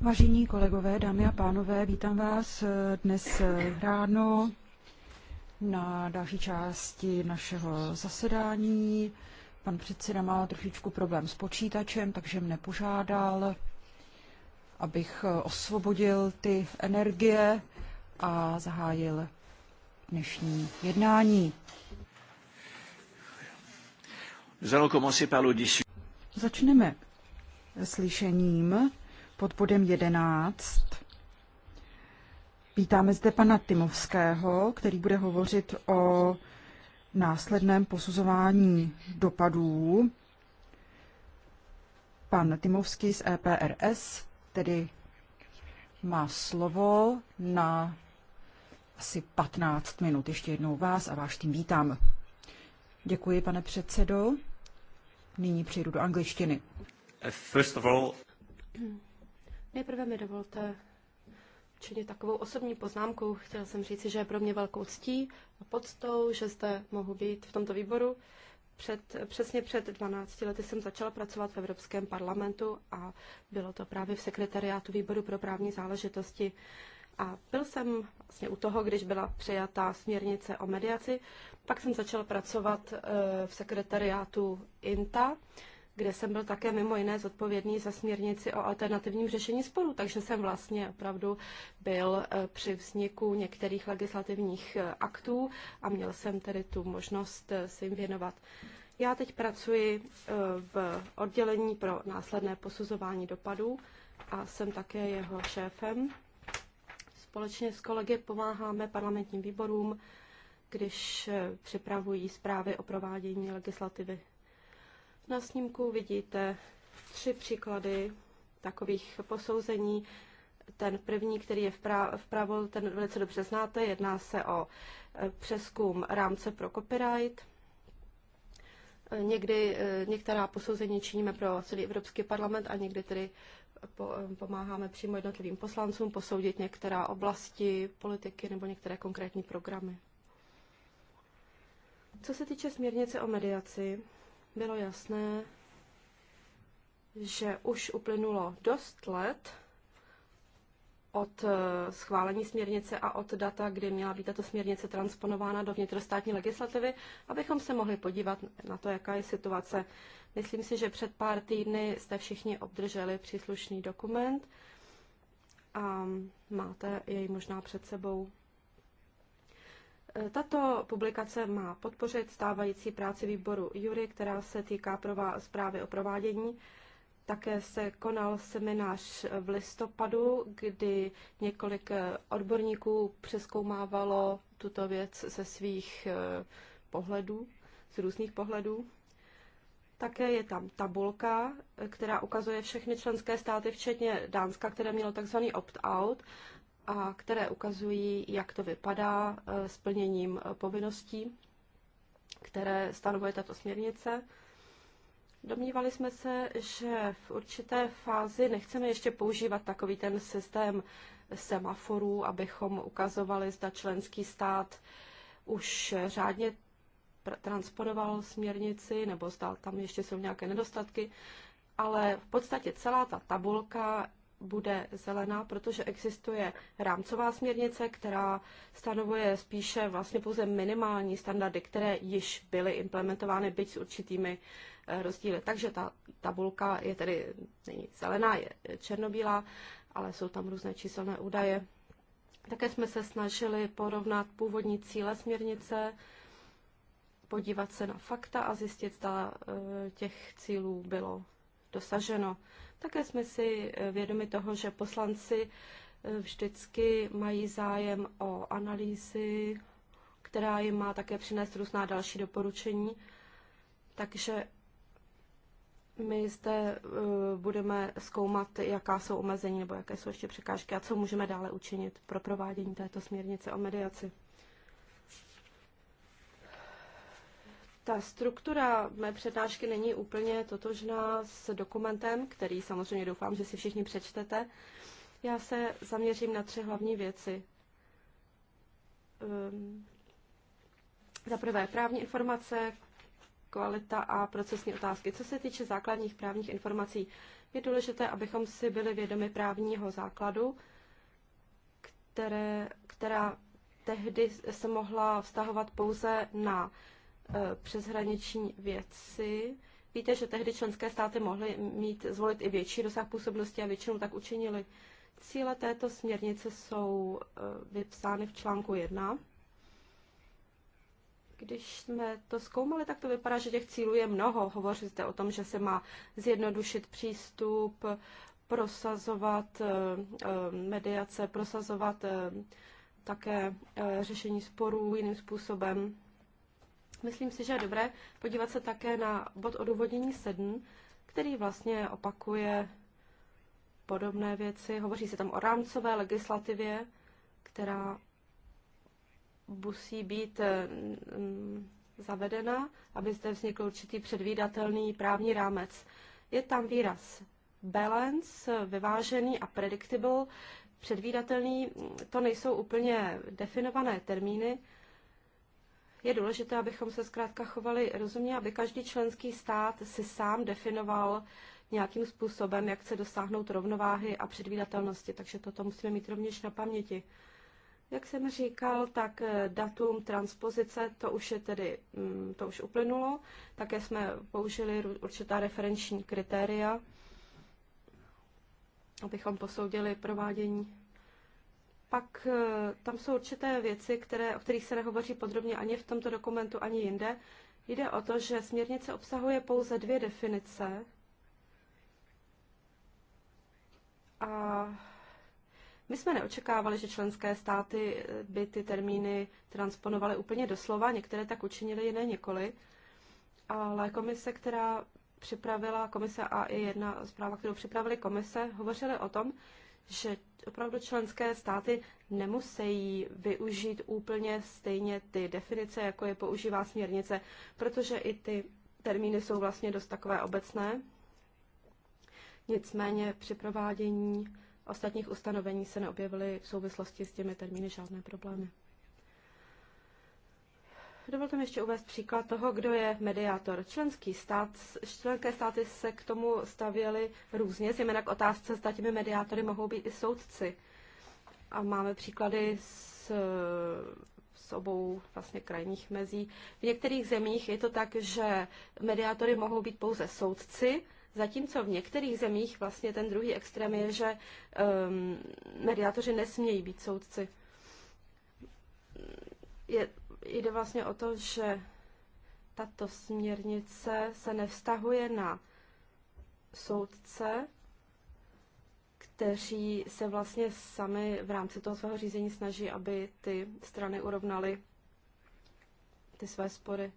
Vážení kolegové, dámy a pánové, vítám vás eh, dnes eh, ráno na další části našeho zasedání. Pan předseda má trošičku problém s počítačem, takže mne požádal, abych eh, osvobodil ty energie a zahájil dnešní jednání. Začneme slyšením pod bodem 11. Vítáme zde pana Timovského, který bude hovořit o následném posuzování dopadů. Pan Timovský z EPRS tedy má slovo na asi 15 minut. Ještě jednou vás a váš tým vítám. Děkuji, pane předsedo. Nyní přejdu do angličtiny. First of all... Nejprve mi dovolte učinit takovou osobní poznámku. Chtěl jsem říci, že je pro mě velkou ctí a poctou, že zde mohu být v tomto výboru. Před, přesně před 12 lety jsem začala pracovat v Evropském parlamentu a bylo to právě v sekretariátu výboru pro právní záležitosti. A byl jsem vlastně u toho, když byla přijatá směrnice o mediaci. Pak jsem začala pracovat eh, v sekretariátu INTA kde jsem byl také mimo jiné zodpovědný za směrnici o alternativním řešení sporu. takže jsem vlastně opravdu byl eh, při vzniku některých legislativních eh, aktů a měl jsem tedy tu možnost eh, se jim věnovat. Já teď pracuji v oddělení pro následné posuzování dopadů a jsem také jeho šéfem. Společně s kolegy pomáháme parlamentním výborům, když připravují zprávy o provádění legislativy na snímku vidíte tři příklady takových posouzení. Ten první, který je vpravo, ten velice dobře znáte, jedná se o e, přeskum rámce pro copyright. E, někdy e, některá posouzení činíme pro celý Evropský parlament a někdy tedy pomáháme přímo jednotlivým poslancům posoudit některá oblasti politiky nebo některé konkrétní programy. Co se týče směrnice o mediaci, bylo jasné, že už uplynulo dost let od eh, schválení směrnice a od data, kdy měla být tato směrnice transponována do vnitrostátní legislativy, abychom se mohli podívat na to, jaká je situace. Myslím si, že před pár týdny jste všichni obdrželi příslušný dokument a máte jej možná před sebou. Tato publikace má podpořit stávající práci výboru Jury, která se týká zprávy o provádění. Také se konal seminář v listopadu, kdy několik eh, odborníků přeskoumávalo tuto věc ze svých eh, pohledů, z různých pohledů. Také je tam tabulka, eh, která ukazuje všechny členské státy, včetně Dánska, které mělo tzv. opt-out a které ukazují, jak to vypadá eh, s plněním eh, povinností, které stanovuje tato směrnice. Domnívali jsme se, že v určité fázi nechceme ještě používat takový ten systém semaforů, abychom ukazovali, zda členský stát už řádně transponoval směrnici, nebo zda tam ještě jsou nějaké nedostatky, ale v podstatě celá ta tabulka bude zelená, protože existuje rámcová směrnice, která stanovuje spíše vlastně pouze minimální standardy, které již byly implementovány, byť s určitými eh, rozdíly. Takže ta tabulka je tedy, není zelená, je černobílá, ale jsou tam různé číselné údaje. Také jsme se snažili porovnat původní cíle směrnice, podívat se na fakta a zjistit, zda eh, těch cílů bylo dosaženo. Také jsme si eh, vědomi toho, že poslanci eh, vždycky mají zájem o analýzy, která jim má také přinést různá další doporučení. Takže my zde eh, budeme zkoumat, jaká jsou omezení nebo jaké jsou ještě překážky a co můžeme dále učinit pro provádění této směrnice o mediaci. ta struktura mé přednášky není úplně totožná s dokumentem, který samozřejmě doufám, že si všichni přečtete. Já se zaměřím na tři hlavní věci. Um, za prvé právní informace, kvalita a procesní otázky. Co se týče základních právních informací, je důležité, abychom si byli vědomi právního základu, které, která tehdy se mohla vztahovat pouze na Eh, přeshraniční věci. Víte, že tehdy členské státy mohly mít, zvolit i větší rozsah působnosti a většinou tak učinili. Cíle této směrnice jsou eh, vypsány v článku 1. Když jsme to zkoumali, tak to vypadá, že těch cílů je mnoho. Hovoří zde o tom, že se má zjednodušit přístup, prosazovat eh, mediace, prosazovat také řešení sporů jiným způsobem. Myslím si, že je dobré podívat se také na bod odůvodnění 7, který vlastně opakuje podobné věci. Hovoří se tam o rámcové legislativě, která musí být eh, mm, zavedena, aby zde vznikl určitý předvídatelný právní rámec. Je tam výraz balance, vyvážený a predictable. Předvídatelný, to nejsou úplně definované termíny, je důležité, abychom se zkrátka chovali rozumně, aby každý členský stát si sám definoval nějakým způsobem, jak chce dosáhnout rovnováhy a předvídatelnosti. Takže toto musíme mít rovněž na paměti. Jak jsem říkal, tak eh, datum transpozice, to už je tedy, mm, to už uplynulo. Také jsme použili určitá referenční kritéria, abychom posoudili provádění pak eh, tam jsou určité věci, které, o kterých se nehovoří podrobně ani v tomto dokumentu, ani jinde. Jde o to, že směrnice obsahuje pouze dvě definice a my jsme neočekávali, že členské státy eh, by ty termíny transponovaly úplně doslova, některé tak učinili jiné nikoli. Ale komise, která připravila, komise a i jedna zpráva, kterou připravili komise, hovořily o tom, že opravdu členské státy nemusí využít úplně stejně ty definice, jako je používá směrnice, protože i ty termíny jsou vlastně dost takové obecné. Nicméně při provádění ostatních ustanovení se neobjevily v souvislosti s těmi termíny žádné problémy. Dovolte mi ještě uvést příklad toho, kdo je mediátor. Členský stát, členské státy se k tomu stavěly různě, zejména k otázce, zda těmi mediátory mohou být i soudci. A máme příklady s, s obou vlastně krajních mezí. V některých zemích je to tak, že mediátory mohou být pouze soudci, Zatímco v některých zemích vlastně ten druhý extrém je, že um, mediátoři nesmějí být soudci. Je, jde vlastně o to, že tato směrnice se nevztahuje na soudce, kteří se vlastně sami v rámci toho svého řízení snaží, aby ty strany urovnaly ty své spory.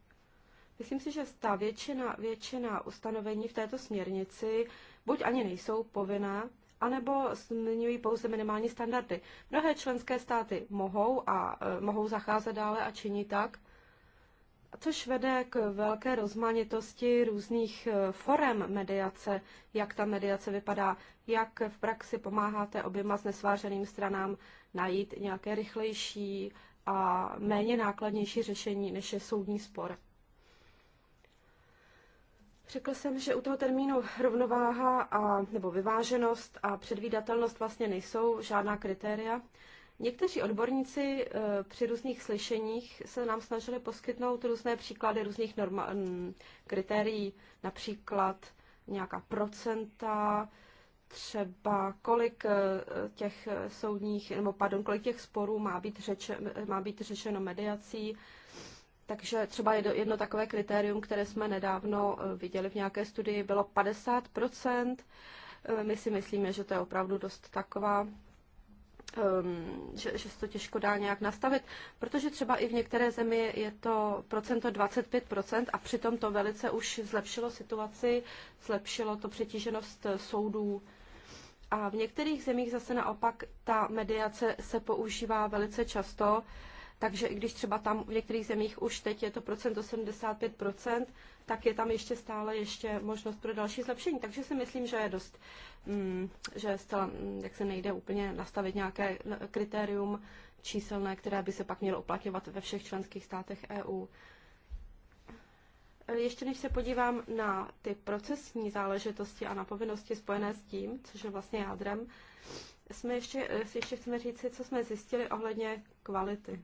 Myslím si, že ta většina, většina ustanovení v této směrnici buď ani nejsou povinná, anebo zmiňují pouze minimální standardy. Mnohé členské státy mohou a e, mohou zacházet dále a činí tak, což vede k velké rozmanitosti různých e, forem mediace, jak ta mediace vypadá, jak v praxi pomáháte oběma znesváženým stranám najít nějaké rychlejší a méně nákladnější řešení, než je soudní spor. Řekl jsem, že u toho termínu rovnováha a, nebo vyváženost a předvídatelnost vlastně nejsou žádná kritéria. Někteří odborníci e, při různých slyšeních se nám snažili poskytnout různé příklady různých norma- kritérií, například nějaká procenta, třeba kolik e, těch soudních, nebo pardon, kolik těch sporů má být, řeče, má být řešeno mediací, takže třeba jedno takové kritérium, které jsme nedávno eh, viděli v nějaké studii, bylo 50 eh, My si myslíme, že to je opravdu dost taková ehm, že, že se to těžko dá nějak nastavit, protože třeba i v některé zemi je to procento 25% a přitom to velice už zlepšilo situaci, zlepšilo to přetíženost eh, soudů. A v některých zemích zase naopak ta mediace se používá velice často, takže i když třeba tam v některých zemích už teď je to procento 75%, tak je tam ještě stále ještě možnost pro další zlepšení. Takže si myslím, že je dost, mm, že zcela, mm, jak se nejde úplně nastavit nějaké kritérium číselné, které by se pak mělo uplatňovat ve všech členských státech EU. Ještě než se podívám na ty procesní záležitosti a na povinnosti spojené s tím, což je vlastně jádrem, jsme ještě, ještě chceme říct, co jsme zjistili ohledně kvality.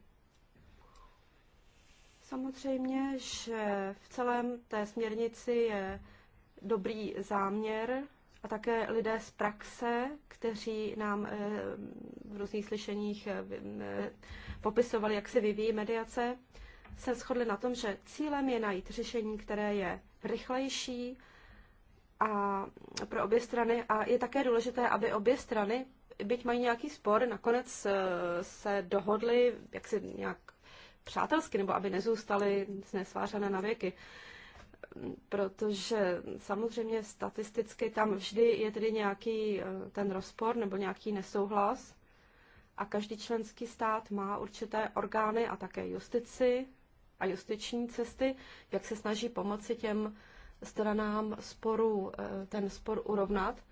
Samozřejmě, že v celém té směrnici je dobrý záměr a také lidé z praxe, kteří nám eh, v různých slyšeních eh, eh, popisovali, jak se vyvíjí mediace, se shodli na tom, že cílem je najít řešení, které je rychlejší a pro obě strany a je také důležité, aby obě strany, byť mají nějaký spor, nakonec se dohodly, jak si nějak přátelsky, nebo aby nezůstaly znesvářené na věky. Protože samozřejmě statisticky tam vždy je tedy nějaký eh, ten rozpor nebo nějaký nesouhlas a každý členský stát má určité orgány a také justici a justiční cesty, jak se snaží pomoci těm stranám sporu, eh, ten spor urovnat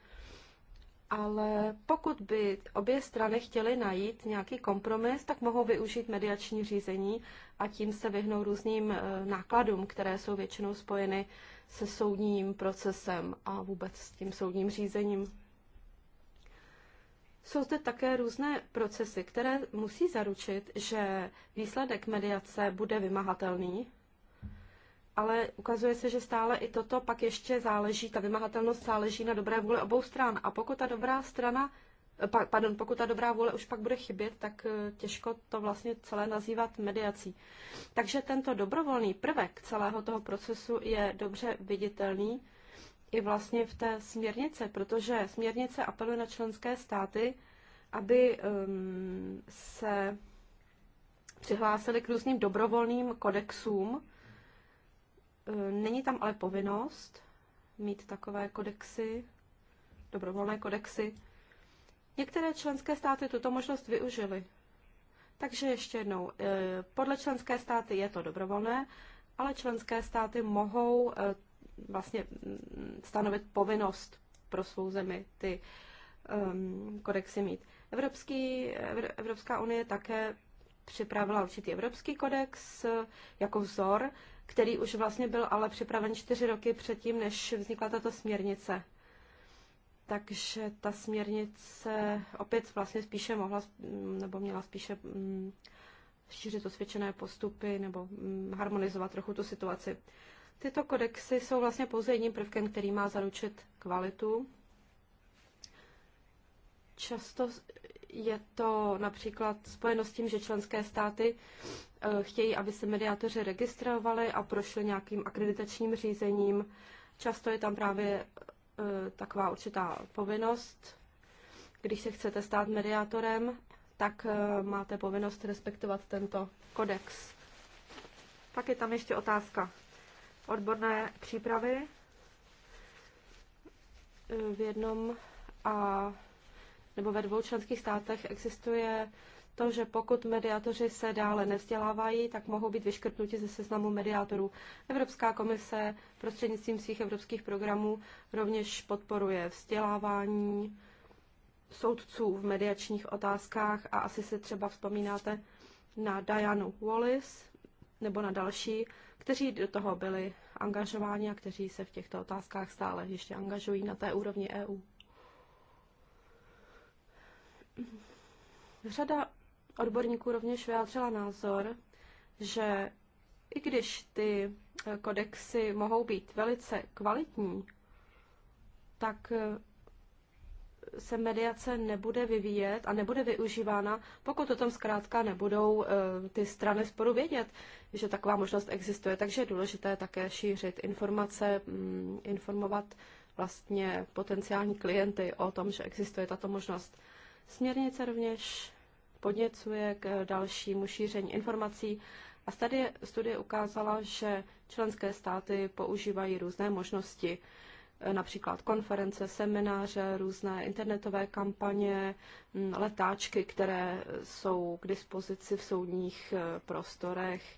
ale pokud by obě strany chtěly najít nějaký kompromis, tak mohou využít mediační řízení a tím se vyhnou různým eh, nákladům, které jsou většinou spojeny se soudním procesem a vůbec s tím soudním řízením. Jsou zde také různé procesy, které musí zaručit, že výsledek mediace bude vymahatelný ale ukazuje se, že stále i toto pak ještě záleží, ta vymahatelnost záleží na dobré vůli obou stran. A pokud ta dobrá strana, eh, pardon, pokud ta dobrá vůle už pak bude chybět, tak eh, těžko to vlastně celé nazývat mediací. Takže tento dobrovolný prvek celého toho procesu je dobře viditelný i vlastně v té směrnice, protože směrnice apeluje na členské státy, aby um, se přihlásili k různým dobrovolným kodexům, Eh, není tam ale povinnost mít takové kodexy, dobrovolné kodexy. Některé členské státy tuto možnost využily. Takže ještě jednou, eh, podle členské státy je to dobrovolné, ale členské státy mohou eh, vlastně mm, stanovit povinnost pro svou zemi ty ehm, kodexy mít. Evropský, Evropská unie také připravila určitý evropský kodex jako vzor, který už vlastně byl ale připraven čtyři roky předtím, než vznikla tato směrnice. Takže ta směrnice opět vlastně spíše mohla, nebo měla spíše mm, šířit osvědčené postupy nebo mm, harmonizovat trochu tu situaci. Tyto kodexy jsou vlastně pouze jedním prvkem, který má zaručit kvalitu. Často je to například spojeno s tím, že členské státy eh, chtějí, aby se mediátoři registrovali a prošli nějakým akreditačním řízením. Často je tam právě eh, taková určitá povinnost. Když se chcete stát mediátorem, tak eh, máte povinnost respektovat tento kodex. Pak je tam ještě otázka odborné přípravy v jednom a nebo ve dvou členských státech existuje to, že pokud mediátoři se dále nevzdělávají, tak mohou být vyškrtnuti ze seznamu mediátorů. Evropská komise prostřednictvím svých evropských programů rovněž podporuje vzdělávání soudců v mediačních otázkách a asi se třeba vzpomínáte na Dianu Wallis nebo na další, kteří do toho byli angažováni a kteří se v těchto otázkách stále ještě angažují na té úrovni EU. Řada odborníků rovněž vyjádřila názor, že i když ty eh, kodexy mohou být velice kvalitní, tak eh, se mediace nebude vyvíjet a nebude využívána, pokud o tom zkrátka nebudou eh, ty strany sporu vědět, že taková možnost existuje. Takže je důležité také šířit informace, mm, informovat vlastně potenciální klienty o tom, že existuje tato možnost. Směrnice rovněž podněcuje k dalšímu šíření informací a tady studie ukázala, že členské státy používají různé možnosti, například konference, semináře, různé internetové kampaně, mm, letáčky, které jsou k dispozici v soudních eh, prostorech.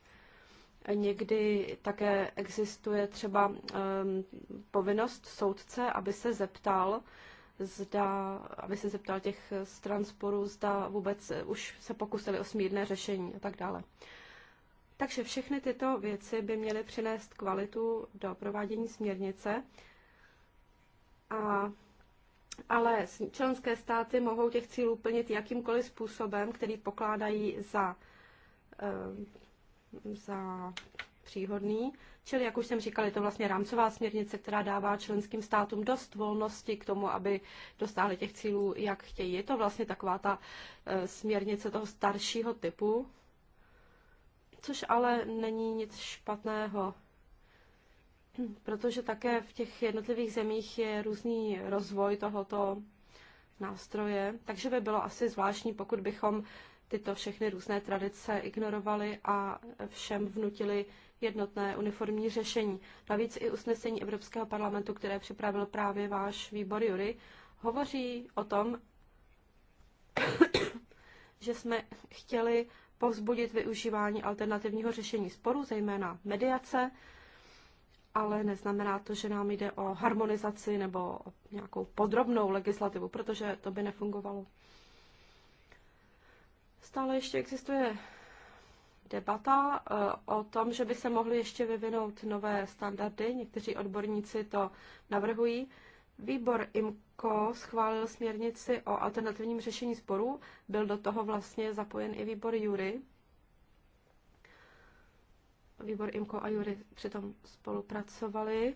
Někdy také existuje třeba um, povinnost soudce, aby se zeptal zda, aby se zeptal těch z transporu, zda vůbec už se pokusili o smírné řešení a tak dále. Takže všechny tyto věci by měly přinést kvalitu do provádění směrnice, a, ale členské státy mohou těch cílů plnit jakýmkoliv způsobem, který pokládají za, eh, za příhodný. Čili, jak už jsem říkal, je to vlastně rámcová směrnice, která dává členským státům dost volnosti k tomu, aby dostáhli těch cílů, jak chtějí. Je to vlastně taková ta eh, směrnice toho staršího typu, což ale není nic špatného, protože také v těch jednotlivých zemích je různý rozvoj tohoto nástroje, takže by bylo asi zvláštní, pokud bychom tyto všechny různé tradice ignorovali a všem vnutili jednotné uniformní řešení. Navíc i usnesení Evropského parlamentu, které připravil právě váš výbor Jury, hovoří o tom, že jsme chtěli povzbudit využívání alternativního řešení sporu, zejména mediace, ale neznamená to, že nám jde o harmonizaci nebo o nějakou podrobnou legislativu, protože to by nefungovalo. Stále ještě existuje debata eh, o tom, že by se mohly ještě vyvinout nové standardy. Někteří odborníci to navrhují. Výbor IMCO schválil směrnici o alternativním řešení sporů. Byl do toho vlastně zapojen i výbor Jury. Výbor IMCO a Jury přitom spolupracovali.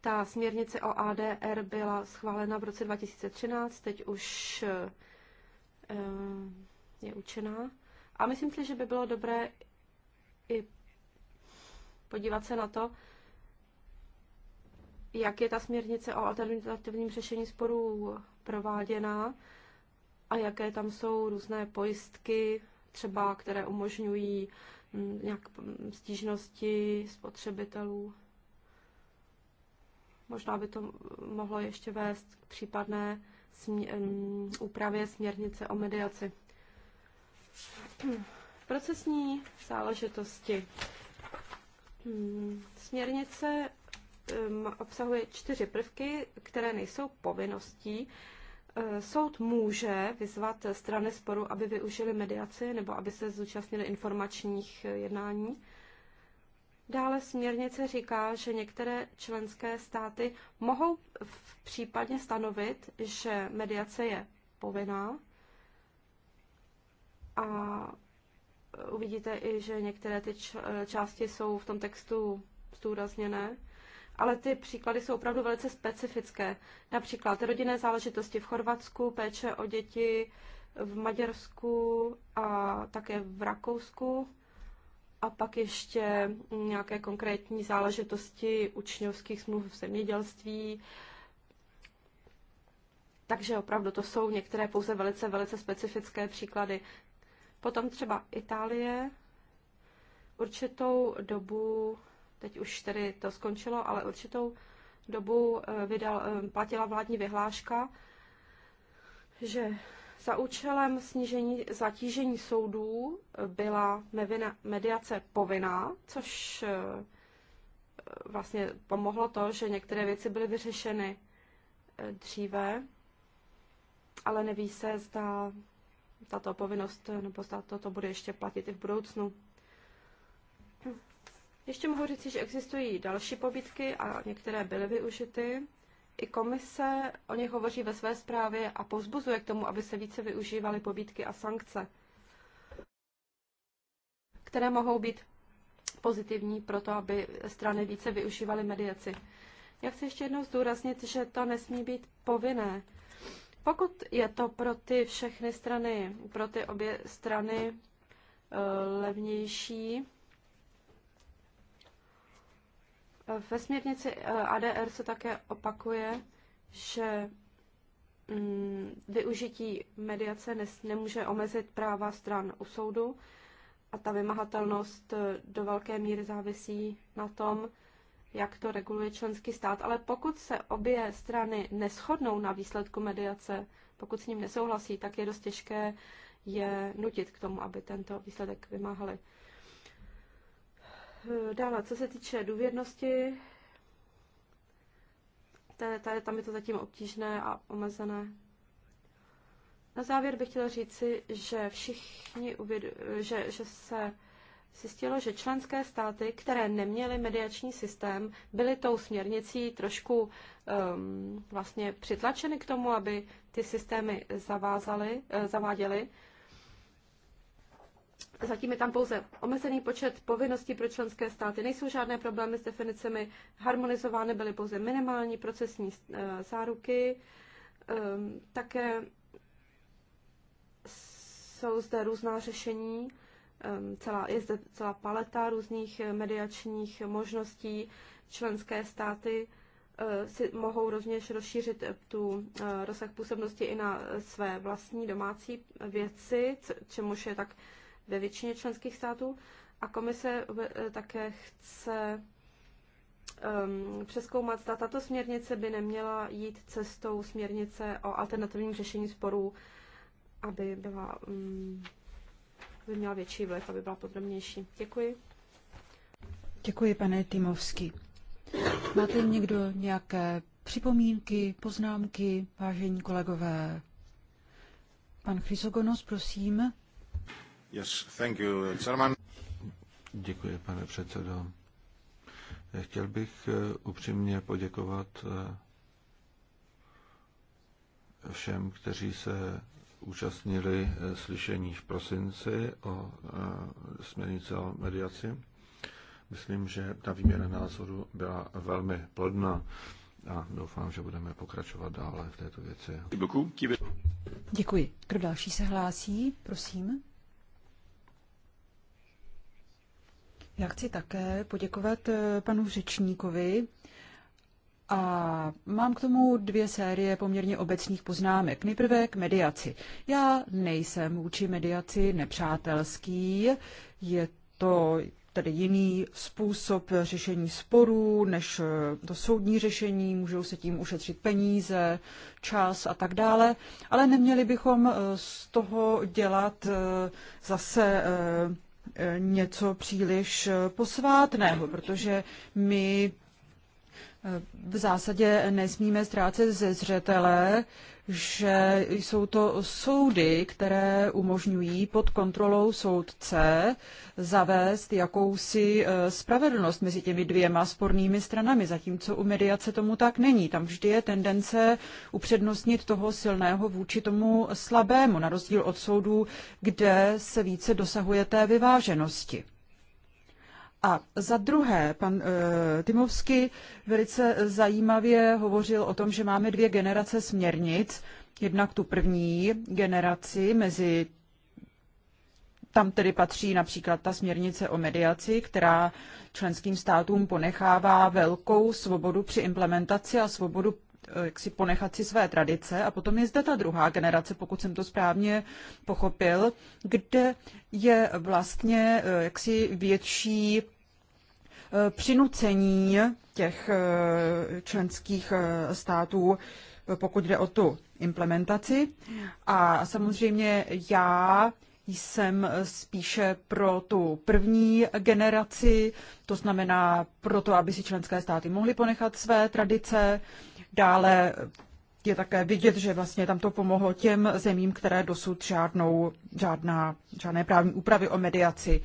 Ta směrnice o ADR byla schválena v roce 2013, teď už eh, je učená. A myslím si, že by bylo dobré i podívat se na to, jak je ta směrnice o alternativním řešení sporů prováděná a jaké tam jsou různé pojistky, třeba které umožňují mm, nějak mm, stížnosti spotřebitelů. Možná by to mohlo ještě vést k případné mm, úpravě směrnice o mediaci. Procesní záležitosti. Hmm, směrnice ehm, obsahuje čtyři prvky, které nejsou povinností. Ehm, soud může vyzvat strany sporu, aby využili mediaci nebo aby se zúčastnili informačních eh, jednání. Dále směrnice říká, že některé členské státy mohou v případně stanovit, že mediace je povinná a uvidíte i, že některé ty části jsou v tom textu zdůrazněné, ale ty příklady jsou opravdu velice specifické. Například rodinné záležitosti v Chorvatsku, péče o děti v Maďarsku a také v Rakousku a pak ještě nějaké konkrétní záležitosti učňovských smluv v zemědělství. Takže opravdu to jsou některé pouze velice, velice specifické příklady. Potom třeba Itálie určitou dobu, teď už tedy to skončilo, ale určitou dobu eh, vydal, eh, platila vládní vyhláška, že za účelem snížení zatížení soudů eh, byla mediace povinná, což vlastně pomohlo to, že některé věci byly vyřešeny dříve, ale neví se, zda tato povinnost nebo zda toto bude ještě platit i v budoucnu. Ještě mohu říct, že existují další pobytky a některé byly využity. I komise o nich hovoří ve své zprávě a povzbuzuje k tomu, aby se více využívaly pobídky a sankce, které mohou být pozitivní pro to, aby strany více využívaly mediaci. Já chci ještě jednou zdůraznit, že to nesmí být povinné. Pokud je to pro ty všechny strany, pro ty obě strany eh, levnější, eh, ve směrnici eh, ADR se také opakuje, že mm, využití mediace nemůže omezit práva stran u soudu a ta vymahatelnost do velké míry závisí na tom, jak to reguluje členský stát, ale pokud se obě strany neschodnou na výsledku mediace, pokud s ním nesouhlasí, tak je dost těžké je nutit k tomu, aby tento výsledek vymáhali. Dále, co se týče důvěrnosti, tady, tam je to zatím obtížné a omezené. Na závěr bych chtěla říci, že všichni uvědu, že, že se zjistilo, že členské státy, které neměly mediační systém, byly tou směrnicí trošku um, vlastně přitlačeny k tomu, aby ty systémy zavázaly, eh, zaváděly. Zatím je tam pouze omezený počet povinností pro členské státy, nejsou žádné problémy s definicemi, harmonizovány byly pouze minimální procesní eh, záruky, ehm, také jsou zde různá řešení Ehm, celá, je zde celá paleta různých mediačních možností. Členské státy eh, si mohou rovněž rozšířit eh, tu eh, rozsah působnosti i na své vlastní domácí věci, čemuž je tak ve většině členských států. A komise také chce ehm, přeskoumat, zda tato směrnice by neměla jít cestou směrnice o alternativním řešení sporů, aby byla um, aby měla větší vliv, aby byla podrobnější. Děkuji. Děkuji, pane Timovský. Máte někdo nějaké připomínky, poznámky, vážení kolegové? Pan Chrysogonos, prosím. Yes, thank you, chairman. Děkuji, pane předsedo. Chtěl bych eh, upřímně poděkovat eh, všem, kteří se účastnili eh, slyšení v prosinci o eh, směrnici o mediaci. Myslím, že ta výměna názoru byla velmi plodná a doufám, že budeme pokračovat dále v této věci. Děkuji. Kdo další se hlásí? Prosím. Já chci také poděkovat eh, panu řečníkovi a mám k tomu dvě série poměrně obecných poznámek. Nejprve k mediaci. Já nejsem vůči mediaci nepřátelský. Je to tedy jiný způsob řešení sporů než to soudní řešení, můžou se tím ušetřit peníze, čas a tak dále, ale neměli bychom eh, z toho dělat eh, zase eh, něco příliš posvátného, protože my v zásadě nesmíme ztrácet ze zřetele, že jsou to soudy, které umožňují pod kontrolou soudce zavést jakousi eh, spravedlnost mezi těmi dvěma spornými stranami, zatímco u mediace tomu tak není. Tam vždy je tendence upřednostnit toho silného vůči tomu slabému, na rozdíl od soudů, kde se více dosahuje té vyváženosti. A za druhé, pan eh, Timovský velice zajímavě hovořil o tom, že máme dvě generace směrnic. Jednak tu první generaci mezi tam tedy patří například ta směrnice o mediaci, která členským státům ponechává velkou svobodu při implementaci a svobodu eh, jak si ponechat si své tradice. A potom je zde ta druhá generace, pokud jsem to správně pochopil, kde je vlastně eh, jaksi větší Eh, přinucení těch eh, členských eh, států, pokud jde o tu implementaci. A samozřejmě já jsem spíše pro tu první generaci, to znamená pro to, aby si členské státy mohly ponechat své tradice. Dále je také vidět, že vlastně tam to pomohlo těm zemím, které dosud žádnou, žádná, žádné právní úpravy o mediaci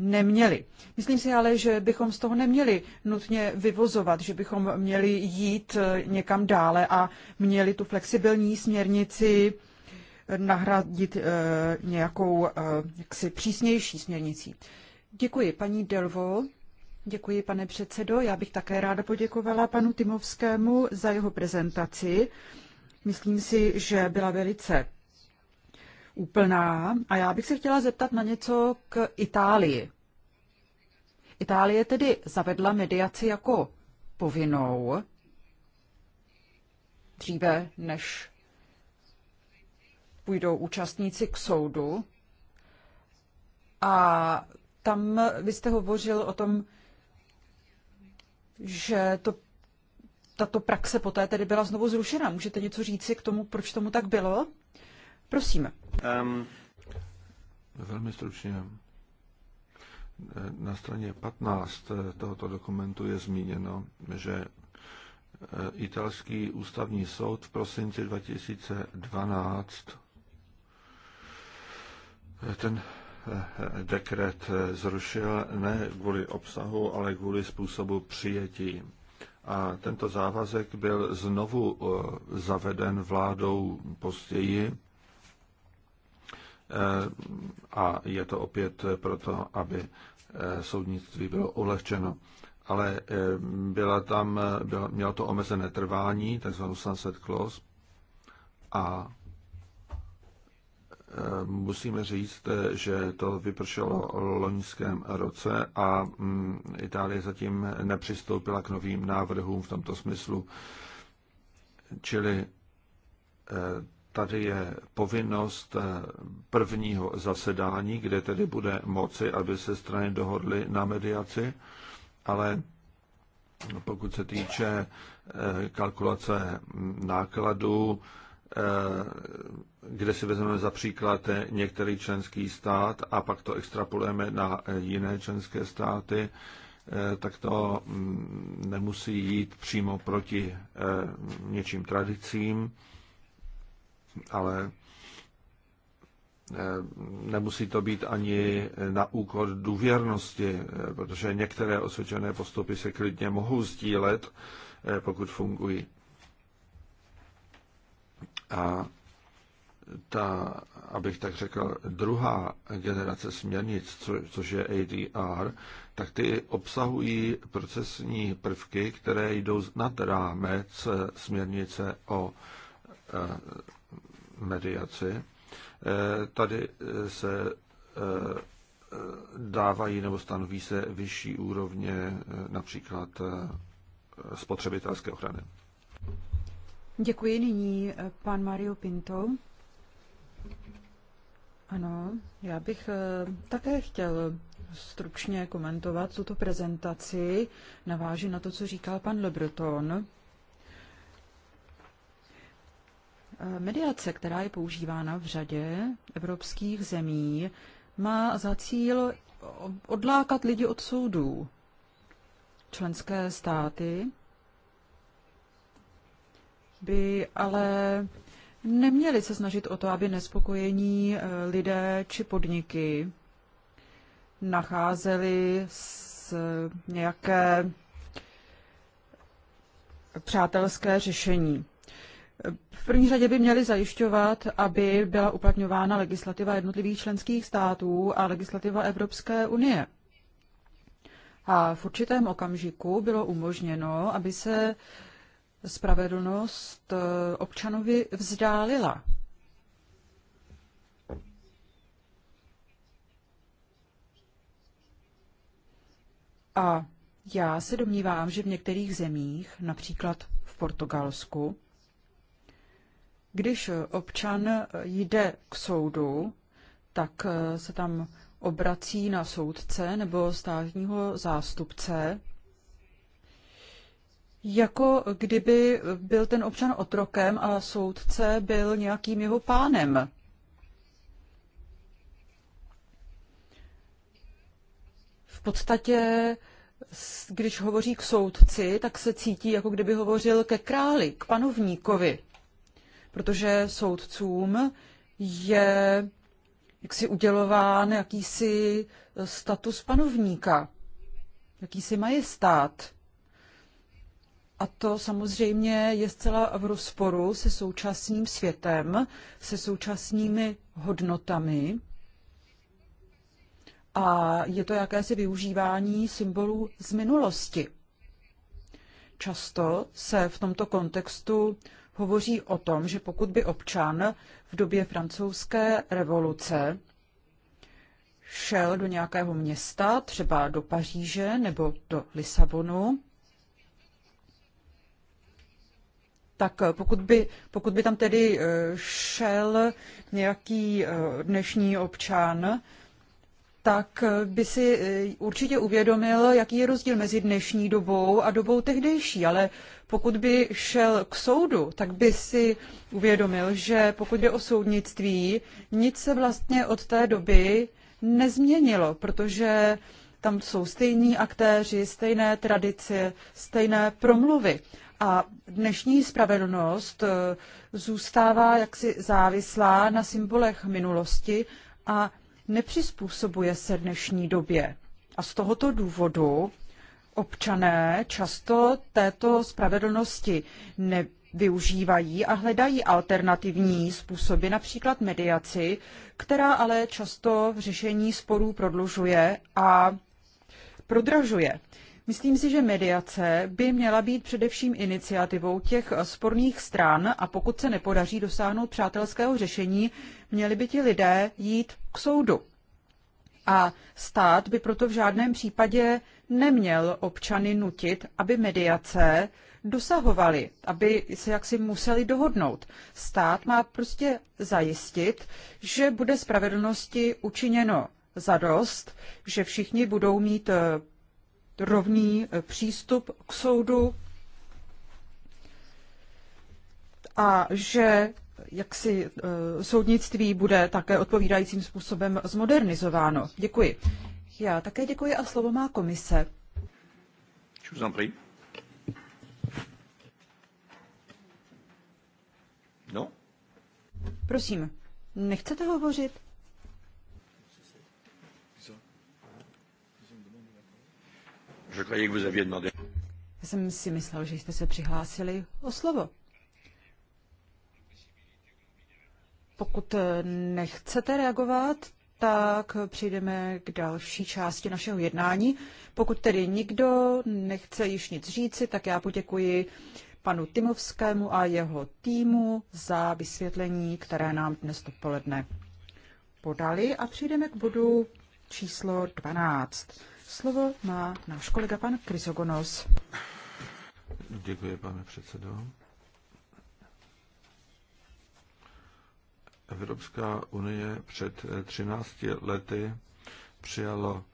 neměli. Myslím si ale, že bychom z toho neměli nutně vyvozovat, že bychom měli jít eh, někam dále a měli tu flexibilní směrnici nahradit eh, nějakou eh, jaksi přísnější směrnicí. Děkuji, paní Delvo. Děkuji, pane předsedo. Já bych také ráda poděkovala panu Timovskému za jeho prezentaci. Myslím si, že byla velice úplná a já bych se chtěla zeptat na něco k Itálii. Itálie tedy zavedla mediaci jako povinnou dříve, než půjdou účastníci k soudu. A tam vy jste hovořil o tom, že to, tato praxe poté tedy byla znovu zrušena. Můžete něco říci k tomu, proč tomu tak bylo? Prosím. Um. Ehm. Velmi stručně. Na straně 15 tohoto dokumentu je zmíněno, že eh, italský ústavní soud v prosinci 2012 eh, ten eh, dekret zrušil ne kvůli obsahu, ale kvůli způsobu přijetí. A tento závazek byl znovu zaveden vládou později Eh, a je to opět proto, aby eh, soudnictví bylo ulehčeno. Ale eh, byla tam, byla, mělo to omezené trvání, takzvanou sunset clause, a musíme říct, že to vypršelo loňském roce a mm, Itálie zatím nepřistoupila k novým návrhům v tomto smyslu. Čili tady je povinnost eh, prvního zasedání, kde tedy bude moci, aby se strany dohodly na mediaci, ale pokud se týče eh, kalkulace nákladů, eh, kde si vezmeme za příklad některý členský stát a pak to extrapolujeme na jiné členské státy, tak to mm, nemusí jít přímo proti něčím tradicím, ale eh, nemusí to být ani na úkor důvěrnosti, eh, protože některé osvědčené postupy se klidně mohou sdílet, eh, pokud fungují. A ta, abych tak řekl, druhá generace směrnic, co, což je ADR, tak ty obsahují procesní prvky, které jdou nad rámec směrnice o mediaci. Eh, tady eh, se eh, dávají nebo stanoví se vyšší úrovně například spotřebitelské ochrany. Děkuji nyní pan Mario Pinto. Ano, já bych také chtěl stručně komentovat tuto prezentaci. Naváži na to, co říkal pan Lebreton. Mediace, která je používána v řadě evropských zemí, má za cíl odlákat lidi od soudů. Členské státy by ale neměli se snažit o to, aby nespokojení eh, lidé či podniky nacházeli s nějaké přátelské řešení v první řadě by měly zajišťovat, aby byla uplatňována legislativa jednotlivých členských států a legislativa Evropské unie. A v určitém okamžiku bylo umožněno, aby se spravedlnost eh, občanovi vzdálila. A já se domnívám, že v některých zemích, například v Portugalsku, když občan jde k soudu, tak eh, se tam obrací na soudce nebo státního zástupce, jako kdyby byl ten občan otrokem a soudce byl nějakým jeho pánem. V podstatě, když hovoří k soudci, tak se cítí, jako kdyby hovořil ke králi, k panovníkovi protože soudcům je jaksi udělován jakýsi eh, status panovníka, jakýsi majestát. A to samozřejmě je zcela v rozporu se současným světem, se současnými hodnotami. A je to jakési využívání symbolů z minulosti. Často se v tomto kontextu hovoří o tom, že pokud by občan v době francouzské revoluce šel do nějakého města, třeba do Paříže nebo do Lisabonu, tak pokud by, pokud by tam tedy eh, šel nějaký eh, dnešní občan, tak eh, by si eh, určitě uvědomil, jaký je rozdíl mezi dnešní dobou a dobou tehdejší. Ale pokud by šel k soudu, tak by si uvědomil, že pokud jde o soudnictví, nic se vlastně od té doby nezměnilo, protože tam jsou stejní aktéři, stejné tradice, stejné promluvy. A dnešní spravedlnost eh, zůstává jaksi závislá na symbolech minulosti a nepřizpůsobuje se dnešní době. A z tohoto důvodu občané často této spravedlnosti nevyužívají a hledají alternativní způsoby, například mediaci, která ale často řešení sporů prodlužuje a prodražuje. Myslím si, že mediace by měla být především iniciativou těch sporných stran a pokud se nepodaří dosáhnout přátelského řešení, měli by ti lidé jít k soudu. A stát by proto v žádném případě neměl občany nutit, aby mediace dosahovali, aby se jaksi museli dohodnout. Stát má prostě zajistit, že bude spravedlnosti učiněno zadost, že všichni budou mít eh, rovný eh, přístup k soudu a že jak si eh, soudnictví bude také odpovídajícím způsobem zmodernizováno. Děkuji. Já také děkuji a slovo má komise. No? Prosím, nechcete hovořit? Já jsem si myslel, že jste se přihlásili o slovo. Pokud eh, nechcete reagovat, tak přijdeme k další části našeho jednání. Pokud tedy nikdo nechce již nic říci, tak já poděkuji panu Timovskému a jeho týmu za vysvětlení, které nám dnes dopoledne podali. A přijdeme k bodu číslo 12. Slovo má náš kolega pan Krysogonos. Děkuji, pane předsedo. Evropská unie před 13 lety přijalo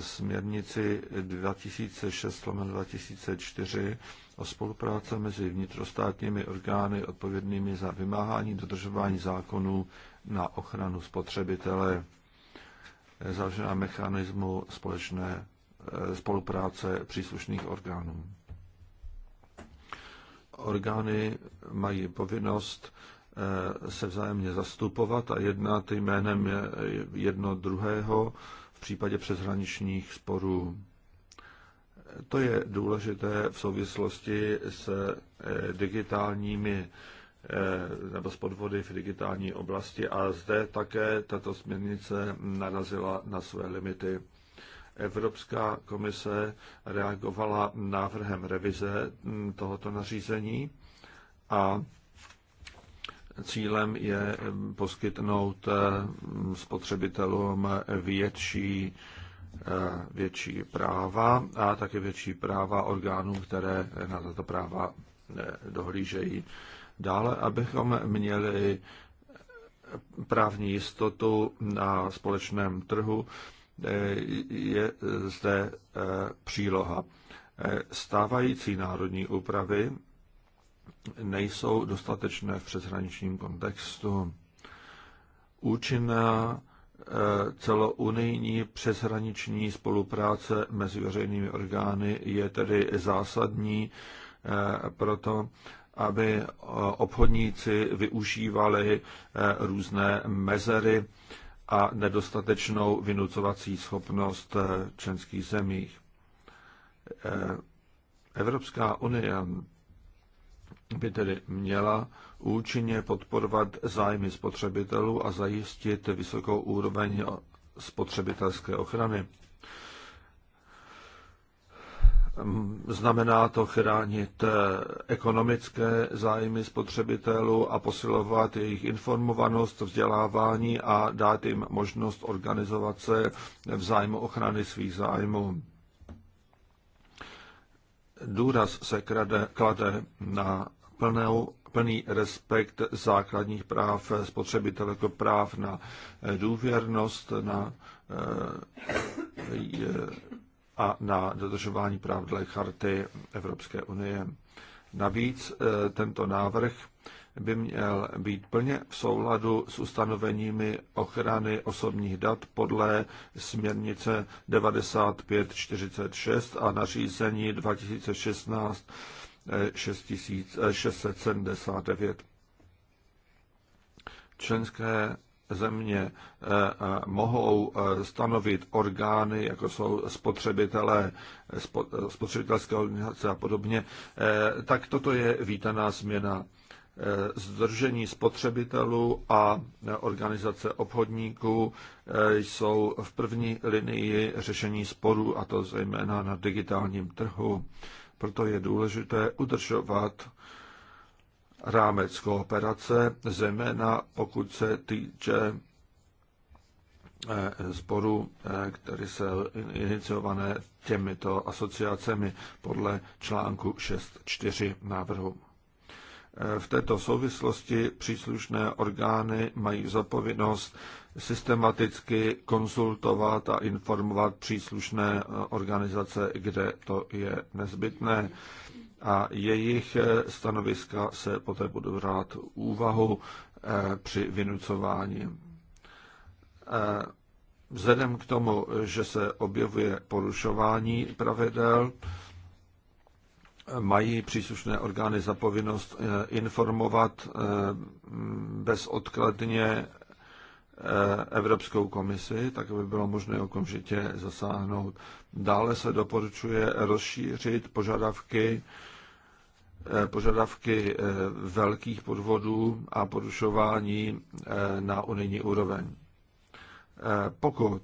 směrnici 2006-2004 o spolupráce mezi vnitrostátními orgány odpovědnými za vymáhání dodržování zákonů na ochranu spotřebitele založená mechanismu společné eh, spolupráce příslušných orgánů. Orgány mají povinnost eh, se vzájemně zastupovat a jednat jménem jedno druhého v případě přeshraničních sporů. To je důležité v souvislosti s eh, digitálními Eh, nebo z podvody v digitální oblasti a zde také tato směrnice narazila na své limity. Evropská komise reagovala návrhem revize mm, tohoto nařízení a cílem je mm, poskytnout mm, spotřebitelům větší, eh, větší práva a také větší práva orgánům, které na tato práva eh, dohlížejí. Dále, abychom měli právní jistotu na společném trhu, je zde e, příloha. E, stávající národní úpravy nejsou dostatečné v přeshraničním kontextu. Účinná e, celounijní přeshraniční spolupráce mezi veřejnými orgány je tedy zásadní proto, aby eh, obchodníci využívali eh, různé mezery a nedostatečnou vynucovací schopnost eh, členských zemích. Evropská unie by tedy měla účinně podporovat zájmy spotřebitelů a zajistit vysokou úroveň spotřebitelské ochrany. Znamená to chránit eh, ekonomické zájmy spotřebitelů a posilovat jejich informovanost, vzdělávání a dát jim možnost organizovat se v zájmu ochrany svých zájmů. Důraz se krade, klade na plnou plný respekt základních práv spotřebitele jako práv na eh, důvěrnost, na eh, a na dodržování práv dle charty Evropské unie. Navíc eh, tento návrh by měl být plně v souladu s ustanoveními ochrany osobních dat podle směrnice 9546 a nařízení 2016 6679. Eh, eh, Členské země eh, mohou eh, stanovit orgány, jako jsou spotřebitelé, eh, spotřebitelské organizace a podobně, tak toto je vítaná změna zdržení spotřebitelů a organizace obchodníků jsou v první linii řešení sporů, a to zejména na digitálním trhu. Proto je důležité udržovat rámec kooperace, zejména pokud se týče eh, sporu, eh, které se iniciované těmito asociacemi podle článku 6.4 návrhu. Eh, v této souvislosti příslušné orgány mají zapovinnost systematicky konsultovat a informovat příslušné organizace, kde to je nezbytné a jejich eh, stanoviska se poté budou brát úvahu eh, při vynucování. Eh, vzhledem k tomu, že se objevuje porušování pravidel, mají příslušné orgány za povinnost informovat bezodkladně Evropskou komisi, tak aby bylo možné okamžitě zasáhnout. Dále se doporučuje rozšířit požadavky Eh, požadavky eh, velkých podvodů a porušování eh, na unijní úroveň. Pokud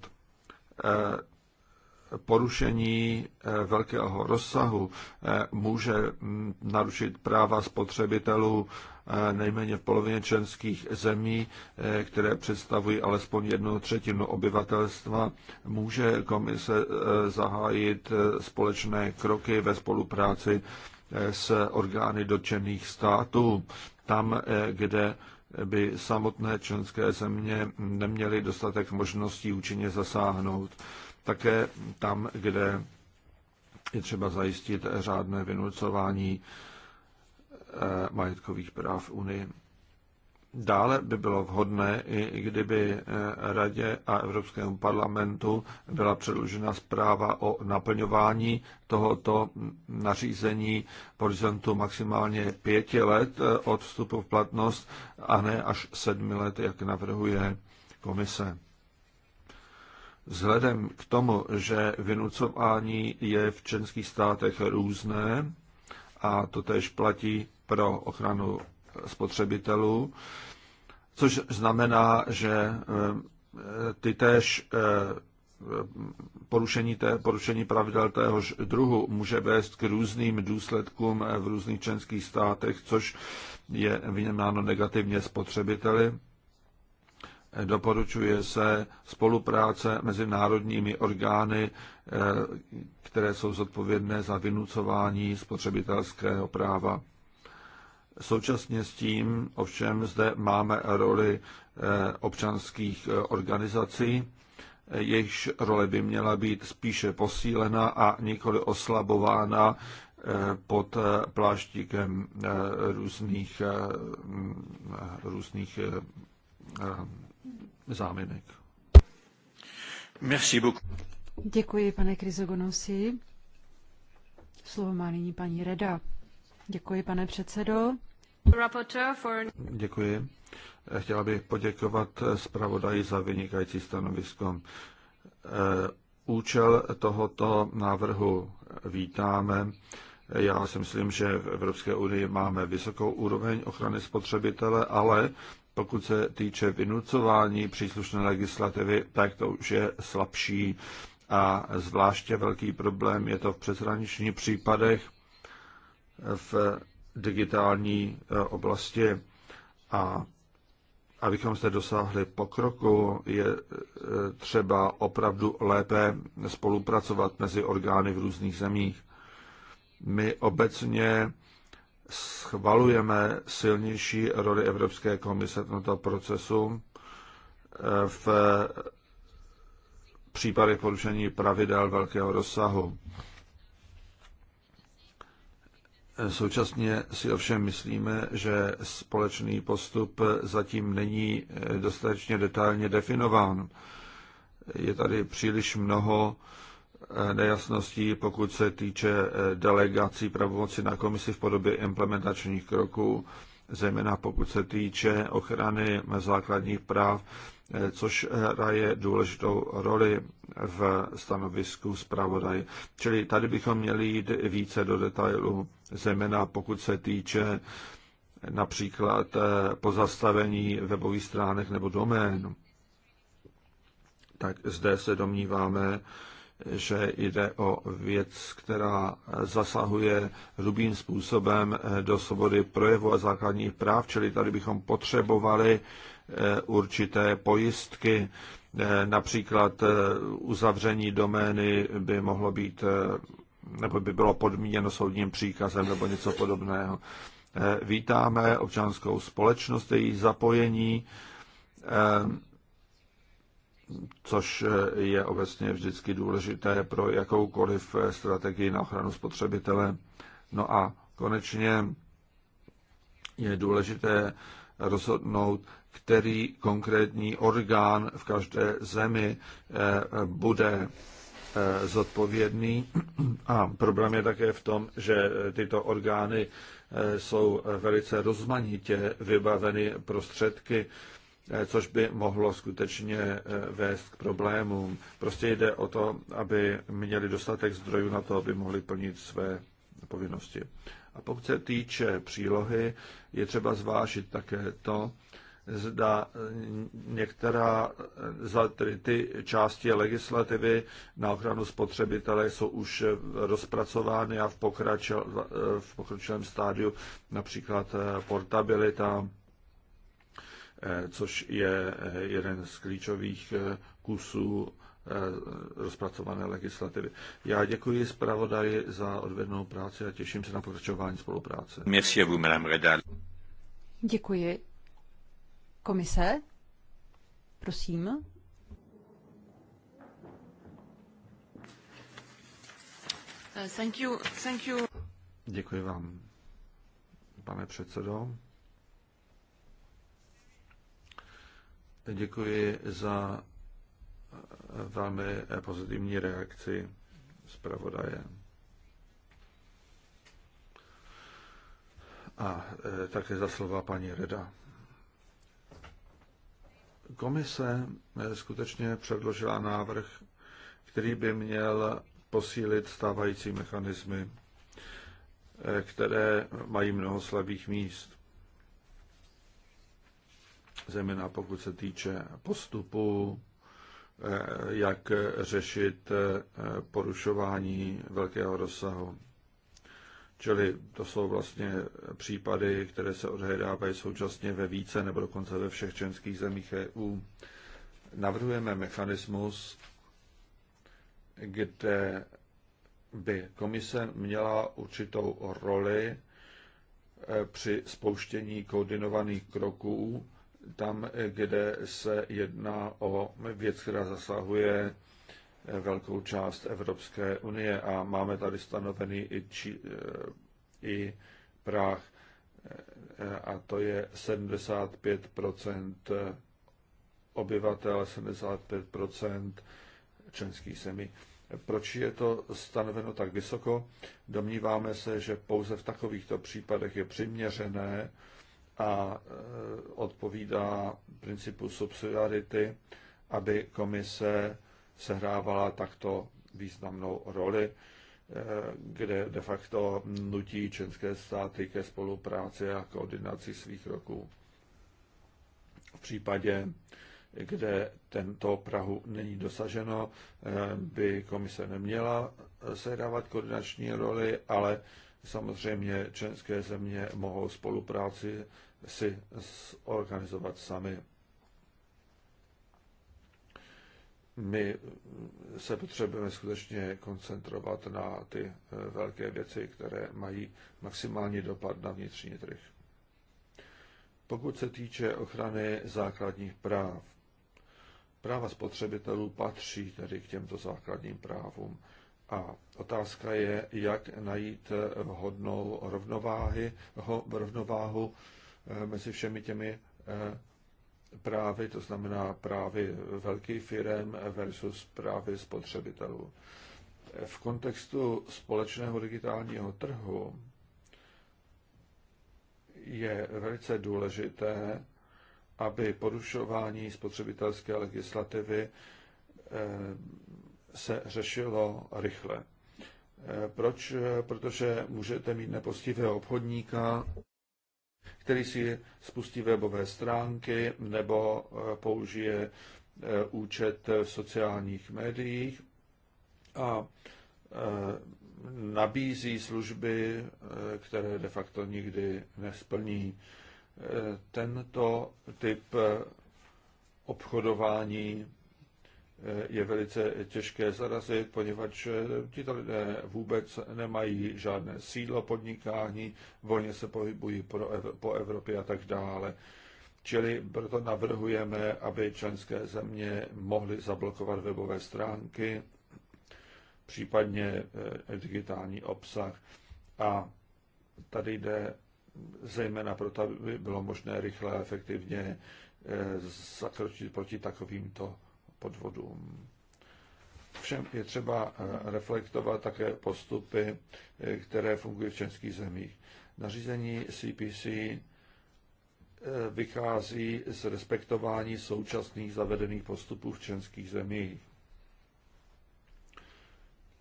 porušení velkého rozsahu může mm, narušit práva spotřebitelů nejméně v polovině členských zemí, které představují alespoň jednu třetinu obyvatelstva, může komise zahájit společné kroky ve spolupráci s orgány dotčených států, tam, eh, kde by samotné členské země neměly dostatek možností účinně zasáhnout. Také tam, kde je třeba zajistit řádné vynucování eh, majetkových práv Unie. Dále by bylo vhodné, i kdyby e, Radě a Evropskému parlamentu byla předložena zpráva o naplňování tohoto nařízení v horizontu maximálně pěti let e, od vstupu v platnost a ne až sedmi let, jak navrhuje komise. Vzhledem k tomu, že vynucování je v členských státech různé a to tež platí pro ochranu spotřebitelů, což znamená, že eh, ty též eh, porušení, té, porušení pravidel téhož druhu může vést k různým důsledkům eh, v různých členských státech, což je vnímáno negativně spotřebiteli. Doporučuje se spolupráce mezi národními orgány, které jsou zodpovědné za vynucování spotřebitelského práva. Současně s tím ovšem zde máme roli eh, občanských eh, organizací, jejichž role by měla být spíše posílena a nikoli oslabována eh, pod pláštíkem různých, mm, různých záminek. Merci beaucoup. Děkuji, pane Krizogonosi. Slovo má nyní paní Reda. Děkuji, pane předsedo. Děkuji. Chtěla bych poděkovat zpravodaji za vynikající stanovisko. Eh, účel tohoto návrhu vítáme. Já si myslím, že v Evropské unii máme vysokou úroveň ochrany spotřebitele, ale pokud se týče vynucování příslušné legislativy, tak to už je slabší a zvláště velký problém je to v přeshraničních případech v digitální eh, oblasti a abychom se dosáhli pokroku, je eh, třeba opravdu lépe spolupracovat mezi orgány v různých zemích. My obecně schvalujeme silnější roli Evropské komise v tomto procesu eh, v případech porušení pravidel velkého rozsahu. Současně si ovšem myslíme, že společný postup zatím není eh, dostatečně detailně definován. Je tady příliš mnoho eh, nejasností, pokud se týče eh, delegací pravomoci na komisi v podobě implementačních kroků, zejména pokud se týče ochrany základních práv Eh, což hraje důležitou roli v stanovisku zpravodaje. Čili tady bychom měli jít více do detailu, zejména pokud se týče například eh, pozastavení webových stránek nebo domén. Tak zde se domníváme, že jde o věc, která zasahuje hrubým způsobem eh, do svobody projevu a základních práv, čili tady bychom potřebovali Eh, určité pojistky. Eh, například eh, uzavření domény by mohlo být nebo by bylo podmíněno soudním příkazem nebo něco podobného. Vítáme občanskou společnost, její zapojení, což je obecně vždycky důležité pro jakoukoliv strategii na ochranu spotřebitele. No a konečně je důležité rozhodnout, který konkrétní orgán v každé zemi eh, bude eh, zodpovědný. A problém je také v tom, že tyto orgány eh, jsou velice rozmanitě vybaveny prostředky, což by mohlo skutečně vést k problémům. Prostě jde o to, aby měli dostatek zdrojů na to, aby mohli plnit své povinnosti. A pokud se týče přílohy, je třeba zvážit také to, zda některá, za tedy ty části legislativy na ochranu spotřebitele jsou už rozpracovány a v, pokračel, v pokročilém stádiu, například eh, portabilita, eh, což je eh, jeden z klíčových kusů rozpracované legislativy. Já děkuji zpravodaji za odvednou práci a těším se na pokračování spolupráce. Děkuji Komise? Prosím. Uh, thank you, thank you. Děkuji vám, pane předsedo. Děkuji za eh, velmi eh, pozitivní reakci zpravodaje. A eh, také za slova paní Reda. Komise eh, skutečně předložila návrh, který by měl posílit stávající mechanismy, eh, které mají mnoho slabých míst. Zejména pokud se týče postupu, eh, jak řešit porušování velkého rozsahu. Čili to jsou vlastně případy, které se odehrávají současně ve více nebo dokonce ve všech členských zemích EU. Navrhujeme mechanismus, kde by komise měla určitou roli eh, při spouštění koordinovaných kroků tam, eh, kde se jedná o věc, která zasahuje velkou část Evropské unie a máme tady stanovený i, či, e, i práh e, a to je 75 obyvatel, 75 členských zemí. Proč je to stanoveno tak vysoko? Domníváme se, že pouze v takovýchto případech je přiměřené a e, odpovídá principu subsidiarity, aby komise sehrávala takto významnou roli, eh, kde de facto nutí členské státy ke spolupráci a koordinaci svých roků. V případě, kde tento Prahu není dosaženo, eh, by komise neměla sehrávat koordinační roli, ale samozřejmě členské země mohou spolupráci si zorganizovat sami. my se potřebujeme skutečně koncentrovat na ty eh, velké věci, které mají maximální dopad na vnitřní trh. Pokud se týče ochrany základních práv, práva spotřebitelů patří tedy k těmto základním právům. A otázka je, jak najít eh, vhodnou rovnováhy, rovnováhu eh, mezi všemi těmi právy, to znamená právy velkých firm versus právy spotřebitelů. V kontextu společného digitálního trhu je velice důležité, aby porušování spotřebitelské legislativy eh, se řešilo rychle. Eh, proč? Protože můžete mít nepostivého obchodníka, který si spustí webové stránky nebo eh, použije eh, účet v sociálních médiích a eh, nabízí služby, které de facto nikdy nesplní. Tento typ obchodování Eh, je velice těžké zarazit, poněvadž eh, tito lidé vůbec nemají žádné sídlo podnikání, volně se pohybují po Evropě a tak dále. Čili proto navrhujeme, aby členské země mohly zablokovat webové stránky, případně eh, digitální obsah. A tady jde zejména proto, aby bylo možné rychle a efektivně zakročit proti takovýmto podvodům. Všem je třeba eh, reflektovat také postupy, eh, které fungují v českých zemích. Nařízení CPC eh, vychází z respektování současných zavedených postupů v českých zemích,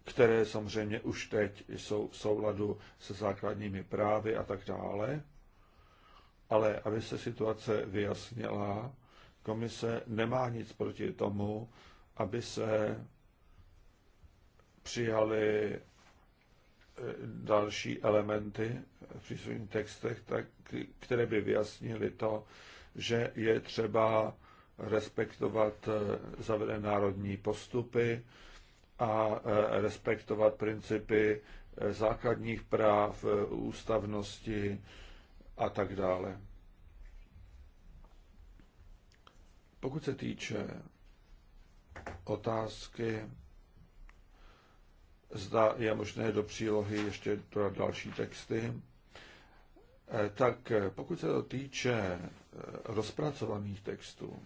které samozřejmě už teď jsou v souladu se základními právy a tak dále. Ale aby se situace vyjasnila, komise nemá nic proti tomu, aby se přijali eh, další elementy v příslušných textech, tak, které by vyjasnili to, že je třeba respektovat eh, zavedené národní postupy a eh, respektovat principy základních práv, ústavnosti a tak dále. Pokud se týče otázky, zda je možné do přílohy ještě dodat další texty, eh, tak eh, pokud se to týče eh, rozpracovaných textů,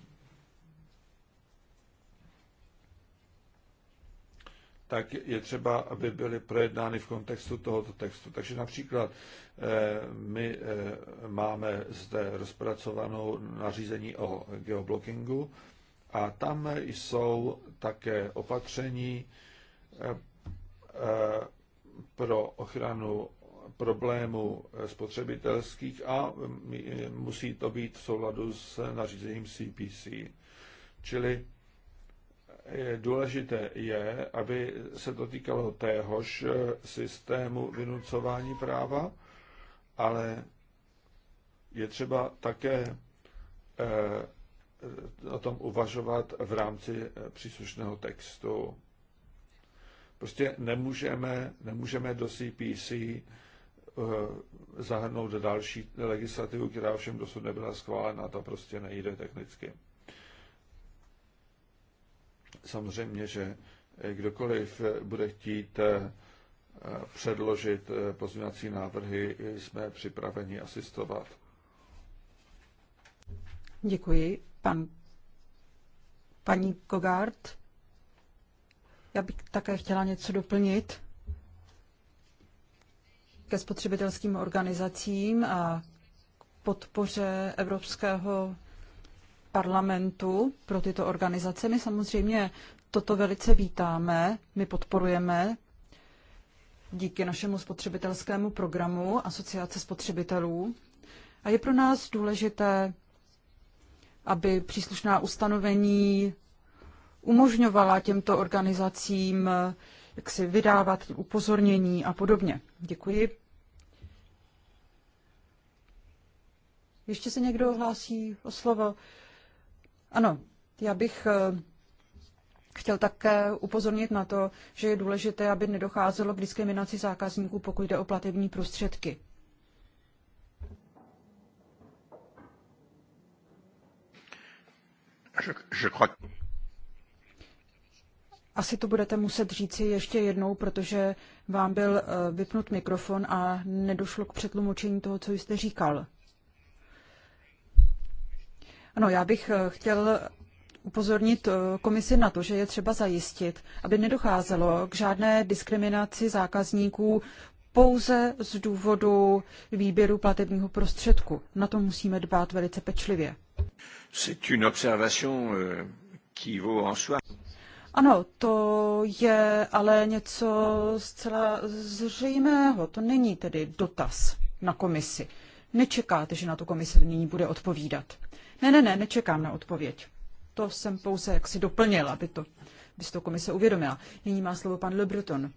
tak je třeba, aby byly projednány v kontextu tohoto textu. Takže například eh, my eh, máme zde rozpracovanou nařízení o geoblockingu a tam jsou také opatření eh, pro ochranu problémů spotřebitelských a mm, musí to být v souladu s nařízením CPC. Čili Důležité je, aby se to týkalo téhož eh, systému vynucování práva, ale je třeba také eh, eh, o tom uvažovat v rámci příslušného textu. Prostě nemůžeme, nemůžeme do CPC zahrnout další legislativu, která všem dosud nebyla schválena, to prostě nejde technicky. Samozřejmě, že kdokoliv bude chtít eh, předložit eh, pozměňovací návrhy, jsme připraveni asistovat. Děkuji. Pan, paní Kogart, já bych také chtěla něco doplnit ke spotřebitelským organizacím a podpoře evropského parlamentu pro tyto organizace. My samozřejmě toto velice vítáme, my podporujeme díky našemu spotřebitelskému programu Asociace spotřebitelů. A je pro nás důležité, aby příslušná ustanovení umožňovala těmto organizacím jak si vydávat upozornění a podobně. Děkuji. Ještě se někdo hlásí o slovo? Ano, já bych eh, chtěl také upozornit na to, že je důležité, aby nedocházelo k diskriminaci zákazníků, pokud jde o platební prostředky. Asi to budete muset říci ještě jednou, protože vám byl eh, vypnut mikrofon a nedošlo k přetlumočení toho, co jste říkal. Ano, já bych eh, chtěl upozornit eh, komisi na to, že je třeba zajistit, aby nedocházelo k žádné diskriminaci zákazníků pouze z důvodu výběru platebního prostředku. Na to musíme dbát velice pečlivě. Euh, ano, to je ale něco zcela zřejmého. To není tedy dotaz na komisi. Nečekáte, že na to komise nyní bude odpovídat. Ne, ne, ne, nečekám na odpověď. To jsem pouze jaksi doplnil, aby to, aby to komise uvědomila. Nyní má slovo pan Le Breton.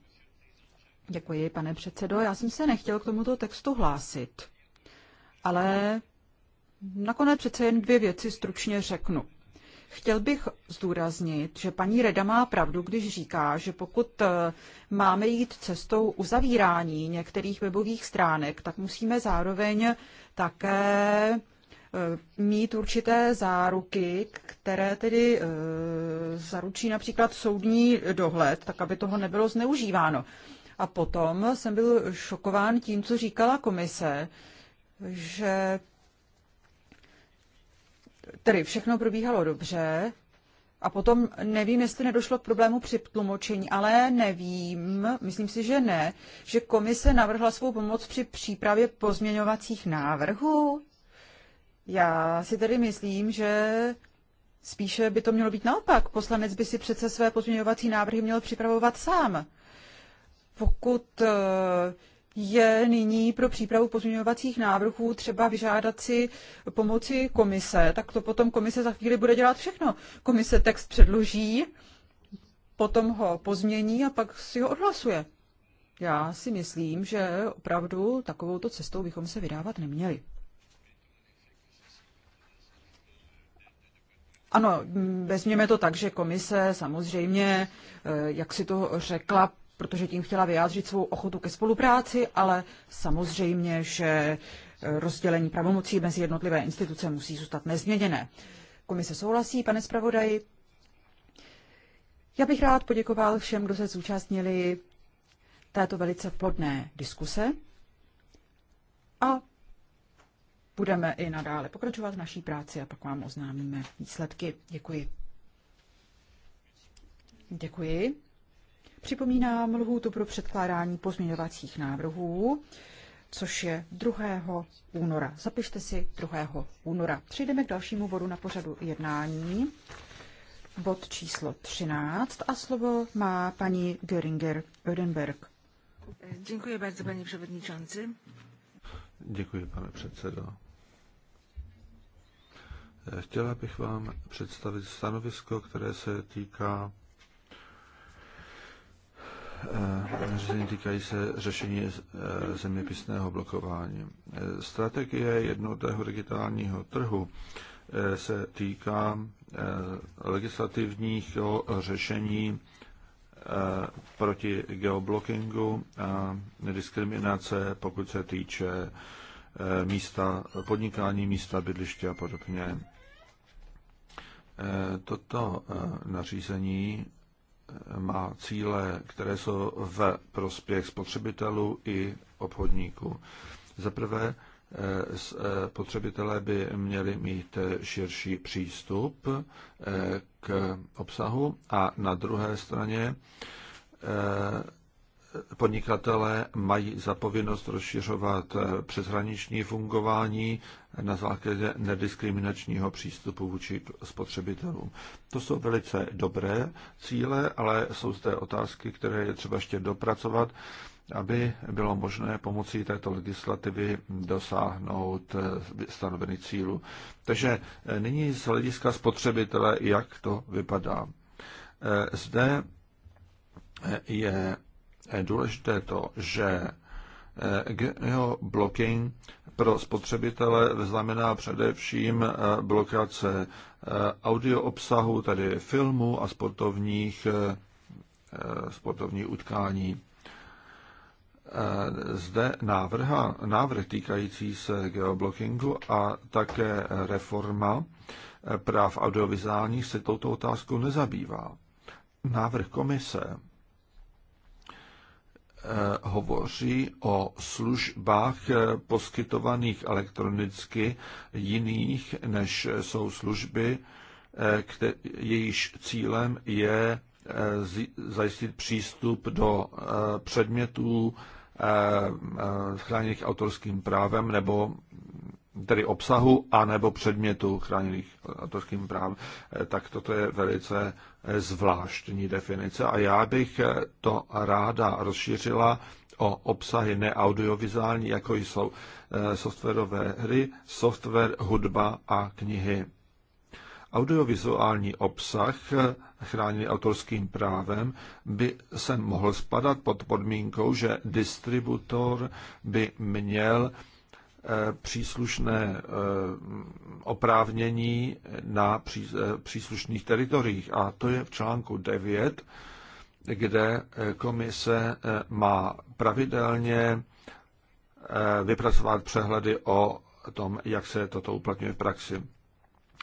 Děkuji, pane předsedo. Já jsem se nechtěl k tomuto textu hlásit, ale nakonec přece jen dvě věci stručně řeknu. Chtěl bych zdůraznit, že paní Reda má pravdu, když říká, že pokud eh, máme jít cestou uzavírání některých webových stránek, tak musíme zároveň také Eh, mít určité záruky, které tedy eh, zaručí například soudní dohled, tak aby toho nebylo zneužíváno. A potom jsem byl šokován tím, co říkala komise, že tedy všechno probíhalo dobře, a potom nevím, jestli nedošlo k problému při tlumočení, ale nevím, myslím si, že ne, že komise navrhla svou pomoc při přípravě pozměňovacích návrhů. Já si tedy myslím, že spíše by to mělo být naopak. Poslanec by si přece své pozměňovací návrhy měl připravovat sám. Pokud eh, je nyní pro přípravu pozměňovacích návrhů třeba vyžádat si pomoci komise, tak to potom komise za chvíli bude dělat všechno. Komise text předloží, potom ho pozmění a pak si ho odhlasuje. Já si myslím, že opravdu takovouto cestou bychom se vydávat neměli. Ano, mm, vezměme to tak, že komise samozřejmě, eh, jak si to řekla, protože tím chtěla vyjádřit svou ochotu ke spolupráci, ale samozřejmě, že eh, rozdělení pravomocí mezi jednotlivé instituce musí zůstat nezměněné. Komise souhlasí, pane zpravodaji. Já bych rád poděkoval všem, kdo se zúčastnili této velice plodné diskuse a budeme i nadále pokračovat v naší práci a pak vám oznámíme výsledky. Děkuji. Děkuji. Připomínám lhůtu pro předkládání pozměňovacích návrhů, což je 2. února. Zapište si 2. února. Přejdeme k dalšímu bodu na pořadu jednání. Bod číslo 13 a slovo má paní Göringer Ödenberg. Děkuji bardzo, paní předsedající. Děkuji, pane předsedo. Chtěla bych vám představit stanovisko, které se týká eh, nařízení týkají se řešení eh, zeměpisného blokování. Eh, strategie jednotného digitálního trhu se týká legislativních řešení proti geoblockingu a diskriminace, pokud se týče místa podnikání, místa bydliště a podobně. Eh, toto eh, nařízení eh, má cíle, které jsou v prospěch spotřebitelů i obchodníků. Za prvé, spotřebitelé by měli mít širší přístup k obsahu a na druhé straně podnikatelé mají zapovinnost rozšiřovat přeshraniční fungování na základě nediskriminačního přístupu vůči spotřebitelům. To jsou velice dobré cíle, ale jsou zde otázky, které je třeba ještě dopracovat, aby bylo možné pomocí této legislativy dosáhnout eh, stanovených cílů. Takže eh, nyní z hlediska spotřebitele, jak to vypadá. Eh, zde je důležité to, že geoblocking pro spotřebitele znamená především eh, blokace eh, audio obsahu, tedy filmů a sportovních, eh, sportovních utkání. Zde návrha, návrh týkající se geoblockingu a také reforma práv audiovizuálních se touto otázkou nezabývá. Návrh komise Eh, hovoří o službách eh, poskytovaných elektronicky jiných, než jsou služby, eh, jejíž cílem je zajistit přístup do předmětů chráněných autorským právem nebo tedy obsahu a nebo předmětu chráněných autorským právem, tak toto je velice zvláštní definice a já bych to ráda rozšířila o obsahy neaudiovizuální, jako jsou eh, softwarové hry, software, hudba a knihy. Audiovizuální obsah eh, chráněný autorským právem by se mohl spadat pod podmínkou, že distributor by měl Eh, příslušné eh, oprávnění na eh, příslušných teritoriích. A to je v článku 9, kde komise má pravidelně vypracovat přehledy o tom, jak se toto uplatňuje v praxi.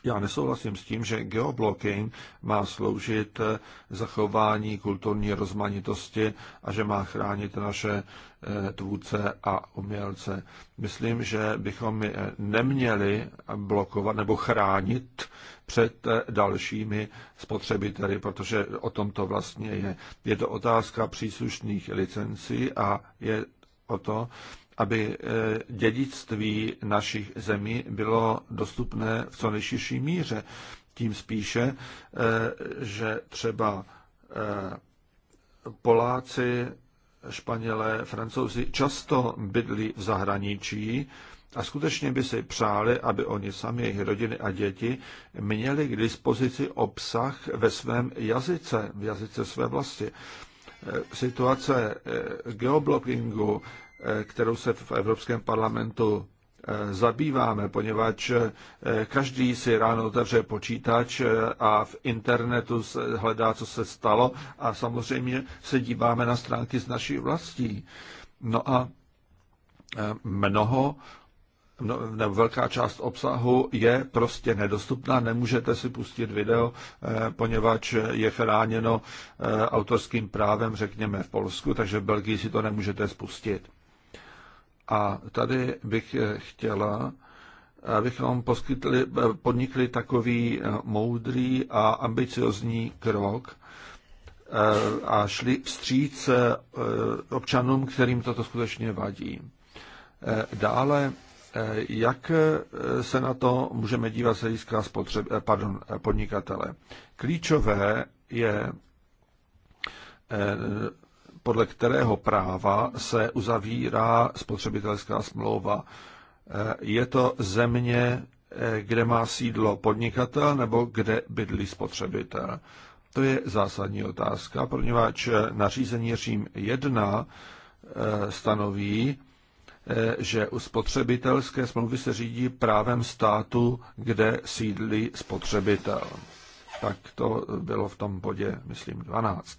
Já nesouhlasím s tím, že geoblocking má sloužit eh, zachování kulturní rozmanitosti a že má chránit naše eh, tvůrce a umělce. Myslím, že bychom neměli blokovat nebo chránit před eh, dalšími spotřebiteli, protože o tom to vlastně je. Je to otázka příslušných licencí a je o to, aby eh, dědictví našich zemí bylo dostupné v co nejširší míře. Tím spíše, eh, že třeba eh, Poláci, Španělé, Francouzi často bydlí v zahraničí a skutečně by si přáli, aby oni sami, jejich rodiny a děti měli k dispozici obsah ve svém jazyce, v jazyce své vlasti situace geoblockingu, Eh, kterou se v Evropském parlamentu eh, zabýváme, poněvadž eh, každý si ráno otevře počítač a v internetu se hledá, co se stalo a samozřejmě se díváme na stránky z naší vlastí. No a mnoho nebo velká část obsahu je prostě nedostupná, nemůžete si pustit video, poněvadž je chráněno autorským právem, řekněme, v Polsku, takže v Belgii si to nemůžete spustit. A tady bych eh, chtěla, abychom poskytli, eh, podnikli takový eh, moudrý a ambiciozní krok a šli vstříc občanům, kterým toto skutečně vadí. Dále, jak se na to můžeme dívat z hlediska podnikatele? Klíčové je podle kterého práva se uzavírá spotřebitelská smlouva. Eh, je to země, eh, kde má sídlo podnikatel nebo kde bydlí spotřebitel. To je zásadní otázka, poněvadž nařízení Řím 1 eh, stanoví, že u spotřebitelské smlouvy se řídí právem státu, kde sídlí spotřebitel. Tak to bylo v tom bodě, myslím, 12.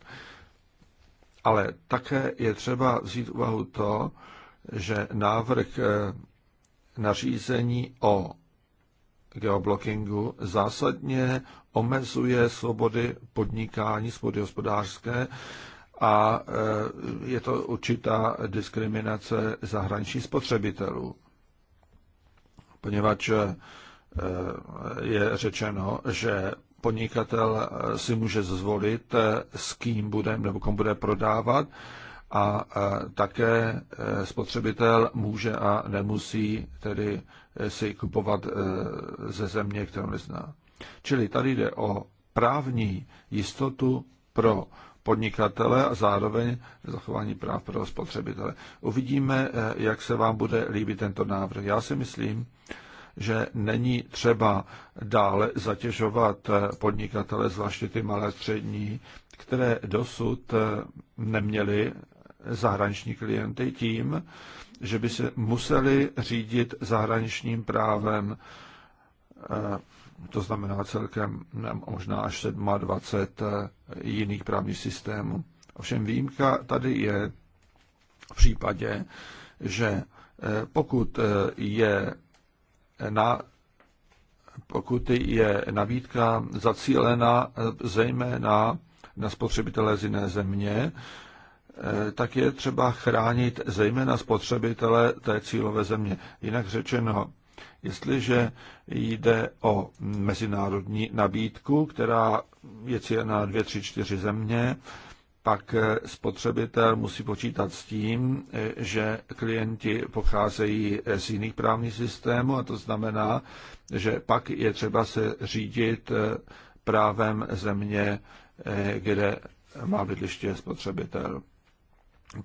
Ale také je třeba vzít úvahu to, že návrh eh, nařízení o geoblockingu zásadně omezuje svobody podnikání, svobody hospodářské a eh, je to určitá diskriminace zahraničních spotřebitelů. Poněvadž eh, je řečeno, že podnikatel eh, si může zvolit, eh, s kým bude nebo komu bude prodávat a eh, také spotřebitel může a nemusí tedy si kupovat ze země, kterou nezná. Čili tady jde o právní jistotu pro podnikatele a zároveň zachování práv pro spotřebitele. Uvidíme, jak se vám bude líbit tento návrh. Já si myslím, že není třeba dále zatěžovat podnikatele, zvláště ty malé střední, které dosud neměly zahraniční klienty tím, že by se museli řídit zahraničním právem, eh, to znamená celkem možná až 27 jiných právních systémů. Ovšem výjimka tady je v případě, že eh, pokud eh, je na, pokud je nabídka zacílena eh, zejména na spotřebitele z jiné země, eh, tak je třeba chránit zejména spotřebitele té cílové země. Jinak řečeno, jestliže jde o mezinárodní nabídku, která je cílená dvě, tři, čtyři země, pak eh, spotřebitel musí počítat s tím, eh, že klienti pocházejí eh, z jiných právních systémů a to znamená, že pak je třeba se řídit právem země, kde má bydliště spotřebitel.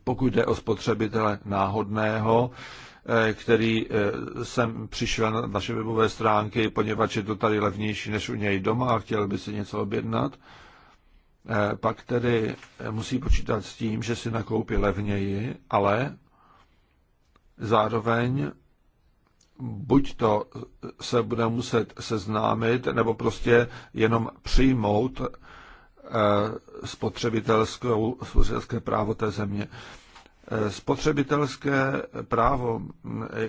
Pokud jde o spotřebitele náhodného, který jsem přišel na naše webové stránky, poněvadž je to tady levnější než u něj doma a chtěl by si něco objednat, Eh, pak tedy eh, musí počítat s tím, že si nakoupí levněji, ale zároveň buď to eh, se bude muset seznámit, nebo prostě jenom přijmout spotřebitelskou, spotřebitelské právo té země. Spotřebitelské právo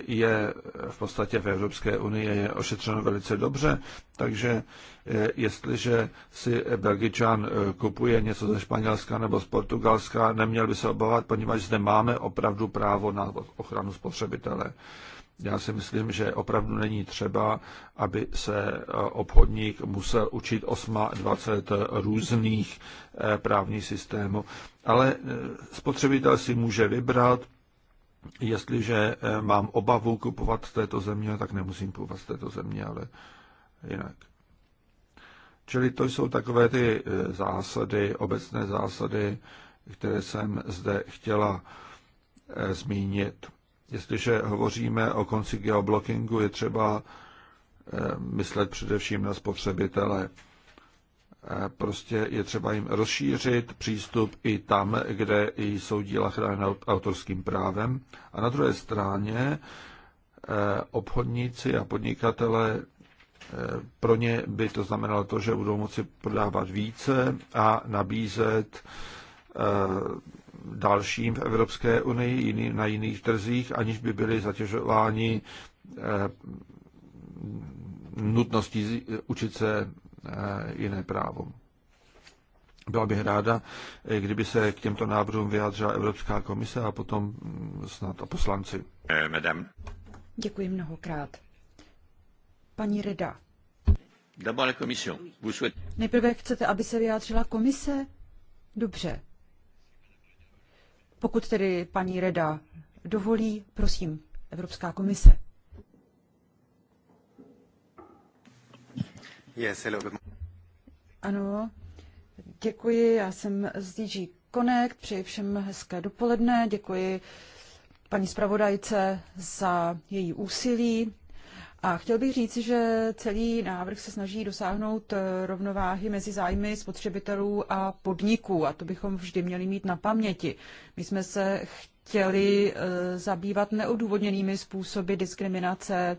je v podstatě v Evropské unii je ošetřeno velice dobře, takže eh, jestliže si Belgičan eh, kupuje něco ze Španělska nebo z Portugalska, neměl by se obávat, poněvadž zde máme opravdu právo na ochranu spotřebitele. Já si myslím, že opravdu není třeba, aby se eh, obchodník musel učit 28 různých eh, právních systémů. Ale eh, spotřebitel si může vybrat, jestliže mám obavu kupovat z této země, no tak nemusím kupovat z této země, ale jinak. Čili to jsou takové ty zásady, obecné zásady, které jsem zde chtěla zmínit. Jestliže hovoříme o konci geoblockingu, je třeba eh, myslet především na spotřebitele. Eh, prostě je třeba jim rozšířit přístup i tam, kde jsou díla chráněna autorským právem. A na druhé straně eh, obchodníci a podnikatele pro ně by to znamenalo to, že budou moci prodávat více a nabízet dalším v Evropské unii, jiný, na jiných trzích, aniž by byli zatěžováni eh, nutností učit se eh, jiné právo. Byla bych ráda, eh, kdyby se k těmto návrhům vyjádřila Evropská komise a potom hm, snad a poslanci. Madame. Děkuji mnohokrát. Paní Reda. Nejprve chcete, aby se vyjádřila komise? Dobře. Pokud tedy paní Reda dovolí, prosím, Evropská komise. Yes, hello. Ano, děkuji, já jsem z DG Connect, přeji všem hezké dopoledne, děkuji paní zpravodajce za její úsilí. A chtěl bych říct, že celý návrh se snaží dosáhnout eh, rovnováhy mezi zájmy spotřebitelů a podniků a to bychom vždy měli mít na paměti. My jsme se chtěli eh, zabývat neodůvodněnými způsoby diskriminace.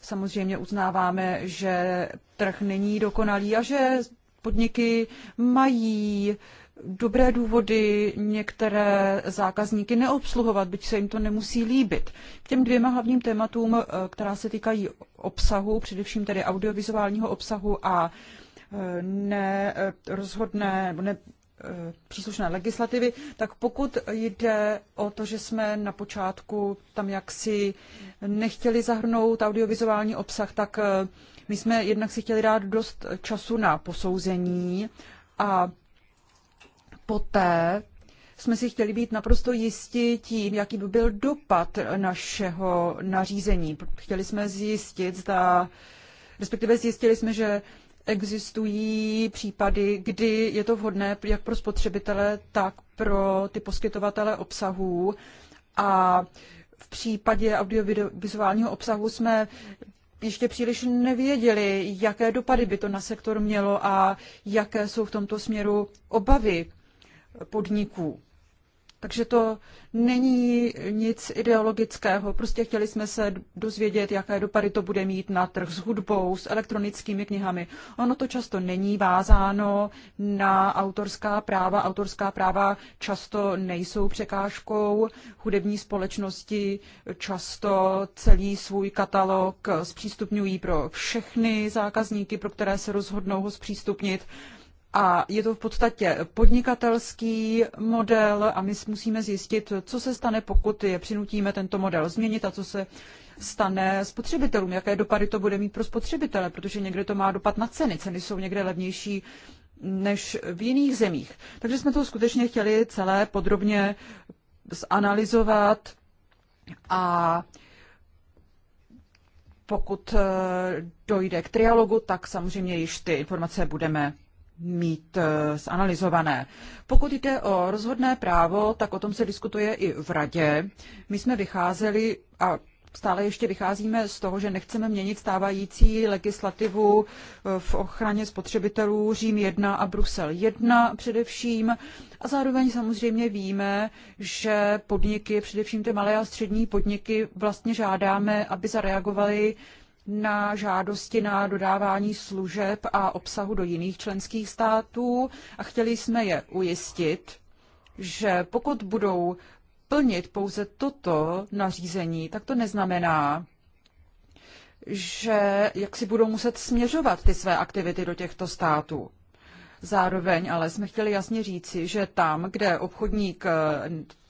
Samozřejmě uznáváme, že trh není dokonalý a že podniky mají dobré důvody některé zákazníky neobsluhovat, byť se jim to nemusí líbit. K těm dvěma hlavním tématům, eh, která se týkají obsahu, především tedy audiovizuálního obsahu a eh, nerozhodné nebo ne, eh, příslušné legislativy, tak pokud jde o to, že jsme na počátku tam jaksi nechtěli zahrnout audiovizuální obsah, tak my jsme jednak si chtěli dát dost času na posouzení a poté jsme si chtěli být naprosto jisti tím, jaký by byl dopad našeho nařízení. Chtěli jsme zjistit, zda, respektive zjistili jsme, že existují případy, kdy je to vhodné jak pro spotřebitele, tak pro ty poskytovatele obsahů. A v případě audiovizuálního obsahu jsme ještě příliš nevěděli, jaké dopady by to na sektor mělo a jaké jsou v tomto směru obavy podniků. Takže to není nic ideologického, prostě chtěli jsme se dozvědět, jaké dopady to bude mít na trh s hudbou, s elektronickými knihami. Ono to často není vázáno na autorská práva. Autorská práva často nejsou překážkou. Hudební společnosti často celý svůj katalog zpřístupňují pro všechny zákazníky, pro které se rozhodnou ho zpřístupnit a je to v podstatě podnikatelský model a my musíme zjistit, co se stane, pokud je přinutíme tento model změnit a co se stane spotřebitelům, jaké dopady to bude mít pro spotřebitele, protože někde to má dopad na ceny, ceny jsou někde levnější než v jiných zemích. Takže jsme to skutečně chtěli celé podrobně zanalizovat a pokud eh, dojde k trialogu, tak samozřejmě již ty informace budeme mít eh, zanalizované. Pokud jde o rozhodné právo, tak o tom se diskutuje i v radě. My jsme vycházeli a stále ještě vycházíme z toho, že nechceme měnit stávající legislativu eh, v ochraně spotřebitelů Řím 1 a Brusel 1 především. A zároveň samozřejmě víme, že podniky, především ty malé a střední podniky, vlastně žádáme, aby zareagovaly na žádosti na dodávání služeb a obsahu do jiných členských států a chtěli jsme je ujistit, že pokud budou plnit pouze toto nařízení, tak to neznamená, že jak si budou muset směřovat ty své aktivity do těchto států. Zároveň ale jsme chtěli jasně říci, že tam, kde obchodník eh,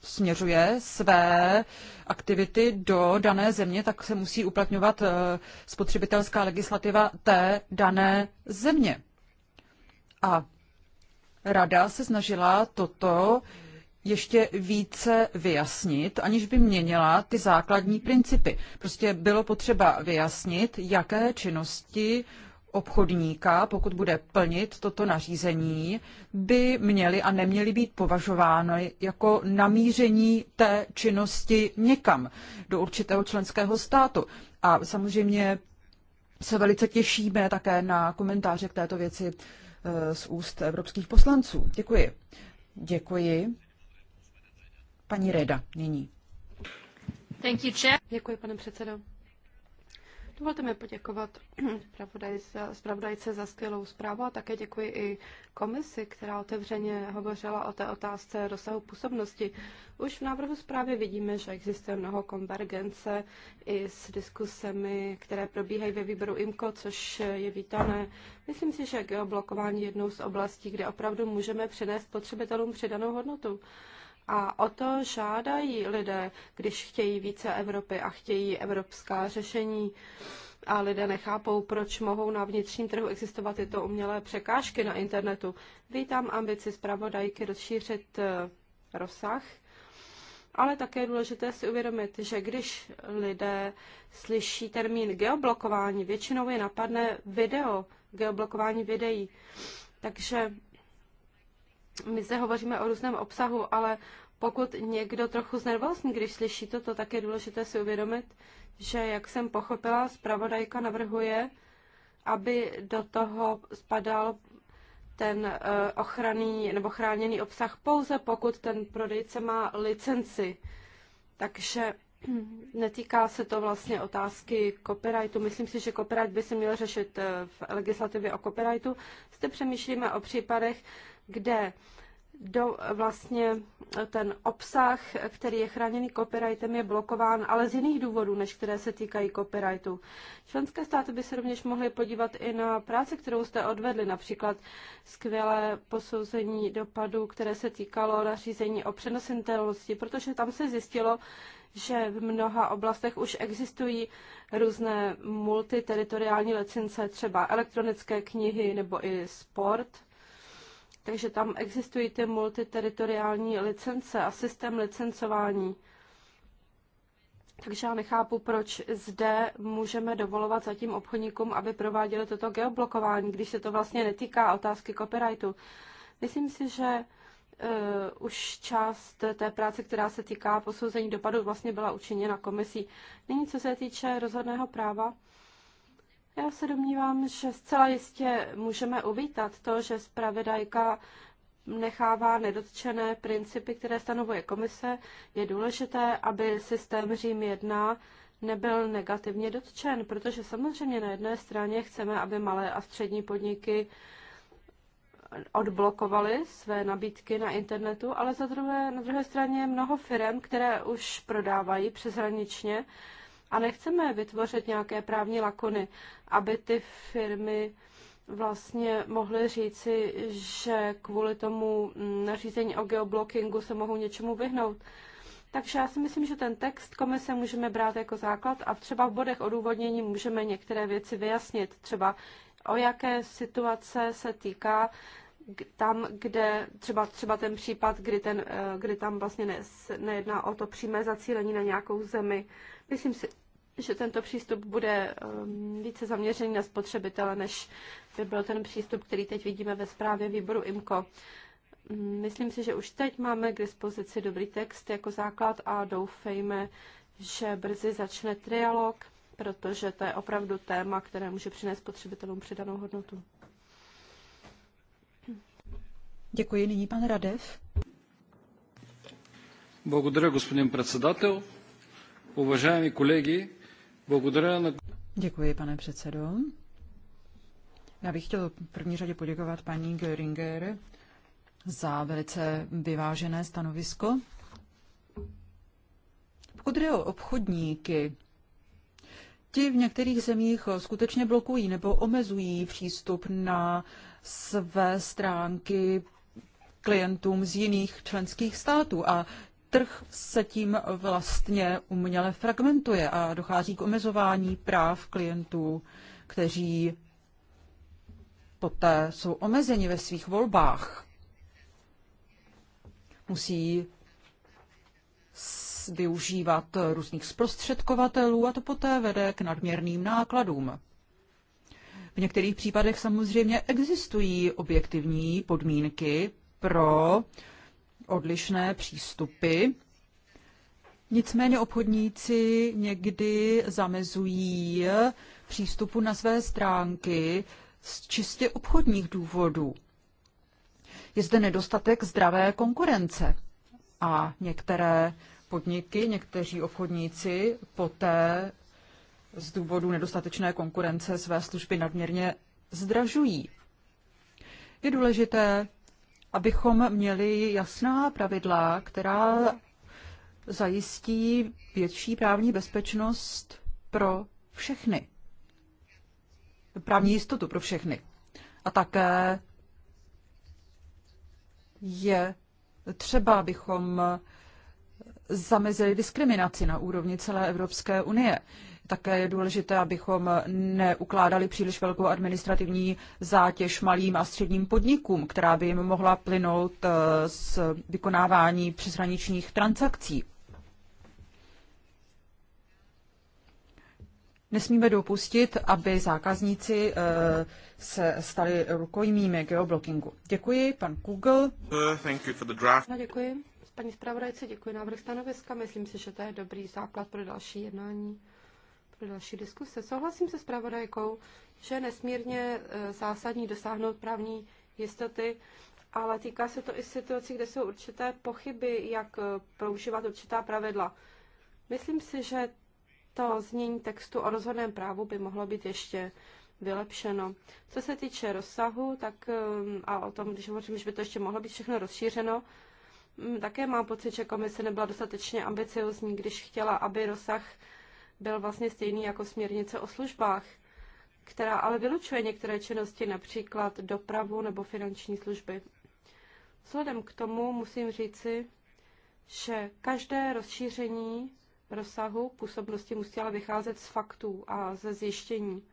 směřuje své aktivity do dané země, tak se musí uplatňovat eh, spotřebitelská legislativa té dané země. A rada se snažila toto ještě více vyjasnit, aniž by měnila ty základní principy. Prostě bylo potřeba vyjasnit, jaké činnosti obchodníka, pokud bude plnit toto nařízení, by měly a neměly být považovány jako namíření té činnosti někam do určitého členského státu. A samozřejmě se velice těšíme také na komentáře k této věci eh, z úst evropských poslanců. Děkuji. Děkuji. Paní Reda nyní. Thank you, Děkuji, pane předsedo. Dovolte mi poděkovat zpravodajce za skvělou zprávu a také děkuji i komisi, která otevřeně hovořila o té otázce rozsahu působnosti. Už v návrhu zprávy vidíme, že existuje mnoho konvergence i s diskusemi, které probíhají ve výboru IMCO, což je vítané. Myslím si, že geoblokování je jednou z oblastí, kde opravdu můžeme přinést potřebitelům přidanou hodnotu. A o to žádají lidé, když chtějí více Evropy a chtějí evropská řešení. A lidé nechápou, proč mohou na vnitřním trhu existovat tyto umělé překážky na internetu. Vítám ambici zpravodajky rozšířit eh, rozsah ale také je důležité si uvědomit, že když lidé slyší termín geoblokování, většinou je napadne video, geoblokování videí. Takže my zde hovoříme o různém obsahu, ale pokud někdo trochu znervozní, když slyší toto, tak je důležité si uvědomit, že, jak jsem pochopila, zpravodajka navrhuje, aby do toho spadal ten eh, ochranný nebo chráněný obsah pouze pokud ten prodejce má licenci. Takže netýká se to vlastně otázky copyrightu. Myslím si, že copyright by se měl řešit eh, v legislativě o copyrightu. Zde přemýšlíme o případech, kde do, vlastně ten obsah, který je chráněný copyrightem, je blokován, ale z jiných důvodů, než které se týkají copyrightu. Členské státy by se rovněž mohly podívat i na práci, kterou jste odvedli, například skvělé posouzení dopadů, které se týkalo nařízení o přenositelnosti, protože tam se zjistilo, že v mnoha oblastech už existují různé multiteritoriální licence, třeba elektronické knihy nebo i sport takže tam existují ty multiteritoriální licence a systém licencování. Takže já nechápu, proč zde můžeme dovolovat zatím obchodníkům, aby prováděli toto geoblokování, když se to vlastně netýká otázky copyrightu. Myslím si, že uh, už část té práce, která se týká posouzení dopadu, vlastně byla učiněna komisí. Nyní, co se týče rozhodného práva, já se domnívám, že zcela jistě můžeme uvítat to, že zpravodajka nechává nedotčené principy, které stanovuje komise. Je důležité, aby systém Řím 1 nebyl negativně dotčen, protože samozřejmě na jedné straně chceme, aby malé a střední podniky odblokovaly své nabídky na internetu, ale za druhé, na druhé straně mnoho firm, které už prodávají přeshraničně, a nechceme vytvořit nějaké právní lakony, aby ty firmy vlastně mohly říci, že kvůli tomu nařízení o geoblockingu se mohou něčemu vyhnout. Takže já si myslím, že ten text komise můžeme brát jako základ a třeba v bodech odůvodnění můžeme některé věci vyjasnit. Třeba o jaké situace se týká tam, kde třeba, třeba ten případ, kdy, ten, eh, kdy tam vlastně nejedná o to přímé zacílení na nějakou zemi, Myslím si, že tento přístup bude um, více zaměřený na spotřebitele, než by byl ten přístup, který teď vidíme ve zprávě výboru IMCO. Myslím si, že už teď máme k dispozici dobrý text jako základ a doufejme, že brzy začne trialog, protože to je opravdu téma, které může přinést spotřebitelům přidanou hodnotu. Děkuji. Nyní pan Radev. Благодаря, господин председател. Уважаеми колеги, благодаря на... Děkuji, pane předsedo. Já bych chtěl v první řadě poděkovat paní Göringer za velice vyvážené stanovisko. Pokud jde o obchodníky, ti v některých zemích skutečně blokují nebo omezují přístup na své stránky klientům z jiných členských států. A trh se tím vlastně uměle fragmentuje a dochází k omezování práv klientů, kteří poté jsou omezeni ve svých volbách. Musí využívat různých zprostředkovatelů a to poté vede k nadměrným nákladům. V některých případech samozřejmě existují objektivní podmínky pro odlišné přístupy. Nicméně obchodníci někdy zamezují přístupu na své stránky z čistě obchodních důvodů. Je zde nedostatek zdravé konkurence a některé podniky, někteří obchodníci poté z důvodu nedostatečné konkurence své služby nadměrně zdražují. Je důležité abychom měli jasná pravidla, která zajistí větší právní bezpečnost pro všechny. Právní jistotu pro všechny. A také je třeba, abychom zamezili diskriminaci na úrovni celé Evropské unie. Také je důležité, abychom neukládali příliš velkou administrativní zátěž malým a středním podnikům, která by jim mohla plynout eh, z vykonávání přeshraničních transakcí. Nesmíme dopustit, aby zákazníci eh, se stali rukojmími geoblockingu. Děkuji, pan Google. Uh, thank you for the draft. No, děkuji. Paní zpravodajce, děkuji návrh stanoviska. Myslím si, že to je dobrý základ pro další jednání do další diskuse. Souhlasím se s pravodajkou, že je nesmírně e, zásadní dosáhnout právní jistoty, ale týká se to i situací, kde jsou určité pochyby, jak e, používat určitá pravidla. Myslím si, že to znění textu o rozhodném právu by mohlo být ještě vylepšeno. Co se týče rozsahu, tak e, a o tom, když hovořím, že by to ještě mohlo být všechno rozšířeno, také mám pocit, že komise nebyla dostatečně ambiciozní, když chtěla, aby rozsah byl vlastně stejný jako směrnice o službách, která ale vylučuje některé činnosti, například dopravu nebo finanční služby. Vzhledem k tomu musím říci, že každé rozšíření rozsahu působnosti musí ale vycházet z faktů a ze zjištění.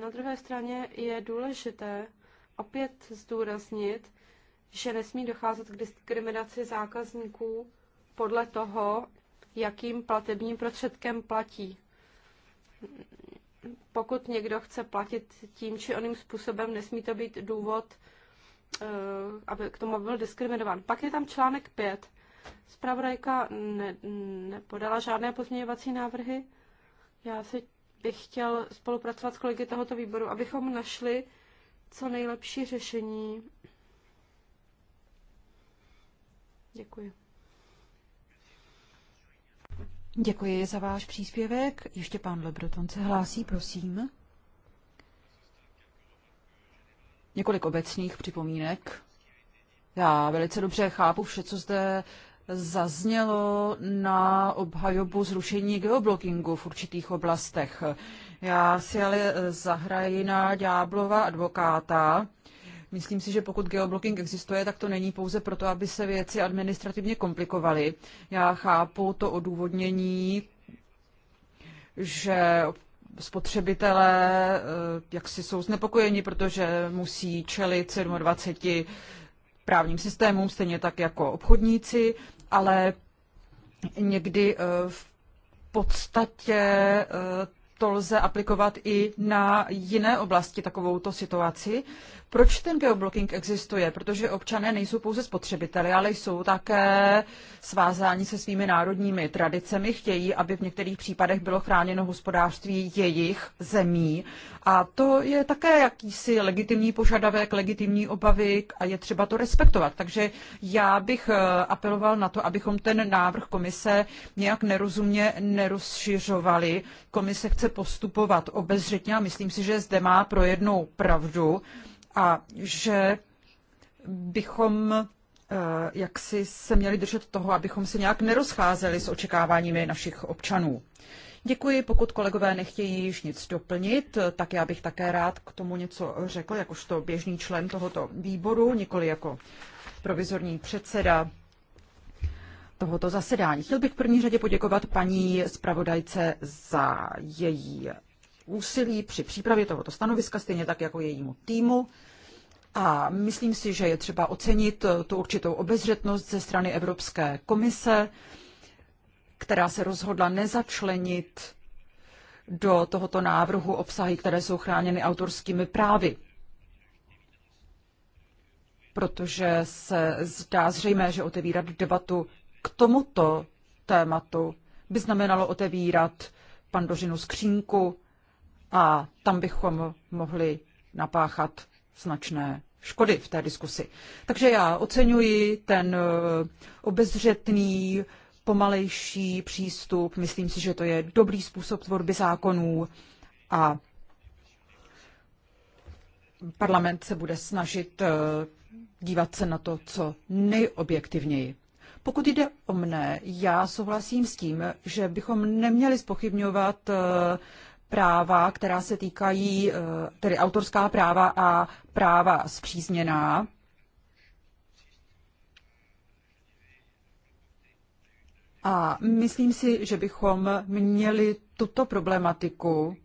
Na druhé straně je důležité opět zdůraznit, že nesmí docházet k diskriminaci zákazníků podle toho, jakým platebním prostředkem platí. Pokud někdo chce platit tím či oným způsobem, nesmí to být důvod, eh, aby k tomu byl diskriminován. Pak je tam článek 5. Spravodajka ne, nepodala žádné pozměňovací návrhy. Já si bych chtěl spolupracovat s kolegy tohoto výboru, abychom našli co nejlepší řešení. Děkuji. Děkuji za váš příspěvek. Ještě pán Lebroton se hlásí, prosím. Několik obecných připomínek. Já velice dobře chápu vše, co zde zaznělo na obhajobu zrušení geoblockingu v určitých oblastech. Já si ale zahraji na ďáblova advokáta Myslím si, že pokud geoblocking existuje, tak to není pouze proto, aby se věci administrativně komplikovaly. Já chápu to odůvodnění, že spotřebitelé eh, jaksi jsou znepokojeni, protože musí čelit 27 právním systémům, stejně tak jako obchodníci, ale někdy eh, v podstatě eh, to lze aplikovat i na jiné oblasti takovouto situaci, proč ten geoblocking existuje? Protože občané nejsou pouze spotřebiteli, ale jsou také svázáni se svými národními tradicemi, chtějí, aby v některých případech bylo chráněno hospodářství jejich zemí. A to je také jakýsi legitimní požadavek, legitimní obavy a je třeba to respektovat. Takže já bych eh, apeloval na to, abychom ten návrh komise nějak nerozumně nerozšiřovali. Komise chce postupovat obezřetně a myslím si, že zde má pro jednou pravdu a že bychom eh, jak si se měli držet toho, abychom se nějak nerozcházeli s očekáváními našich občanů. Děkuji, pokud kolegové nechtějí již nic doplnit, tak já bych také rád k tomu něco řekl, jakožto běžný člen tohoto výboru, nikoli jako provizorní předseda tohoto zasedání. Chtěl bych v první řadě poděkovat paní zpravodajce za její úsilí při přípravě tohoto stanoviska, stejně tak jako jejímu týmu. A myslím si, že je třeba ocenit tu určitou obezřetnost ze strany Evropské komise, která se rozhodla nezačlenit do tohoto návrhu obsahy, které jsou chráněny autorskými právy. Protože se zdá zřejmé, že otevírat debatu k tomuto tématu by znamenalo otevírat pandořinu skřínku a tam bychom mohli napáchat značné škody v té diskusi. Takže já oceňuji ten eh, obezřetný, pomalejší přístup. Myslím si, že to je dobrý způsob tvorby zákonů a parlament se bude snažit eh, dívat se na to, co nejobjektivněji. Pokud jde o mne, já souhlasím s tím, že bychom neměli spochybňovat eh, práva, která se týkají, eh, tedy autorská práva a práva zpřízněná. A myslím si, že bychom měli tuto problematiku,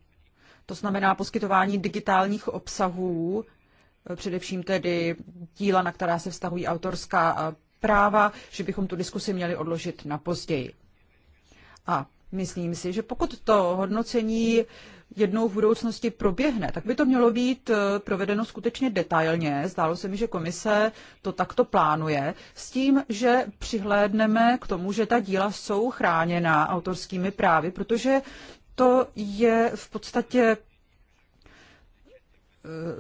to znamená poskytování digitálních obsahů, eh, především tedy díla, na která se vztahují autorská eh, práva, že bychom tu diskusi měli odložit na později. A Myslím si, že pokud to hodnocení jednou v budoucnosti proběhne, tak by to mělo být eh, provedeno skutečně detailně. Zdálo se mi, že komise to takto plánuje, s tím, že přihlédneme k tomu, že ta díla jsou chráněna autorskými právy, protože to je v podstatě eh,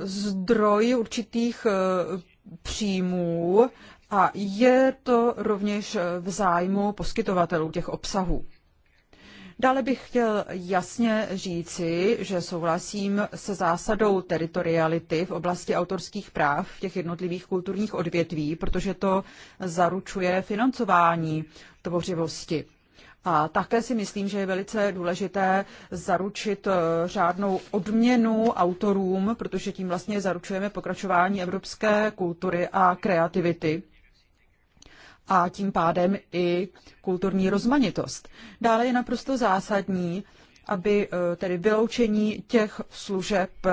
zdroj určitých eh, příjmů a je to rovněž v zájmu poskytovatelů těch obsahů. Dále bych chtěl jasně říci, že souhlasím se zásadou teritoriality v oblasti autorských práv v těch jednotlivých kulturních odvětví, protože to zaručuje financování tvořivosti. A také si myslím, že je velice důležité zaručit eh, řádnou odměnu autorům, protože tím vlastně zaručujeme pokračování evropské kultury a kreativity a tím pádem i kulturní rozmanitost. Dále je naprosto zásadní, aby eh, tedy vyloučení těch služeb eh,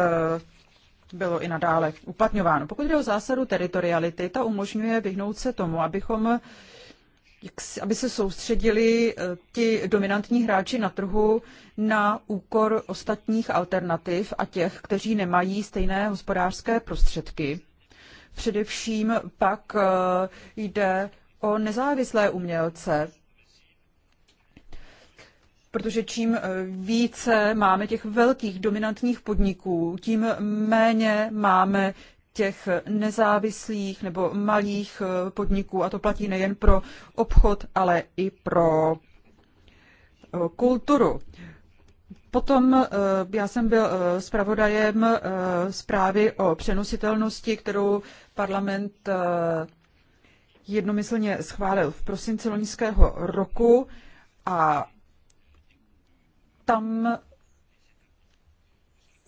bylo i nadále uplatňováno. Pokud jde o zásadu teritoriality, ta umožňuje vyhnout se tomu, abychom aby se soustředili eh, ti dominantní hráči na trhu na úkor ostatních alternativ a těch, kteří nemají stejné hospodářské prostředky. Především pak jde o nezávislé umělce, protože čím eh, více máme těch velkých dominantních podniků, tím méně máme těch nezávislých nebo malých eh, podniků a to platí nejen pro obchod, ale i pro eh, kulturu. Potom já jsem byl zpravodajem zprávy o přenositelnosti, kterou parlament jednomyslně schválil v prosinci loňského roku a tam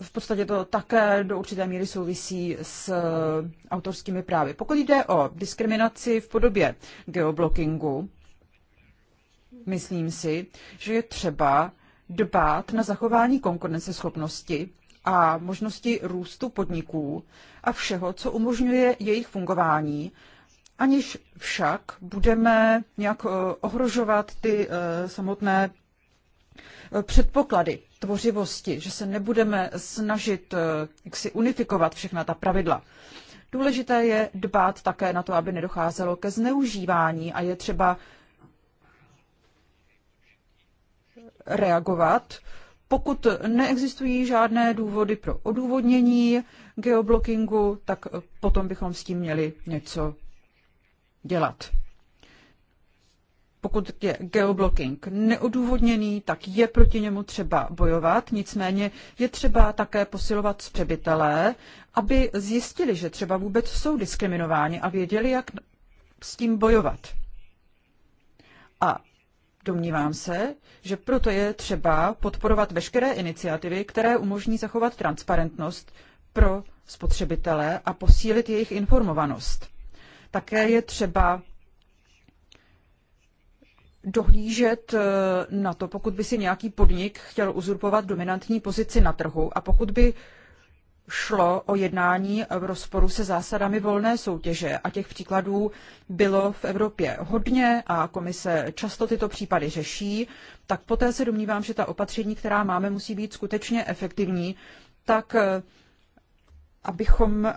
v podstatě to také do určité míry souvisí s eh, autorskými právy. Pokud jde o diskriminaci v podobě geoblockingu, myslím si, že je třeba dbát na zachování konkurenceschopnosti a možnosti růstu podniků a všeho, co umožňuje jejich fungování aniž však budeme nějak eh, ohrožovat ty eh, samotné eh, předpoklady tvořivosti, že se nebudeme snažit jak si unifikovat všechna ta pravidla. Důležité je dbát také na to, aby nedocházelo ke zneužívání a je třeba reagovat, pokud neexistují žádné důvody pro odůvodnění geoblockingu, tak potom bychom s tím měli něco dělat. Pokud je geoblocking neodůvodněný, tak je proti němu třeba bojovat, nicméně je třeba také posilovat spřebitelé, aby zjistili, že třeba vůbec jsou diskriminováni a věděli, jak s tím bojovat. A Domnívám se, že proto je třeba podporovat veškeré iniciativy, které umožní zachovat transparentnost pro spotřebitele a posílit jejich informovanost. Také je třeba dohlížet eh, na to, pokud by si nějaký podnik chtěl uzurpovat dominantní pozici na trhu a pokud by šlo o jednání v rozporu se zásadami volné soutěže a těch příkladů bylo v Evropě hodně a komise často tyto případy řeší, tak poté se domnívám, že ta opatření, která máme, musí být skutečně efektivní, tak eh, abychom eh,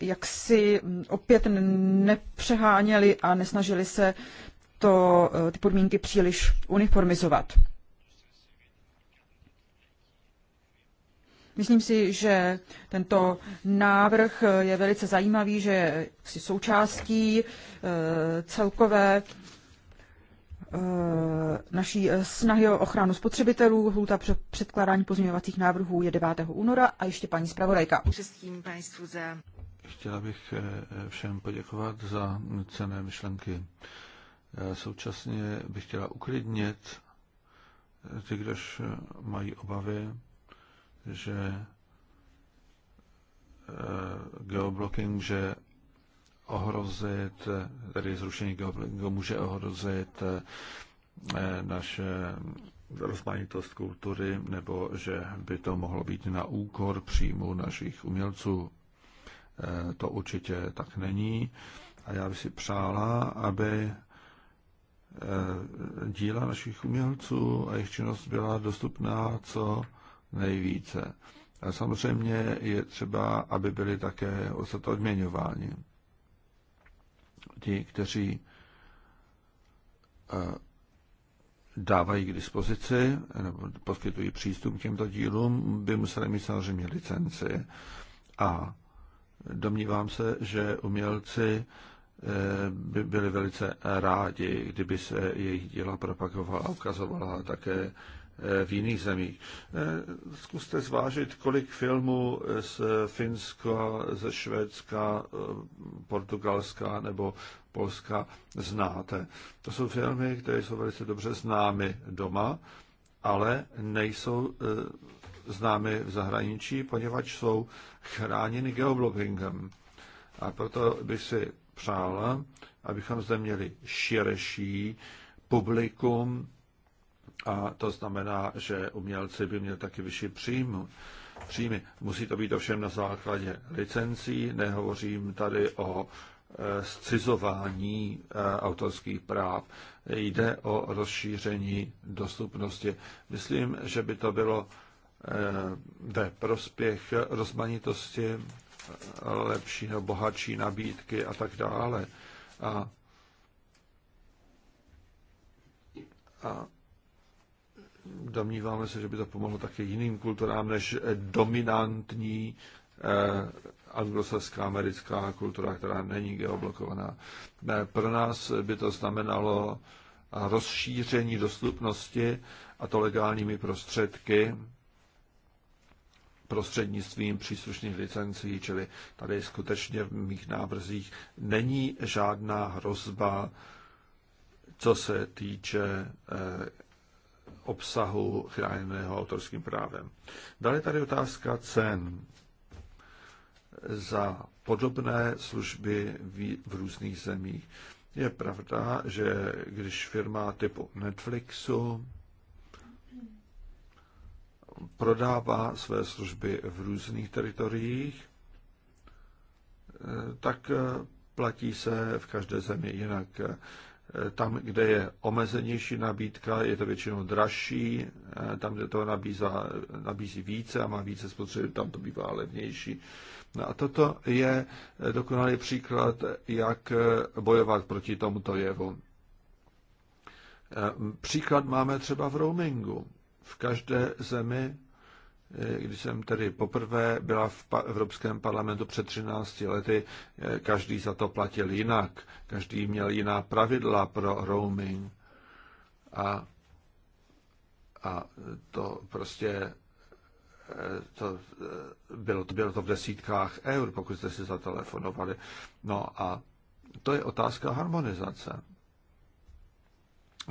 jaksi opět nepřeháněli a nesnažili se to, eh, ty podmínky příliš uniformizovat. Myslím si, že tento návrh eh, je velice zajímavý, že je součástí celkové Eh, naší eh, snahy o ochranu spotřebitelů. Hluta předkládání pozměňovacích návrhů je 9. února a ještě paní zpravodajka. Chtěla bych eh, všem poděkovat za cené myšlenky. Současně bych chtěla uklidnit ty, kdož mají obavy, že geoblocking že ohrozit, tedy zrušení geoblingu může ohrozit eh, naše rozmanitost kultury, nebo že by to mohlo být na úkor příjmu našich umělců. Eh, to určitě tak není. A já bych si přála, aby eh, díla našich umělců a jejich činnost byla dostupná co nejvíce. A samozřejmě je třeba, aby byli také odměňováni ti, kteří eh, dávají k dispozici nebo poskytují přístup k těmto dílům, by museli mít samozřejmě licenci. A domnívám se, že umělci eh, by byli velice rádi, kdyby se jejich díla propagovala a ukazovala také v jiných zemích. Eh, zkuste zvážit, kolik filmů z Finska, ze Švédska, eh, Portugalska nebo Polska znáte. To jsou filmy, které jsou velice dobře známy doma, ale nejsou eh, známy v zahraničí, poněvadž jsou chráněny geoblockingem. A proto bych si přála, abychom zde měli širší publikum, a to znamená, že umělci by měli taky vyšší příjmy. příjmy. Musí to být ovšem na základě licencí, nehovořím tady o e, scizování e, autorských práv. Jde o rozšíření dostupnosti. Myslím, že by to bylo e, ve prospěch rozmanitosti lepší nebo bohatší nabídky a tak dále. A, a domníváme se, že by to pomohlo také jiným kulturám než dominantní eh, anglosaská americká kultura, která není geoblokovaná. Eh, pro nás by to znamenalo rozšíření dostupnosti a to legálními prostředky prostřednictvím příslušných licencí, čili tady skutečně v mých návrzích není žádná hrozba, co se týče eh, obsahu chráněného autorským právem. Dále tady otázka cen za podobné služby v různých zemích. Je pravda, že když firma typu Netflixu prodává své služby v různých teritoriích, eh, tak eh, platí se v každé zemi jinak. Tam, kde je omezenější nabídka, je to většinou dražší, eh, tam, kde to nabízá, nabízí více a má více spotřeby, tam to bývá levnější. No a toto je eh, dokonalý příklad, jak eh, bojovat proti tomuto jevu. Příklad máme třeba v roamingu. V každé zemi Eh, když jsem tedy poprvé byla v Evropském parlamentu před 13 lety, eh, každý za to platil jinak, každý měl jiná pravidla pro roaming. A, a to prostě eh, to bylo, to bylo to v desítkách eur, pokud jste si zatelefonovali. No a to je otázka harmonizace.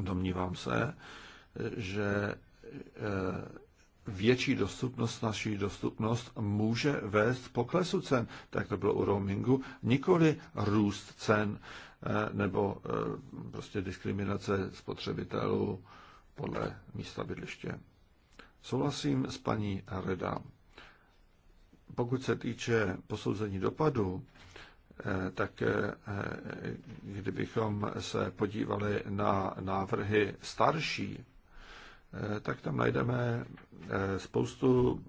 Domnívám se, že větší dostupnost, naší dostupnost může vést poklesu cen. Tak to bylo u roamingu, nikoli růst cen eh, nebo eh, prostě diskriminace spotřebitelů podle místa bydliště. Souhlasím s paní Reda. Pokud se týče posouzení dopadu, eh, tak kdybychom se podívali na návrhy starší, Eh, tak tam najdeme eh, spoustu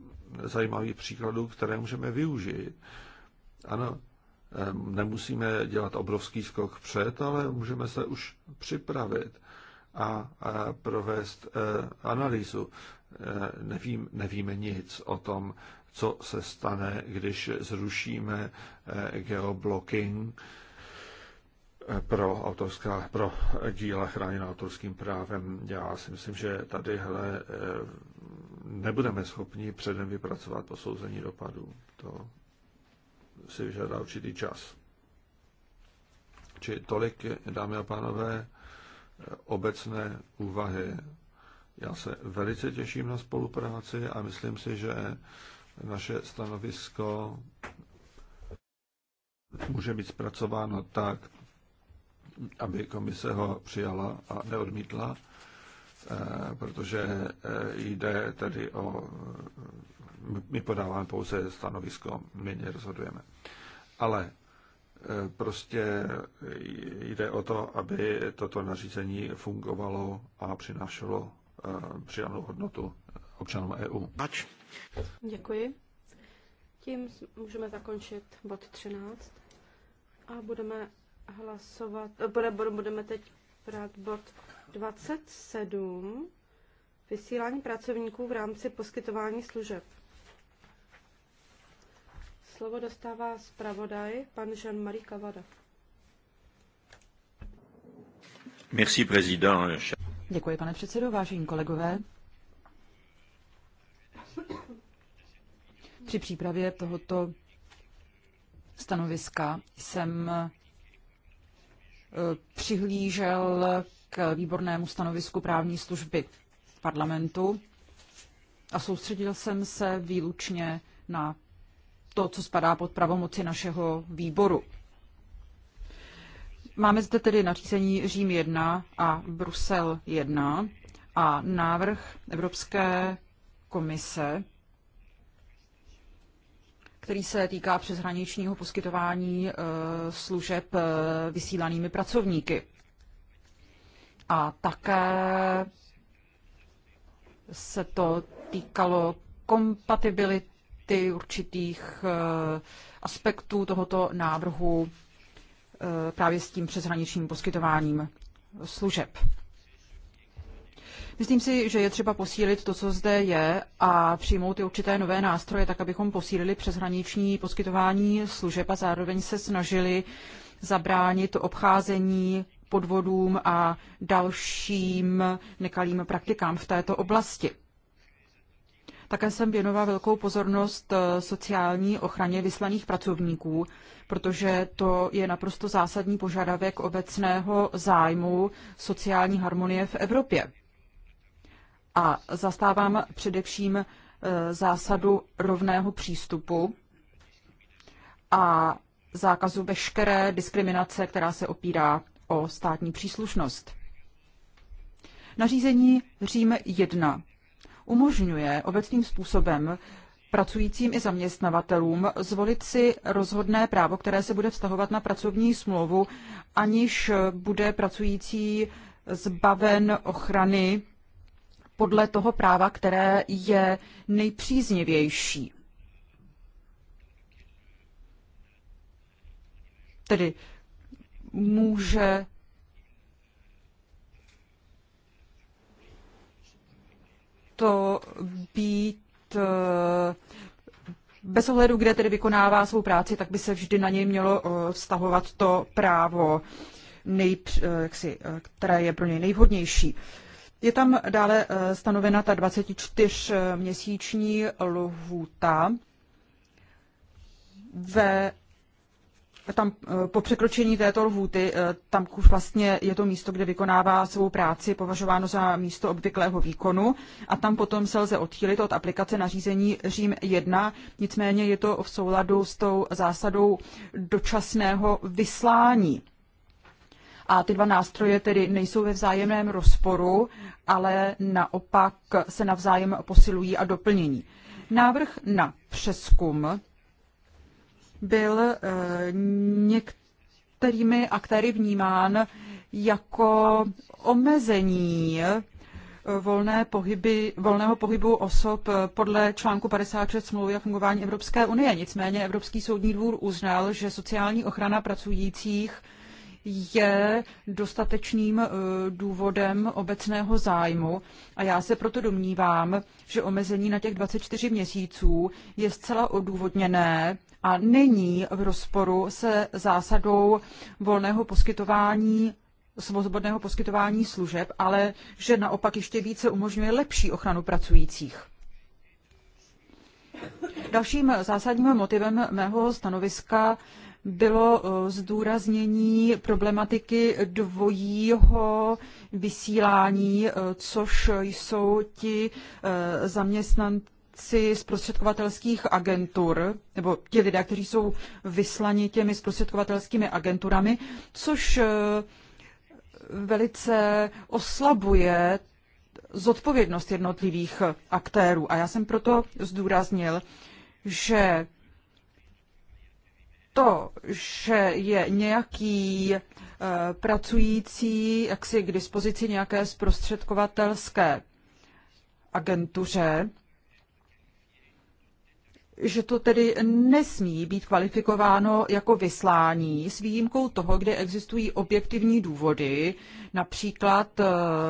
zajímavých příkladů, které můžeme využít. Ano, eh, nemusíme dělat obrovský skok před, ale můžeme se už připravit a provést analýzu. Nevím, nevíme nic o tom, co se stane, když zrušíme geoblocking pro autorská, pro díla chráněná autorským právem. Já si myslím, že tady hele, eh, nebudeme schopni předem vypracovat posouzení dopadů. To si vyžádá určitý čas. Či tolik, dámy a pánové, eh, obecné úvahy. Já se velice těším na spolupráci a myslím si, že naše stanovisko může být zpracováno tak, aby komise ho přijala a neodmítla, eh, protože eh, jde tedy o. Eh, my podáváme pouze stanovisko, my nerozhodujeme. Ale prostě jde o to, aby toto nařízení fungovalo a přinášelo přijanou hodnotu občanům EU. Ač. Děkuji. Tím můžeme zakončit bod 13 a budeme hlasovat, budeme teď brát bod 27, vysílání pracovníků v rámci poskytování služeb. Slovo dostává zpravodaj pan Jean-Marie Cavada. Merci, président. Děkuji, pane předsedo, vážení kolegové. Při přípravě tohoto stanoviska jsem přihlížel k výbornému stanovisku právní služby parlamentu a soustředil jsem se výlučně na to, co spadá pod pravomoci našeho výboru. Máme zde tedy nařízení Řím 1 a Brusel 1 a návrh Evropské komise který se týká přeshraničního poskytování eh, služeb eh, vysílanými pracovníky. A také se to týkalo kompatibility určitých eh, aspektů tohoto návrhu právě s tím přeshraničním poskytováním služeb. Myslím si, že je třeba posílit to, co zde je a přijmout ty určité nové nástroje, tak abychom posílili přeshraniční poskytování služeb a zároveň se snažili zabránit obcházení podvodům a dalším nekalým praktikám v této oblasti. Také jsem věnovala velkou pozornost eh, sociální ochraně vyslaných pracovníků, protože to je naprosto zásadní požadavek obecného zájmu sociální harmonie v Evropě a zastávám především e, zásadu rovného přístupu a zákazu veškeré diskriminace, která se opírá o státní příslušnost. Nařízení Řím 1 umožňuje obecným způsobem pracujícím i zaměstnavatelům zvolit si rozhodné právo, které se bude vztahovat na pracovní smlouvu, aniž bude pracující zbaven ochrany podle toho práva, které je nejpříznivější. Tedy může to být eh, bez ohledu, kde tedy vykonává svou práci, tak by se vždy na něj mělo eh, vztahovat to právo, eh, jaksi, které je pro něj nejvhodnější. Je tam dále eh, stanovena ta 24-měsíční lhůta. Ve, tam, eh, po překročení této lhůty, eh, tam už vlastně je to místo, kde vykonává svou práci, považováno za místo obvyklého výkonu a tam potom se lze odchýlit od aplikace nařízení Řím 1, nicméně je to v souladu s tou zásadou dočasného vyslání. A ty dva nástroje tedy nejsou ve vzájemném rozporu, ale naopak se navzájem posilují a doplnění. Návrh na přeskum byl eh, některými aktéry vnímán jako omezení eh, volné pohyby, volného pohybu osob podle článku 56 smlouvy o fungování Evropské unie. Nicméně Evropský soudní dvůr uznal, že sociální ochrana pracujících je dostatečným eh, důvodem obecného zájmu a já se proto domnívám, že omezení na těch 24 měsíců je zcela odůvodněné a není v rozporu se zásadou volného poskytování svobodného poskytování služeb, ale že naopak ještě více umožňuje lepší ochranu pracujících. Dalším zásadním motivem mého stanoviska bylo eh, zdůraznění problematiky dvojího vysílání, eh, což jsou ti eh, zaměstnanci zprostředkovatelských agentur, nebo ti lidé, kteří jsou vyslani těmi zprostředkovatelskými agenturami, což velice oslabuje zodpovědnost jednotlivých aktérů. A já jsem proto zdůraznil, že to, že je nějaký eh, pracující jaksi k dispozici nějaké zprostředkovatelské agentuře, že to tedy nesmí být kvalifikováno jako vyslání s výjimkou toho, kde existují objektivní důvody, například eh,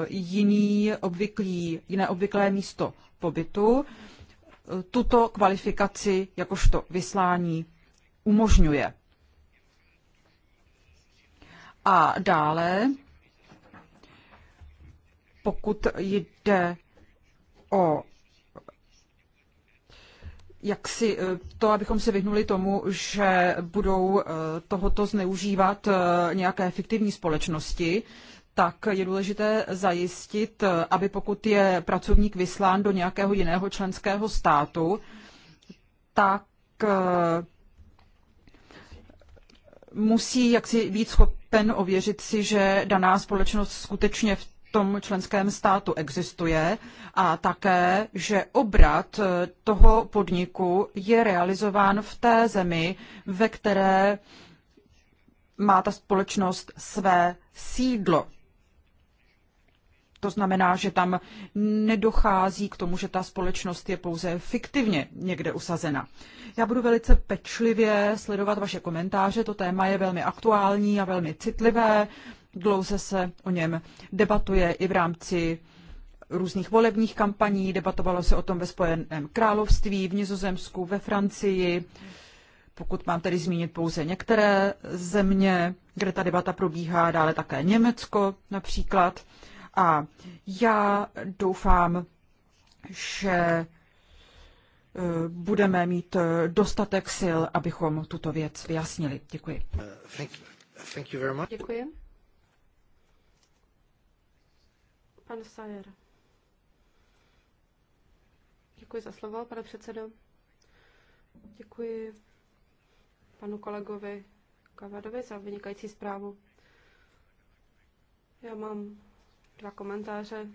jiný obvyklý, jiné obvyklé místo pobytu, eh, tuto kvalifikaci jakožto vyslání umožňuje. A dále, pokud jde o jak si eh, to, abychom se vyhnuli tomu, že budou eh, tohoto zneužívat eh, nějaké fiktivní společnosti, tak je důležité zajistit, aby pokud je pracovník vyslán do nějakého jiného členského státu, tak musí jaksi být schopen ověřit si, že daná společnost skutečně v tom členském státu existuje a také, že obrat eh, toho podniku je realizován v té zemi, ve které má ta společnost své sídlo. To znamená, že tam nedochází k tomu, že ta společnost je pouze fiktivně někde usazena. Já budu velice pečlivě sledovat vaše komentáře. To téma je velmi aktuální a velmi citlivé. Dlouze se o něm debatuje i v rámci různých volebních kampaní, debatovalo se o tom ve Spojeném království, v Nizozemsku, ve Francii, pokud mám tedy zmínit pouze některé země, kde ta debata probíhá, dále také Německo například. A já doufám, že eh, budeme mít eh, dostatek sil, abychom tuto věc vyjasnili. Děkuji. Uh, thank you. Thank you very much. Děkuji. Pan Sajer. Děkuji za slovo, pane předsedo. Děkuji panu kolegovi Kavadovi za vynikající zprávu. Já mám dva komentáře.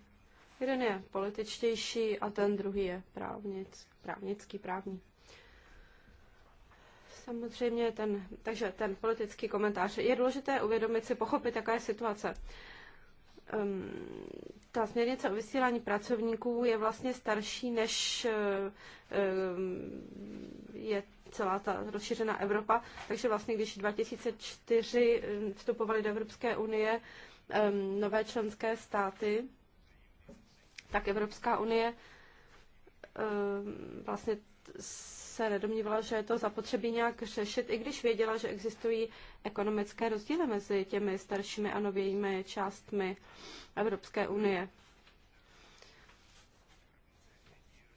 Jeden je političtější a ten druhý je právnic, právnický, právní. Samozřejmě ten, takže ten politický komentář. Je důležité uvědomit si, pochopit, jaká je situace. Um, ta směrnice o vysílání pracovníků je vlastně starší, než um, je celá ta rozšířená Evropa. Takže vlastně, když 2004 ehm, vstupovali do Evropské unie, nové členské státy, tak Evropská unie vlastně se nedomnívala, že je to zapotřebí nějak řešit, i když věděla, že existují ekonomické rozdíly mezi těmi staršími a novějími částmi Evropské unie.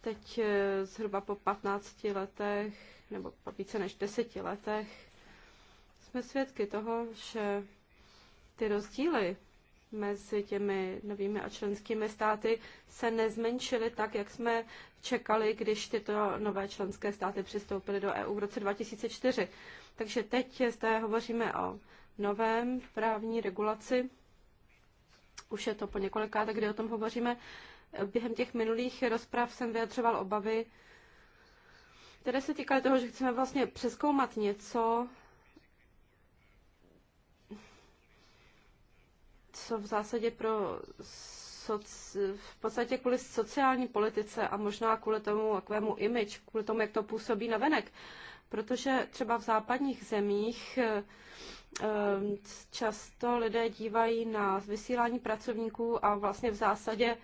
Teď eh, zhruba po 15 letech, nebo po více než 10 letech, jsme svědky toho, že ty rozdíly mezi těmi novými a členskými státy se nezmenšily tak, jak jsme čekali, když tyto nové členské státy přistoupily do EU v roce 2004. Takže teď zde hovoříme o novém právní regulaci. Už je to po několika. Tak kdy o tom hovoříme. Během těch minulých rozprav jsem vyjadřoval obavy, které se týkaly toho, že chceme vlastně přeskoumat něco, co v zásadě pro v podstatě kvůli sociální politice a možná kvůli tomu takovému image, kvůli tomu, jak to působí na venek. Protože třeba v západních zemích ehm, často lidé dívají na vysílání pracovníků a vlastně v zásadě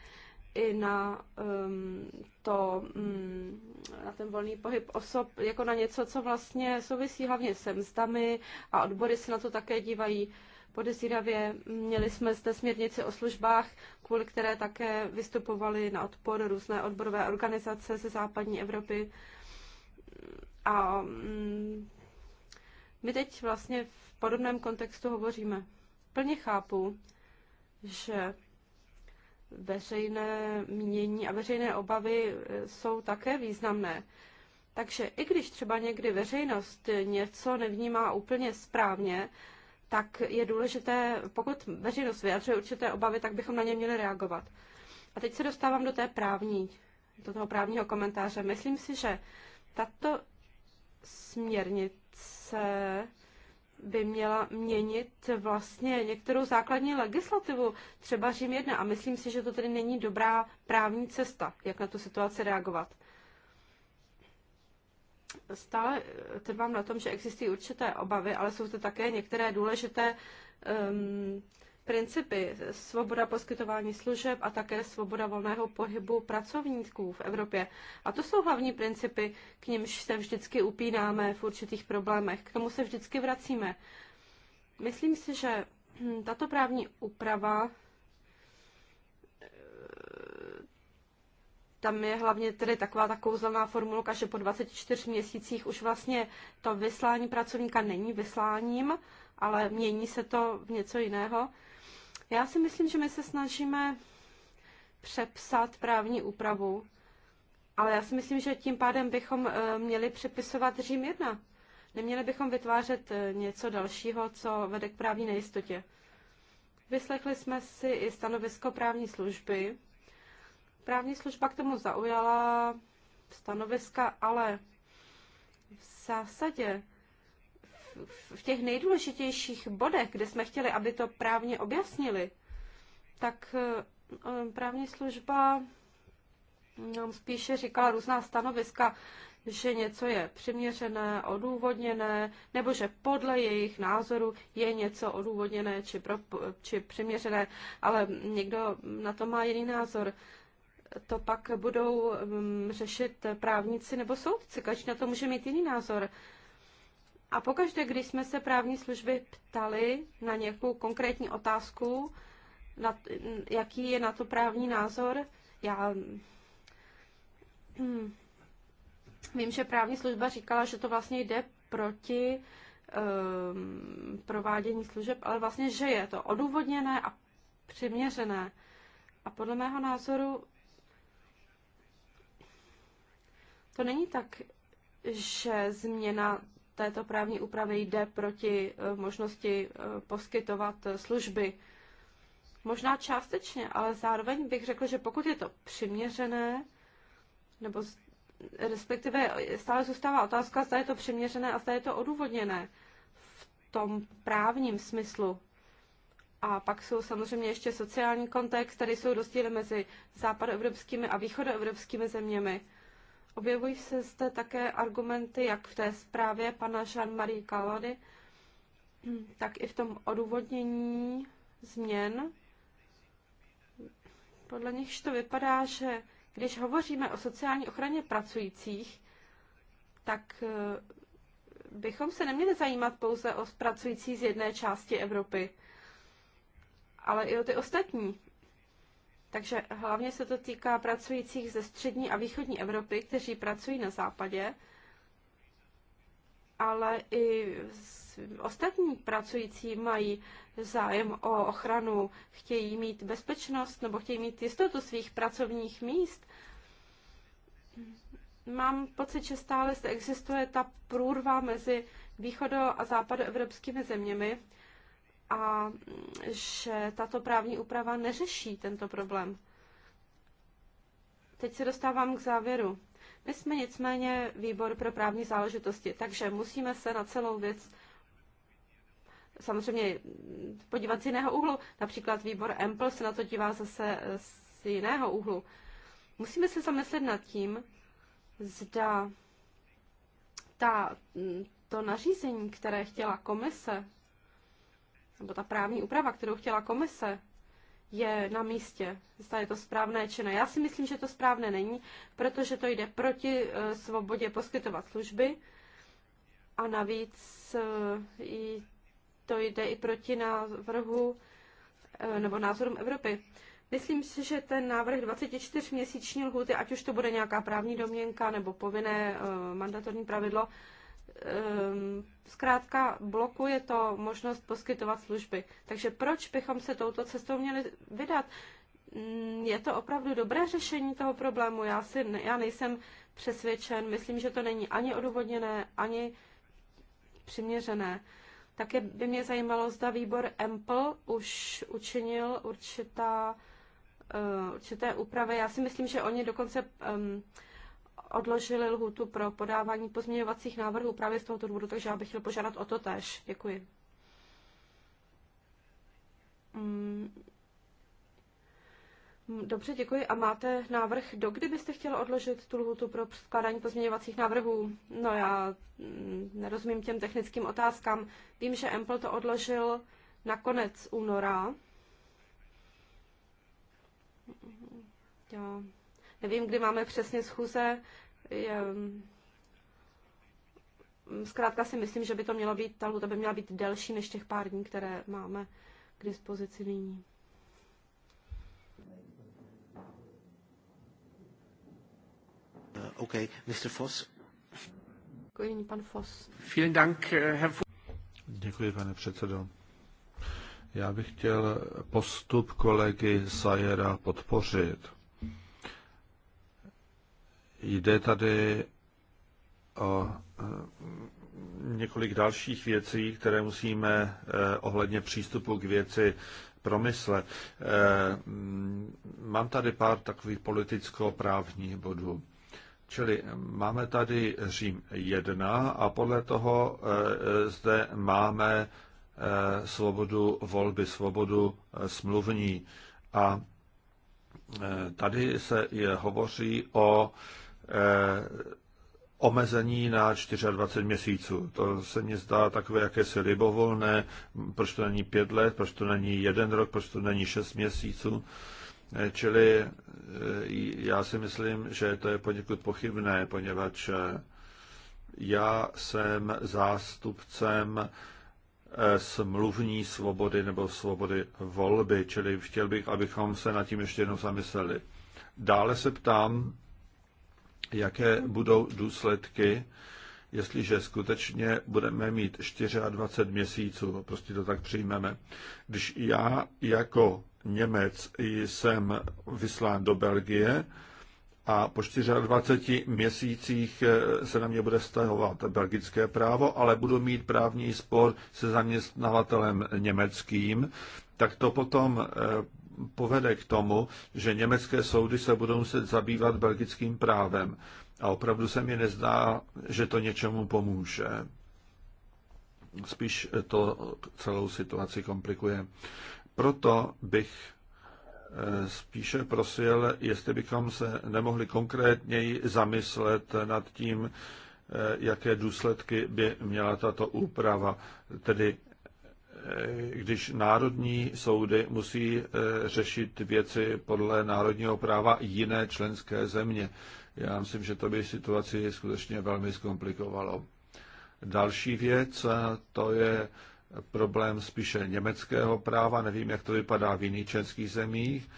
i na ehm, to, mm, na ten volný pohyb osob, jako na něco, co vlastně souvisí hlavně se mzdami a odbory se na to také dívají podezíravě. Měli jsme zde směrnici o službách, kvůli které také vystupovaly na odpor různé odborové organizace ze západní Evropy. A mm, my teď vlastně v podobném kontextu hovoříme. Plně chápu, že veřejné mínění a veřejné obavy e, jsou také významné. Takže i když třeba někdy veřejnost něco nevnímá úplně správně, tak je důležité, pokud veřejnost vyjadřuje určité obavy, tak bychom na ně měli reagovat. A teď se dostávám do té právní, do toho právního komentáře. Myslím si, že tato směrnice by měla měnit vlastně některou základní legislativu, třeba Řím 1. A myslím si, že to tedy není dobrá právní cesta, jak na tu situaci reagovat stále trvám na tom, že existují určité obavy, ale jsou to také některé důležité um, principy. Svoboda poskytování služeb a také svoboda volného pohybu pracovníků v Evropě. A to jsou hlavní principy, k nimž se vždycky upínáme v určitých problémech. K tomu se vždycky vracíme. Myslím si, že hm, tato právní úprava tam je hlavně tedy taková ta kouzelná formulka, že po 24 měsících už vlastně to vyslání pracovníka není vysláním, ale mění se to v něco jiného. Já si myslím, že my se snažíme přepsat právní úpravu, ale já si myslím, že tím pádem bychom eh, měli přepisovat Řím 1. Neměli bychom vytvářet eh, něco dalšího, co vede k právní nejistotě. Vyslechli jsme si i stanovisko právní služby, Právní služba k tomu zaujala stanoviska, ale v zásadě v těch nejdůležitějších bodech, kde jsme chtěli, aby to právně objasnili, tak eh, eh, právní služba nám spíše říkala různá stanoviska, že něco je přiměřené, odůvodněné, nebo že podle jejich názoru je něco odůvodněné či, pro, či přiměřené, ale někdo na to má jiný názor to pak budou mm, řešit právníci nebo soudci. Každý na to může mít jiný názor. A pokaždé, když jsme se právní služby ptali na nějakou konkrétní otázku, na, jaký je na to právní názor, já hm, vím, že právní služba říkala, že to vlastně jde proti um, provádění služeb, ale vlastně, že je to odůvodněné a přiměřené. A podle mého názoru To není tak, že změna této právní úpravy jde proti eh, možnosti eh, poskytovat eh, služby. Možná částečně, ale zároveň bych řekl, že pokud je to přiměřené, nebo respektive stále zůstává otázka, zda je to přiměřené a zda je to odůvodněné v tom právním smyslu. A pak jsou samozřejmě ještě sociální kontext, tady jsou rozdíly mezi západoevropskými a východoevropskými zeměmi. Objevují se zde také argumenty, jak v té zprávě pana Jean-Marie Calody, tak i v tom odůvodnění změn. Podle nichž to vypadá, že když hovoříme o sociální ochraně pracujících, tak eh, bychom se neměli zajímat pouze o pracující z jedné části Evropy, ale i o ty ostatní. Takže hlavně se to týká pracujících ze střední a východní Evropy, kteří pracují na západě, ale i ostatní pracující mají zájem o ochranu, chtějí mít bezpečnost nebo chtějí mít jistotu svých pracovních míst. Mám pocit, že stále existuje ta průrva mezi východo- a západoevropskými zeměmi a že tato právní úprava neřeší tento problém. Teď se dostávám k závěru. My jsme nicméně výbor pro právní záležitosti, takže musíme se na celou věc samozřejmě podívat z jiného úhlu. Například výbor Empl se na to dívá zase z jiného úhlu. Musíme se zamyslet nad tím, zda ta, to nařízení, které chtěla komise, nebo ta právní úprava, kterou chtěla komise, je na místě, zda je to správné či ne. Já si myslím, že to správné není, protože to jde proti eh, svobodě poskytovat služby a navíc eh, to jde i proti návrhu eh, nebo názorům Evropy. Myslím si, že ten návrh 24-měsíční lhuty, ať už to bude nějaká právní domněnka nebo povinné mandatorní pravidlo, Ehm, zkrátka blokuje to možnost poskytovat služby. Takže proč bychom se touto cestou měli vydat? Mm, je to opravdu dobré řešení toho problému? Já, si, já nejsem přesvědčen. Myslím, že to není ani odůvodněné, ani přiměřené. Také by mě zajímalo, zda výbor EMPL už učinil určitá, eh, určité úpravy. Já si myslím, že oni dokonce um, odložili lhůtu pro podávání pozměňovacích návrhů právě z tohoto důvodu, takže já bych chtěl požádat o to tež. Děkuji. Mm. Mm, dobře, děkuji. A máte návrh, do kdy byste chtěl odložit tu lhutu pro předkládání pozměňovacích návrhů? No já mm, nerozumím těm technickým otázkám. Vím, že Empl to odložil na konec února. Já Nevím, kdy máme přesně schůze. Je, mm, zkrátka si myslím, že by to mělo být, ta lhuta by měla být delší než těch pár dní, které máme k dispozici nyní. Uh, OK, Mr. Foss. Děkuji, pan Foss. Vielen Dank, eh, Herr Foss. Děkuji, pane předsedo. Já bych chtěl postup kolegy Sajera podpořit. Jde tady o eh, několik dalších věcí, které musíme eh, ohledně přístupu k věci promyslet. Eh, mám tady pár takových politicko-právních bodů. Čili máme tady Řím 1 a podle toho zde máme svobodu volby, svobodu smluvní. A tady se je, hovoří o Eh, omezení na 24 měsíců. To se mně zdá takové jakési libovolné, proč to není pět let, proč to není jeden rok, proč to není šest měsíců. Eh, čili eh, já si myslím, že to je poněkud pochybné, poněvadž já jsem zástupcem smluvní svobody nebo svobody volby, čili chtěl bych, abychom se nad tím ještě jednou zamysleli. Dále se ptám, jaké budou důsledky, jestliže skutečně budeme mít 24 měsíců, prostě to tak přijmeme. Když já jako Němec jsem vyslán do Belgie a po 24 měsících eh, se na mě bude stahovat belgické právo, ale budu mít právní spor se zaměstnavatelem německým, tak to potom eh, povede k tomu, že německé soudy se budou muset zabývat belgickým právem. A opravdu se mi nezdá, že to něčemu pomůže. Spíš to celou situaci komplikuje. Proto bych eh, spíše prosil, jestli bychom se nemohli konkrétněji zamyslet nad tím, eh, jaké důsledky by měla tato úprava, tedy když národní soudy musí eh, řešit věci podle národního práva jiné členské země. Já myslím, že to by situaci skutečně velmi zkomplikovalo. Další věc, to je problém spíše německého práva, nevím, jak to vypadá v jiných českých zemích.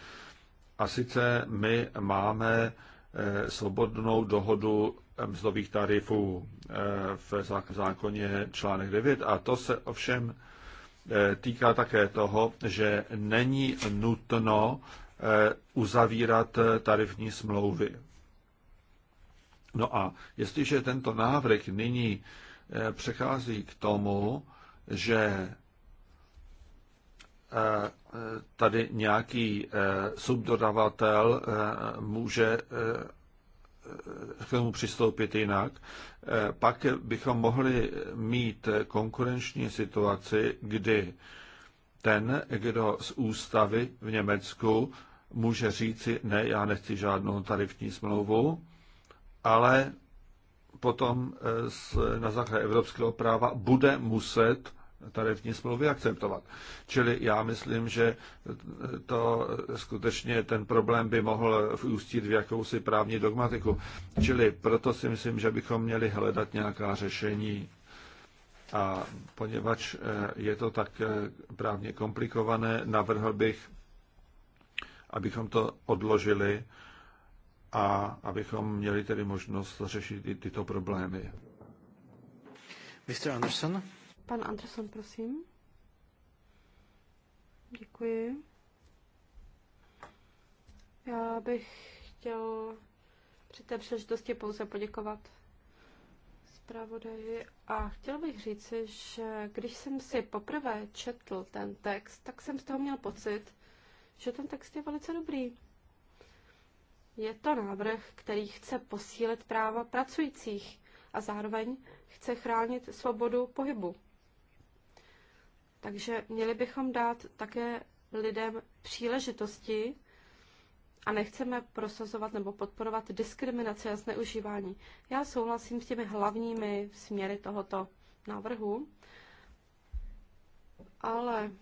A sice my máme eh, svobodnou dohodu mzdových tarifů eh, v zákoně článek 9 a to se ovšem Eh, týká také toho, že není nutno eh, uzavírat eh, tarifní smlouvy. No a jestliže tento návrh nyní přechází k tomu, že tady nějaký subdodavatel může k tomu přistoupit jinak, eh, pak bychom mohli mít konkurenční situaci, kdy ten, kdo z ústavy v Německu může říci, ne, já nechci žádnou tarifní smlouvu, ale potom eh, na základě evropského práva bude muset tarifní smlouvy akceptovat. Čili já myslím, že to skutečně ten problém by mohl vústit v jakousi právní dogmatiku. Čili proto si myslím, že bychom měli hledat nějaká řešení. A poněvadž eh, je to tak eh, právně komplikované, navrhl bych, abychom to odložili a abychom měli tedy možnost řešit i tyto problémy. Mr. Anderson? Pan Anderson, prosím. Děkuji. Já bych chtěl při té příležitosti pouze poděkovat zpravodaji a chtěl bych říci, že když jsem si poprvé četl ten text, tak jsem z toho měl pocit, že ten text je velice dobrý. Je to návrh, který chce posílit práva pracujících a zároveň chce chránit svobodu pohybu. Takže měli bychom dát také lidem příležitosti a nechceme prosazovat nebo podporovat diskriminaci a zneužívání. Já souhlasím s těmi hlavními směry tohoto návrhu, ale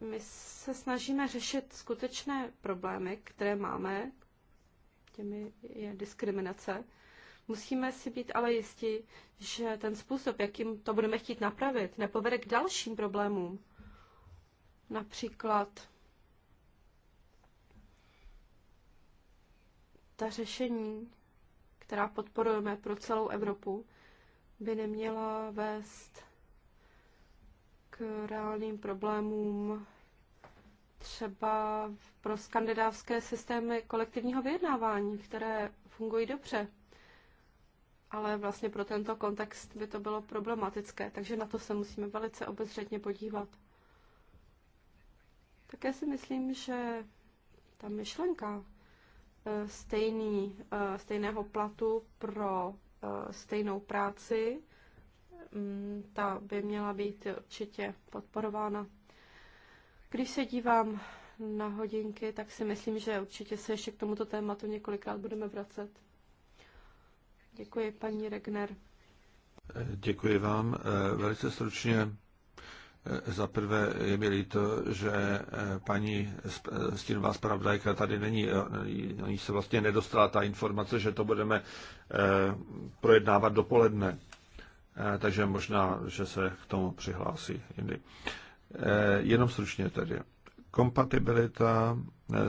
my se snažíme řešit skutečné problémy, které máme, těmi je diskriminace. Musíme si být ale jistí, že ten způsob, jakým to budeme chtít napravit, nepovede k dalším problémům. Například ta řešení, která podporujeme pro celou Evropu, by neměla vést k reálným problémům třeba pro skandinávské systémy kolektivního vyjednávání, které fungují dobře ale vlastně pro tento kontext by to bylo problematické, takže na to se musíme velice obezřetně podívat. Také si myslím, že ta myšlenka eh, stejný, eh, stejného platu pro eh, stejnou práci, mm, ta by měla být určitě podporována. Když se dívám na hodinky, tak si myslím, že určitě se ještě k tomuto tématu několikrát budeme vracet. Děkuji, paní Regner. Děkuji vám. Eh, velice stručně. Eh, za prvé je mi líto, že eh, paní stínová zpravodajka tady není. Oni se vlastně nedostala ta informace, že to budeme projednávat dopoledne. Takže možná, že se k tomu přihlásí jindy. Jenom stručně tedy. Kompatibilita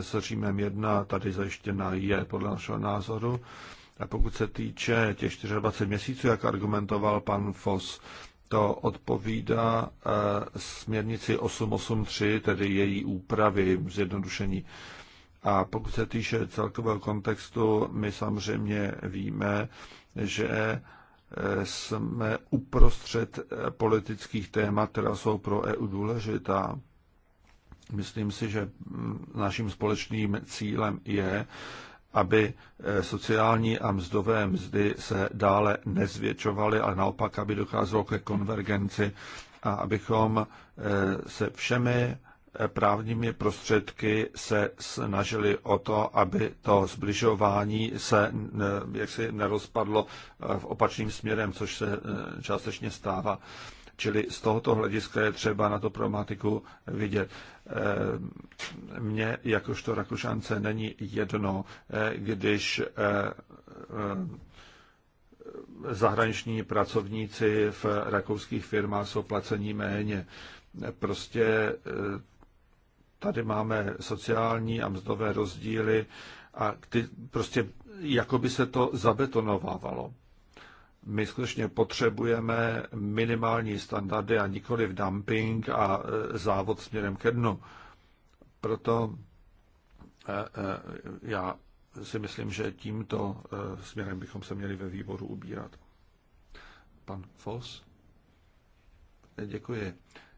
s Římem 1 tady zajištěna je podle našeho názoru. A pokud se týče těch 24 měsíců, jak argumentoval pan Foss, to odpovídá eh, směrnici 883, tedy její úpravy, zjednodušení. A pokud se týče celkového kontextu, my samozřejmě víme, že eh, jsme uprostřed eh, politických témat, která jsou pro EU důležitá. Myslím si, že mm, naším společným cílem je aby eh, sociální a mzdové mzdy se dále nezvětšovaly, ale naopak, aby docházelo ke konvergenci a abychom eh, se všemi eh, právními prostředky se snažili o to, aby to zbližování se jaksi nerozpadlo v opačným směrem, což se částečně stává. Čili z tohoto hlediska je třeba na to problematiku vidět. Eh, mně, jakožto Rakušance, není jedno, eh, když eh, zahraniční pracovníci v rakouských firmách jsou placení méně. Prostě tady máme sociální a mzdové rozdíly a ty prostě jako by se to zabetonovávalo. My skutečně potřebujeme minimální standardy a nikoli v dumping a e, závod směrem ke dnu. Proto e, e, já si myslím, že tímto směrem bychom se měli ve výboru ubírat. Pan Foss? Děkuji.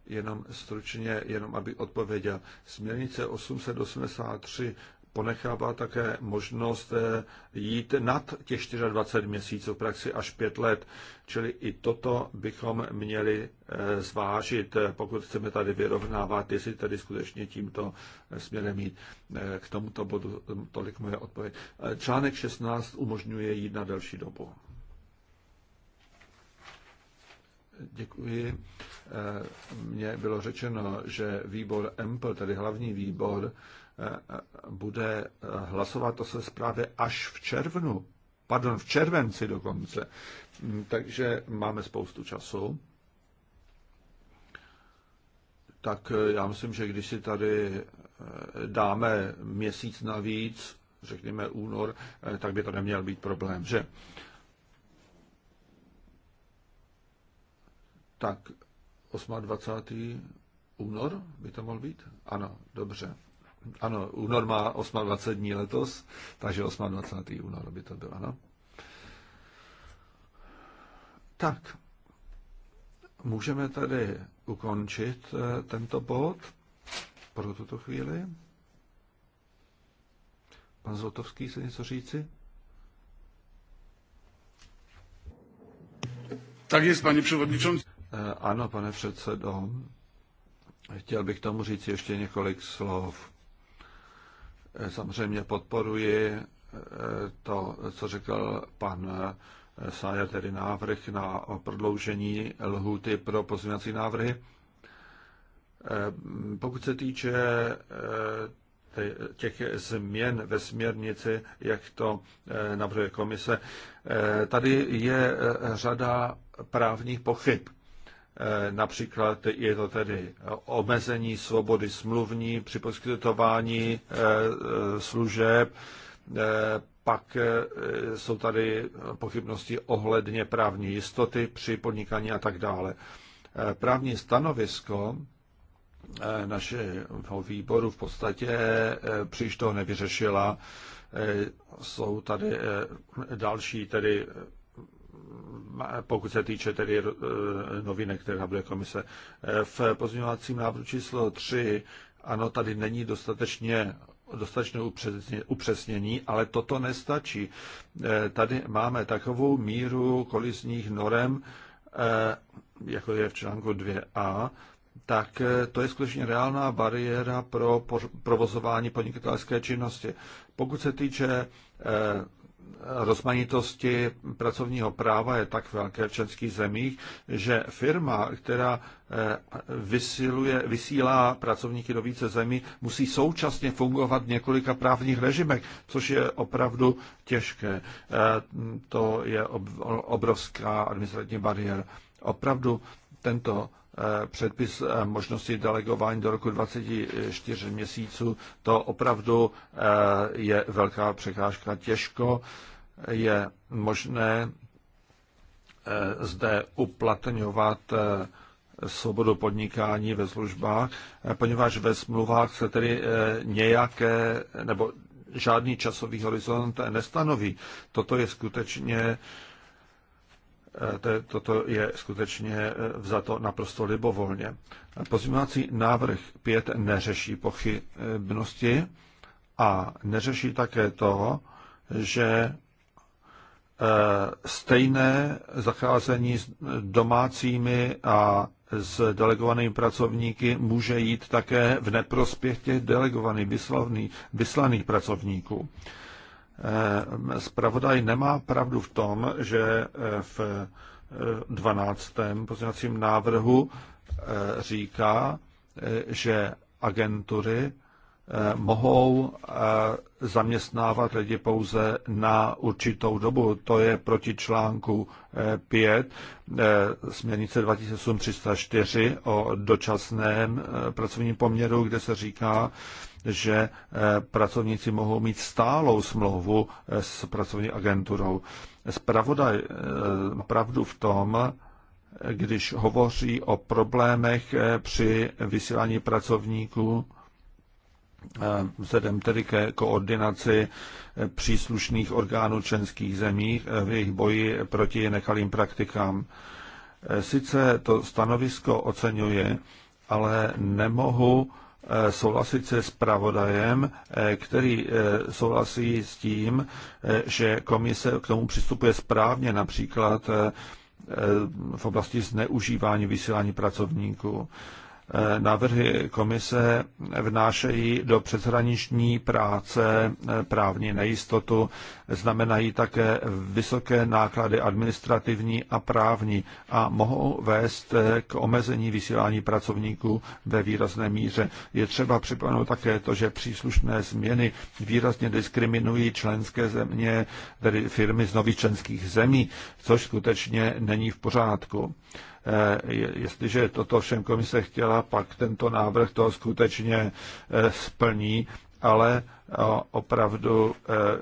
Jenom stručně, jenom aby odpověděl. Směrnice 883 ponechává také možnost eh, jít nad těch 24 měsíců v praxi až 5 let. Čili i toto bychom měli eh, zvážit, eh, pokud chceme tady vyrovnávat, jestli tady skutečně tímto směrem jít. K tomuto bodu tolik moje odpověď. Článek 16 umožňuje jít na delší dobu. Děkuji. Mně bylo řečeno, že výbor EMPL, tedy hlavní výbor, bude hlasovat o své zprávě až v červnu, pardon, v červenci dokonce. Takže máme spoustu času. Tak já myslím, že když si tady eh, dáme měsíc navíc, řekněme únor, eh, tak by to neměl být problém, že? Tak 28. únor by to mohl být? Ano, dobře ano, únor má 28 dní letos, takže 28. únor by to bylo, ano. Tak, můžeme tady ukončit eh, tento bod pro tuto chvíli. Pan Zlotovský se něco říci? Tak jest, pane předsedající. Eh, ano, pane předsedo. Chtěl bych tomu říct ještě několik slov. Samozřejmě podporuji eh, to, co řekl pan eh, Sája, tedy návrh na prodloužení lhuty pro pozměňovací návrhy. Eh, pokud se týče těch změn ve směrnici, jak to navrhuje komise, tady je řada právních pochyb. Eh, například je to tedy eh, omezení svobody smluvní při poskytování eh, služeb, pak jsou tady pochybnosti ohledně právní jistoty při podnikání a tak dále. Právní stanovisko našeho výboru v podstatě příliš toho nevyřešila. Jsou tady další tedy pokud se týče tedy eh, novinek, které nabude komise. Eh, v pozměňovacím návrhu číslo 3, ano, tady není dostatečně dostatečné upřesnění, ale toto nestačí. Eh, tady máme takovou míru kolizních norem, jako je v článku 2a, tak to je skutečně reálná bariéra pro provozování podnikatelské činnosti. Pokud se týče rozmanitosti pracovního práva je tak velké v členských zemích, že firma, která eh, vysiluje, vysílá pracovníky do více zemí, musí současně fungovat v několika právních režimech, což je opravdu těžké. Eh, to je obrovská administrativní bariéra. Opravdu tento Eh, předpis eh, možnosti delegování do roku 24 měsíců, to opravdu eh, je velká překážka. Těžko je možné zde uplatňovat svobodu podnikání ve službách, poněvadž ve smluvách se tedy nějaké nebo žádný časový horizont nestanoví. Toto je skutečně Eh, toto je skutečně eh, vzato naprosto libovolně. Pozměňovací návrh 5 neřeší pochybnosti a neřeší také to, že eh, stejné zacházení s domácími a s delegovanými pracovníky může jít také v neprospěch těch delegovaných, vyslaných pracovníků. Spravodaj eh, nemá pravdu v tom, že eh, v 12. Eh, pozměňovacím návrhu říká, že agentury mohou zaměstnávat lidi pouze na určitou dobu. To je proti článku 5 směrnice 28304 o dočasném pracovním poměru, kde se říká, že eh, pracovníci mohou mít stálou smlouvu eh, s pracovní agenturou. Spravodaj eh, pravdu v tom, když hovoří o problémech při vysílání pracovníků, vzhledem tedy ke koordinaci příslušných orgánů členských zemí v jejich boji proti nekalým praktikám. Sice to stanovisko oceňuje, ale nemohu Eh, souhlasit se zpravodajem, eh, který eh, souhlasí s tím, že komise k tomu přistupuje správně, například v oblasti zneužívání vysílání pracovníků. Eh, návrhy komise vnášejí do přeshraniční práce eh, právní nejistotu, znamenají také vysoké náklady administrativní a právní a mohou vést eh, k omezení vysílání pracovníků ve výrazné míře. Je třeba připomenout také to, že příslušné změny výrazně diskriminují členské země, tedy firmy z nových členských zemí, což skutečně není v pořádku. Eh, jestliže toto všem komise chtěla, pak tento návrh to skutečně eh, splní, ale eh, opravdu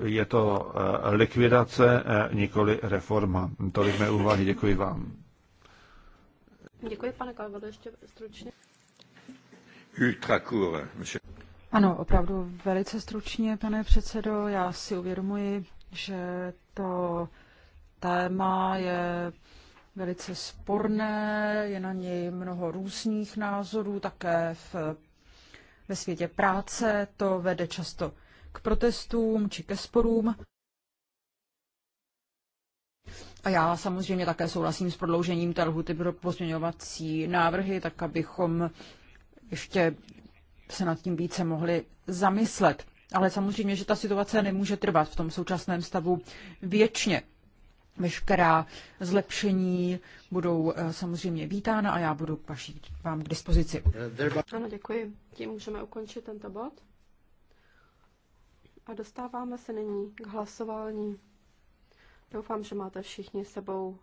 je to likvidace, nikoli reforma. Tolik mé úvahy, děkuji vám. Děkuji, pane Kalvado, ještě stručně. Ultra ano, opravdu velice stručně, pane předsedo. Já si uvědomuji, že to téma je velice sporné, je na něj mnoho různých názorů, také v, ve světě práce to vede často k protestům či ke sporům. A já samozřejmě také souhlasím s prodloužením té lhuty pro pozměňovací návrhy, tak abychom ještě se nad tím více mohli zamyslet. Ale samozřejmě, že ta situace nemůže trvat v tom současném stavu věčně. Veškerá zlepšení budou eh, samozřejmě vítána a já budu k vaší, vám k dispozici. Ano, děkuji. Tím můžeme ukončit tento bod. A dostáváme se nyní k hlasování. Doufám, že máte všichni sebou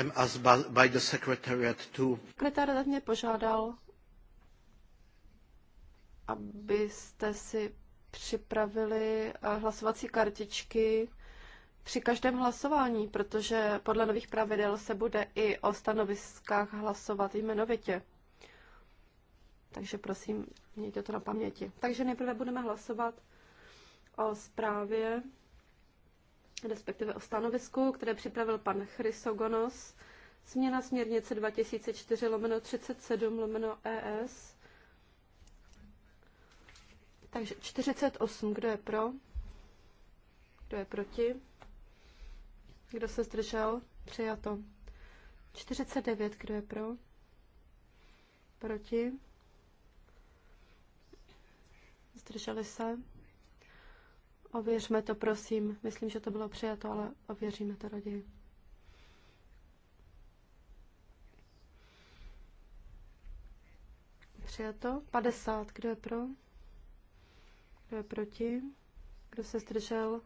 I'm asked by, by the secretariat to... Sekretariat mě požádal, abyste si připravili eh, hlasovací kartičky při každém hlasování, protože podle nových pravidel se bude i o stanoviskách hlasovat jmenovitě. Takže prosím, mějte to na paměti. Takže nejprve budeme hlasovat o zprávě respektive o stanovisku, které připravil pan Chrysogonos, změna směrnice 2004 lomeno 37 lomeno ES. Takže 48, kdo je pro? Kdo je proti? Kdo se zdržel? Přijato. 49, kdo je pro? Proti? Zdrželi se? Ověřme to, prosím. Myslím, že to bylo přijato, ale ověříme to raději. Přijato. 50. Kdo je pro? Kdo je proti? Kdo se zdržel?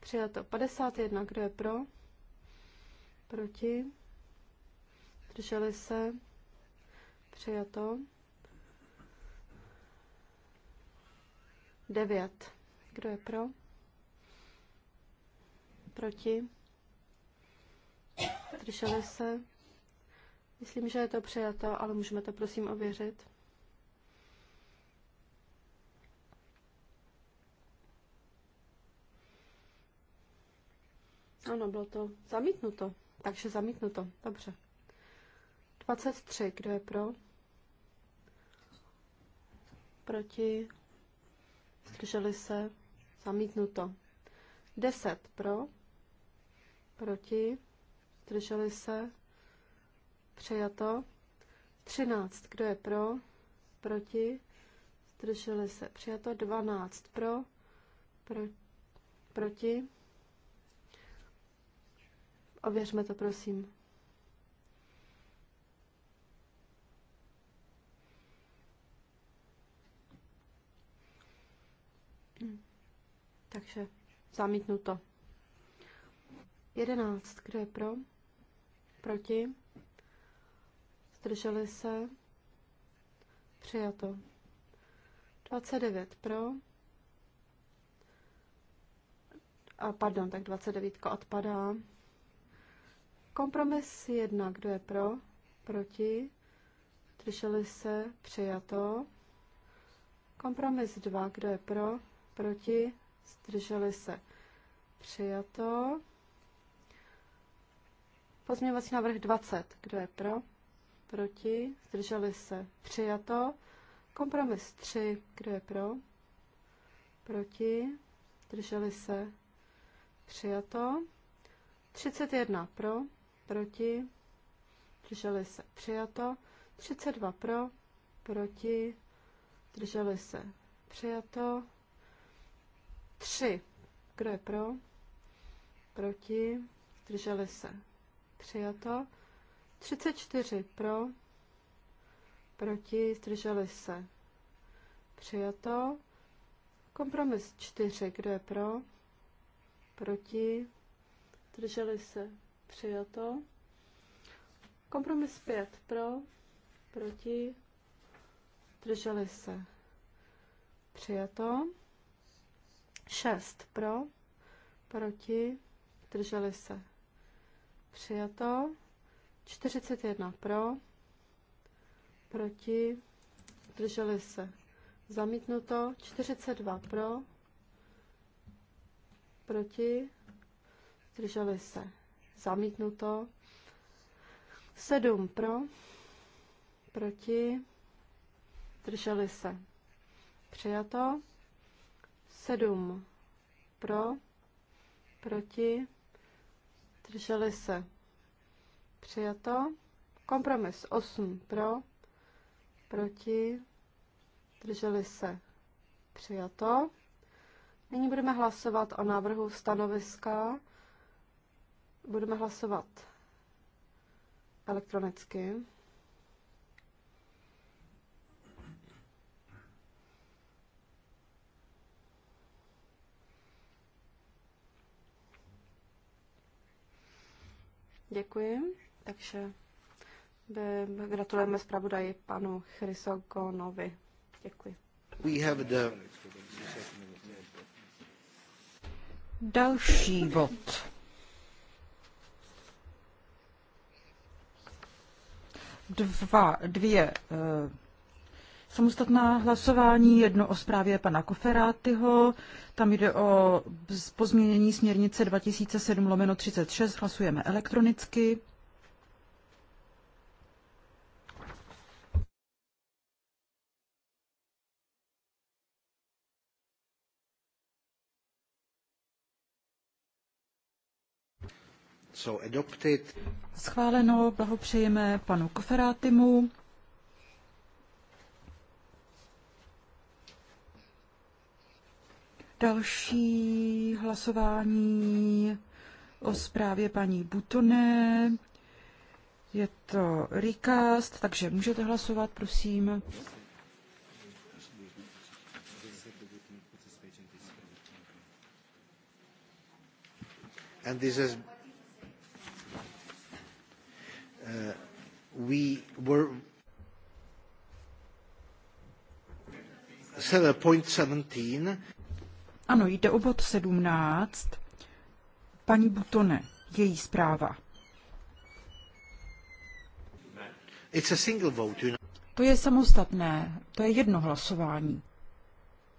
Přijato. 51. Kdo je pro? Proti? Zdrželi se? Přijato. 9. Kdo je pro? proti, drželi se. Myslím, že je to přijato, ale můžeme to prosím ověřit. Ano, bylo to zamítnuto. Takže zamítnuto. Dobře. 23. Kdo je pro? Proti? Zdrželi se? Zamítnuto. 10 pro? proti, zdrželi se, přijato. 13, kdo je pro, proti, zdrželi se, přijato. 12 pro, pro proti. Ověřme to, prosím. Hm. Takže zamítnuto. 11. Kdo je pro? Proti? Zdrželi se? Přijato. 29 pro. A pardon, tak 29 odpadá. Kompromis 1. Kdo je pro? Proti? Zdrželi se? Přijato. Kompromis 2. Kdo je pro? Proti? Zdrželi se? Přijato. Pozměňovací návrh 20. Kdo je pro? Proti? Zdrželi se? Přijato. Kompromis 3. Kdo je pro? Proti? Zdrželi se? Přijato. 31 pro, proti, Zdrželi se, přijato. 32 pro, proti, Zdrželi se, přijato. 3, kdo je pro, proti, Zdrželi se, přijato. 34 pro, proti, zdrželi se, přijato. Kompromis 4, kdo je pro, proti, zdrželi se, přijato. Kompromis 5 pro, proti, zdrželi se, přijato. 6 pro, proti, zdrželi se, Přijato. 41 pro. Proti. Drželi se. Zamítnuto. 42 pro. Proti. Drželi se. Zamítnuto. 7 pro. Proti. Drželi se. Přijato. 7 pro. Proti Zdrželi se. Přijato. Kompromis 8 pro. Proti. Zdrželi se. Přijato. Nyní budeme hlasovat o návrhu stanoviska. Budeme hlasovat elektronicky. Děkuji. Takže eh, gratulujeme zpravodaji panu Chrysogonovi. Děkuji. We have the... Další bod. Dva, dvě uh samostatná hlasování, jedno o zprávě pana Koferátyho, tam jde o pozměnění směrnice 2007 lomeno 36, hlasujeme elektronicky. So adopted. Schváleno, blahopřejeme panu Koferátimu. Další hlasování o zprávě paní Butoné. Je to recast, takže můžete hlasovat, prosím. And this is, uh, we were 7.17. Ano, jde o bod 17. Paní Butone, její zpráva. It's a single vote, you know. To je samostatné, to je jedno hlasování.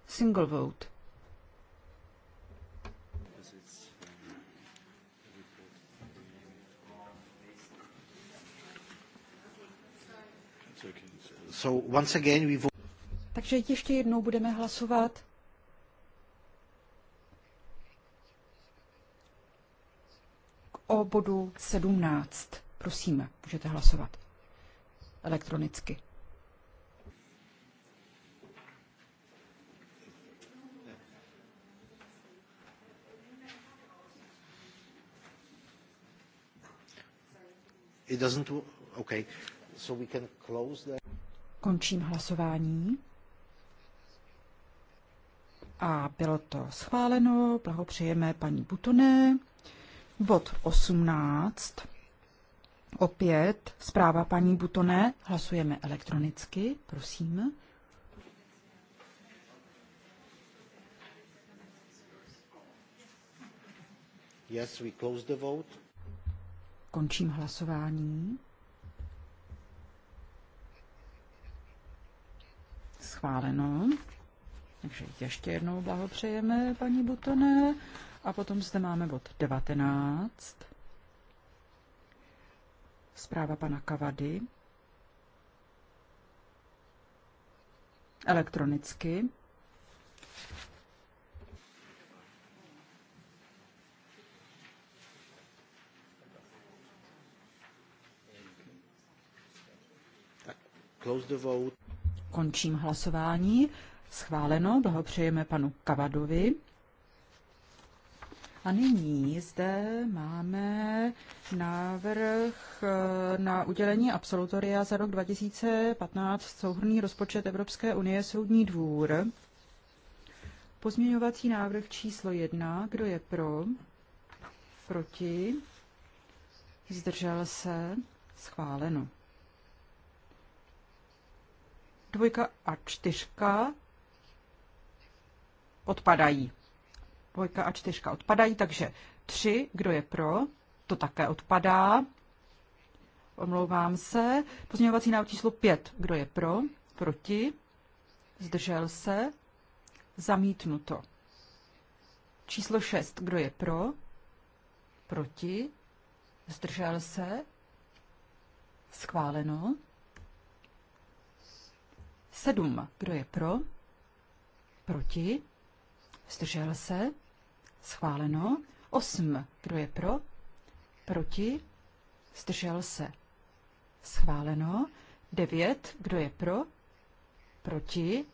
Single vote. So once again we vote. Takže ještě jednou budeme hlasovat o bodu 17. Prosím, můžete hlasovat elektronicky. It doesn't okay. So we can close the... Končím hlasování. A bylo to schváleno. Blahopřejeme paní Butoné. Bod 18. Opět zpráva paní Butoné. Hlasujeme elektronicky, prosím. Yes, we close the vote. Končím hlasování. Schváleno. Takže ještě jednou blahopřejeme paní Butoné. A potom zde máme bod 19. Zpráva pana Kavady. Elektronicky. Končím hlasování. Schváleno, blahopřejeme panu Kavadovi. A nyní zde máme návrh eh, na udělení absolutoria za rok 2015 souhrný rozpočet Evropské unie Soudní dvůr. Pozměňovací návrh číslo 1. Kdo je pro? Proti? Zdržel se? Schváleno. Dvojka a čtyřka odpadají dvojka a čtyřka odpadají, takže tři, kdo je pro, to také odpadá. Omlouvám se. Pozměňovací návrh číslo pět, Kdo je pro? Proti? Zdržel se? Zamítnuto. Číslo šest, Kdo je pro? Proti? Zdržel se? Schváleno. Sedm, Kdo je pro? Proti? Zdržel se? Schváleno. 8. Kdo je pro? Proti? Zdržel se. Schváleno. 9. Kdo je pro? Proti?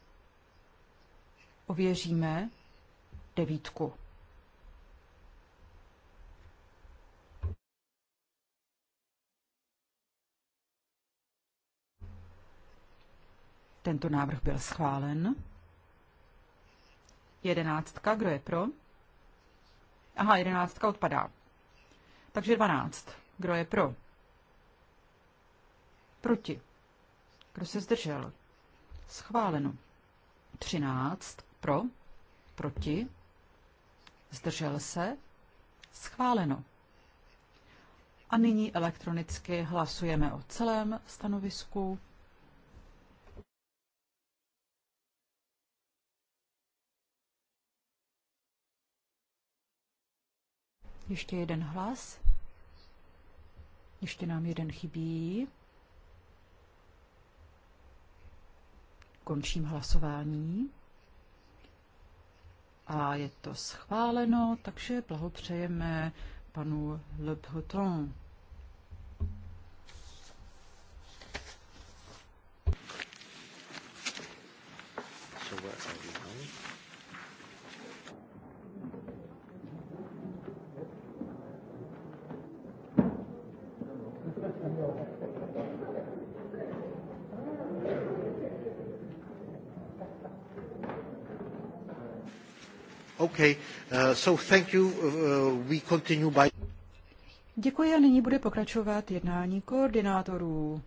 Ověříme devítku. Tento návrh byl schválen. Jedenáctka, kdo je pro? Aha, jedenáctka odpadá. Takže dvanáct. Kdo je pro? Proti. Kdo se zdržel? Schváleno. Třináct Pro. Proti. Zdržel se. Schváleno. A nyní elektronicky hlasujeme o celém stanovisku. Ještě jeden hlas. Ještě nám jeden chybí. Končím hlasování. A je to schváleno, takže blahopřejeme panu Le Breton. So uh, Okay. Uh, so thank you. Uh, we continue by... Děkuji a nyní bude pokračovat jednání koordinátorů.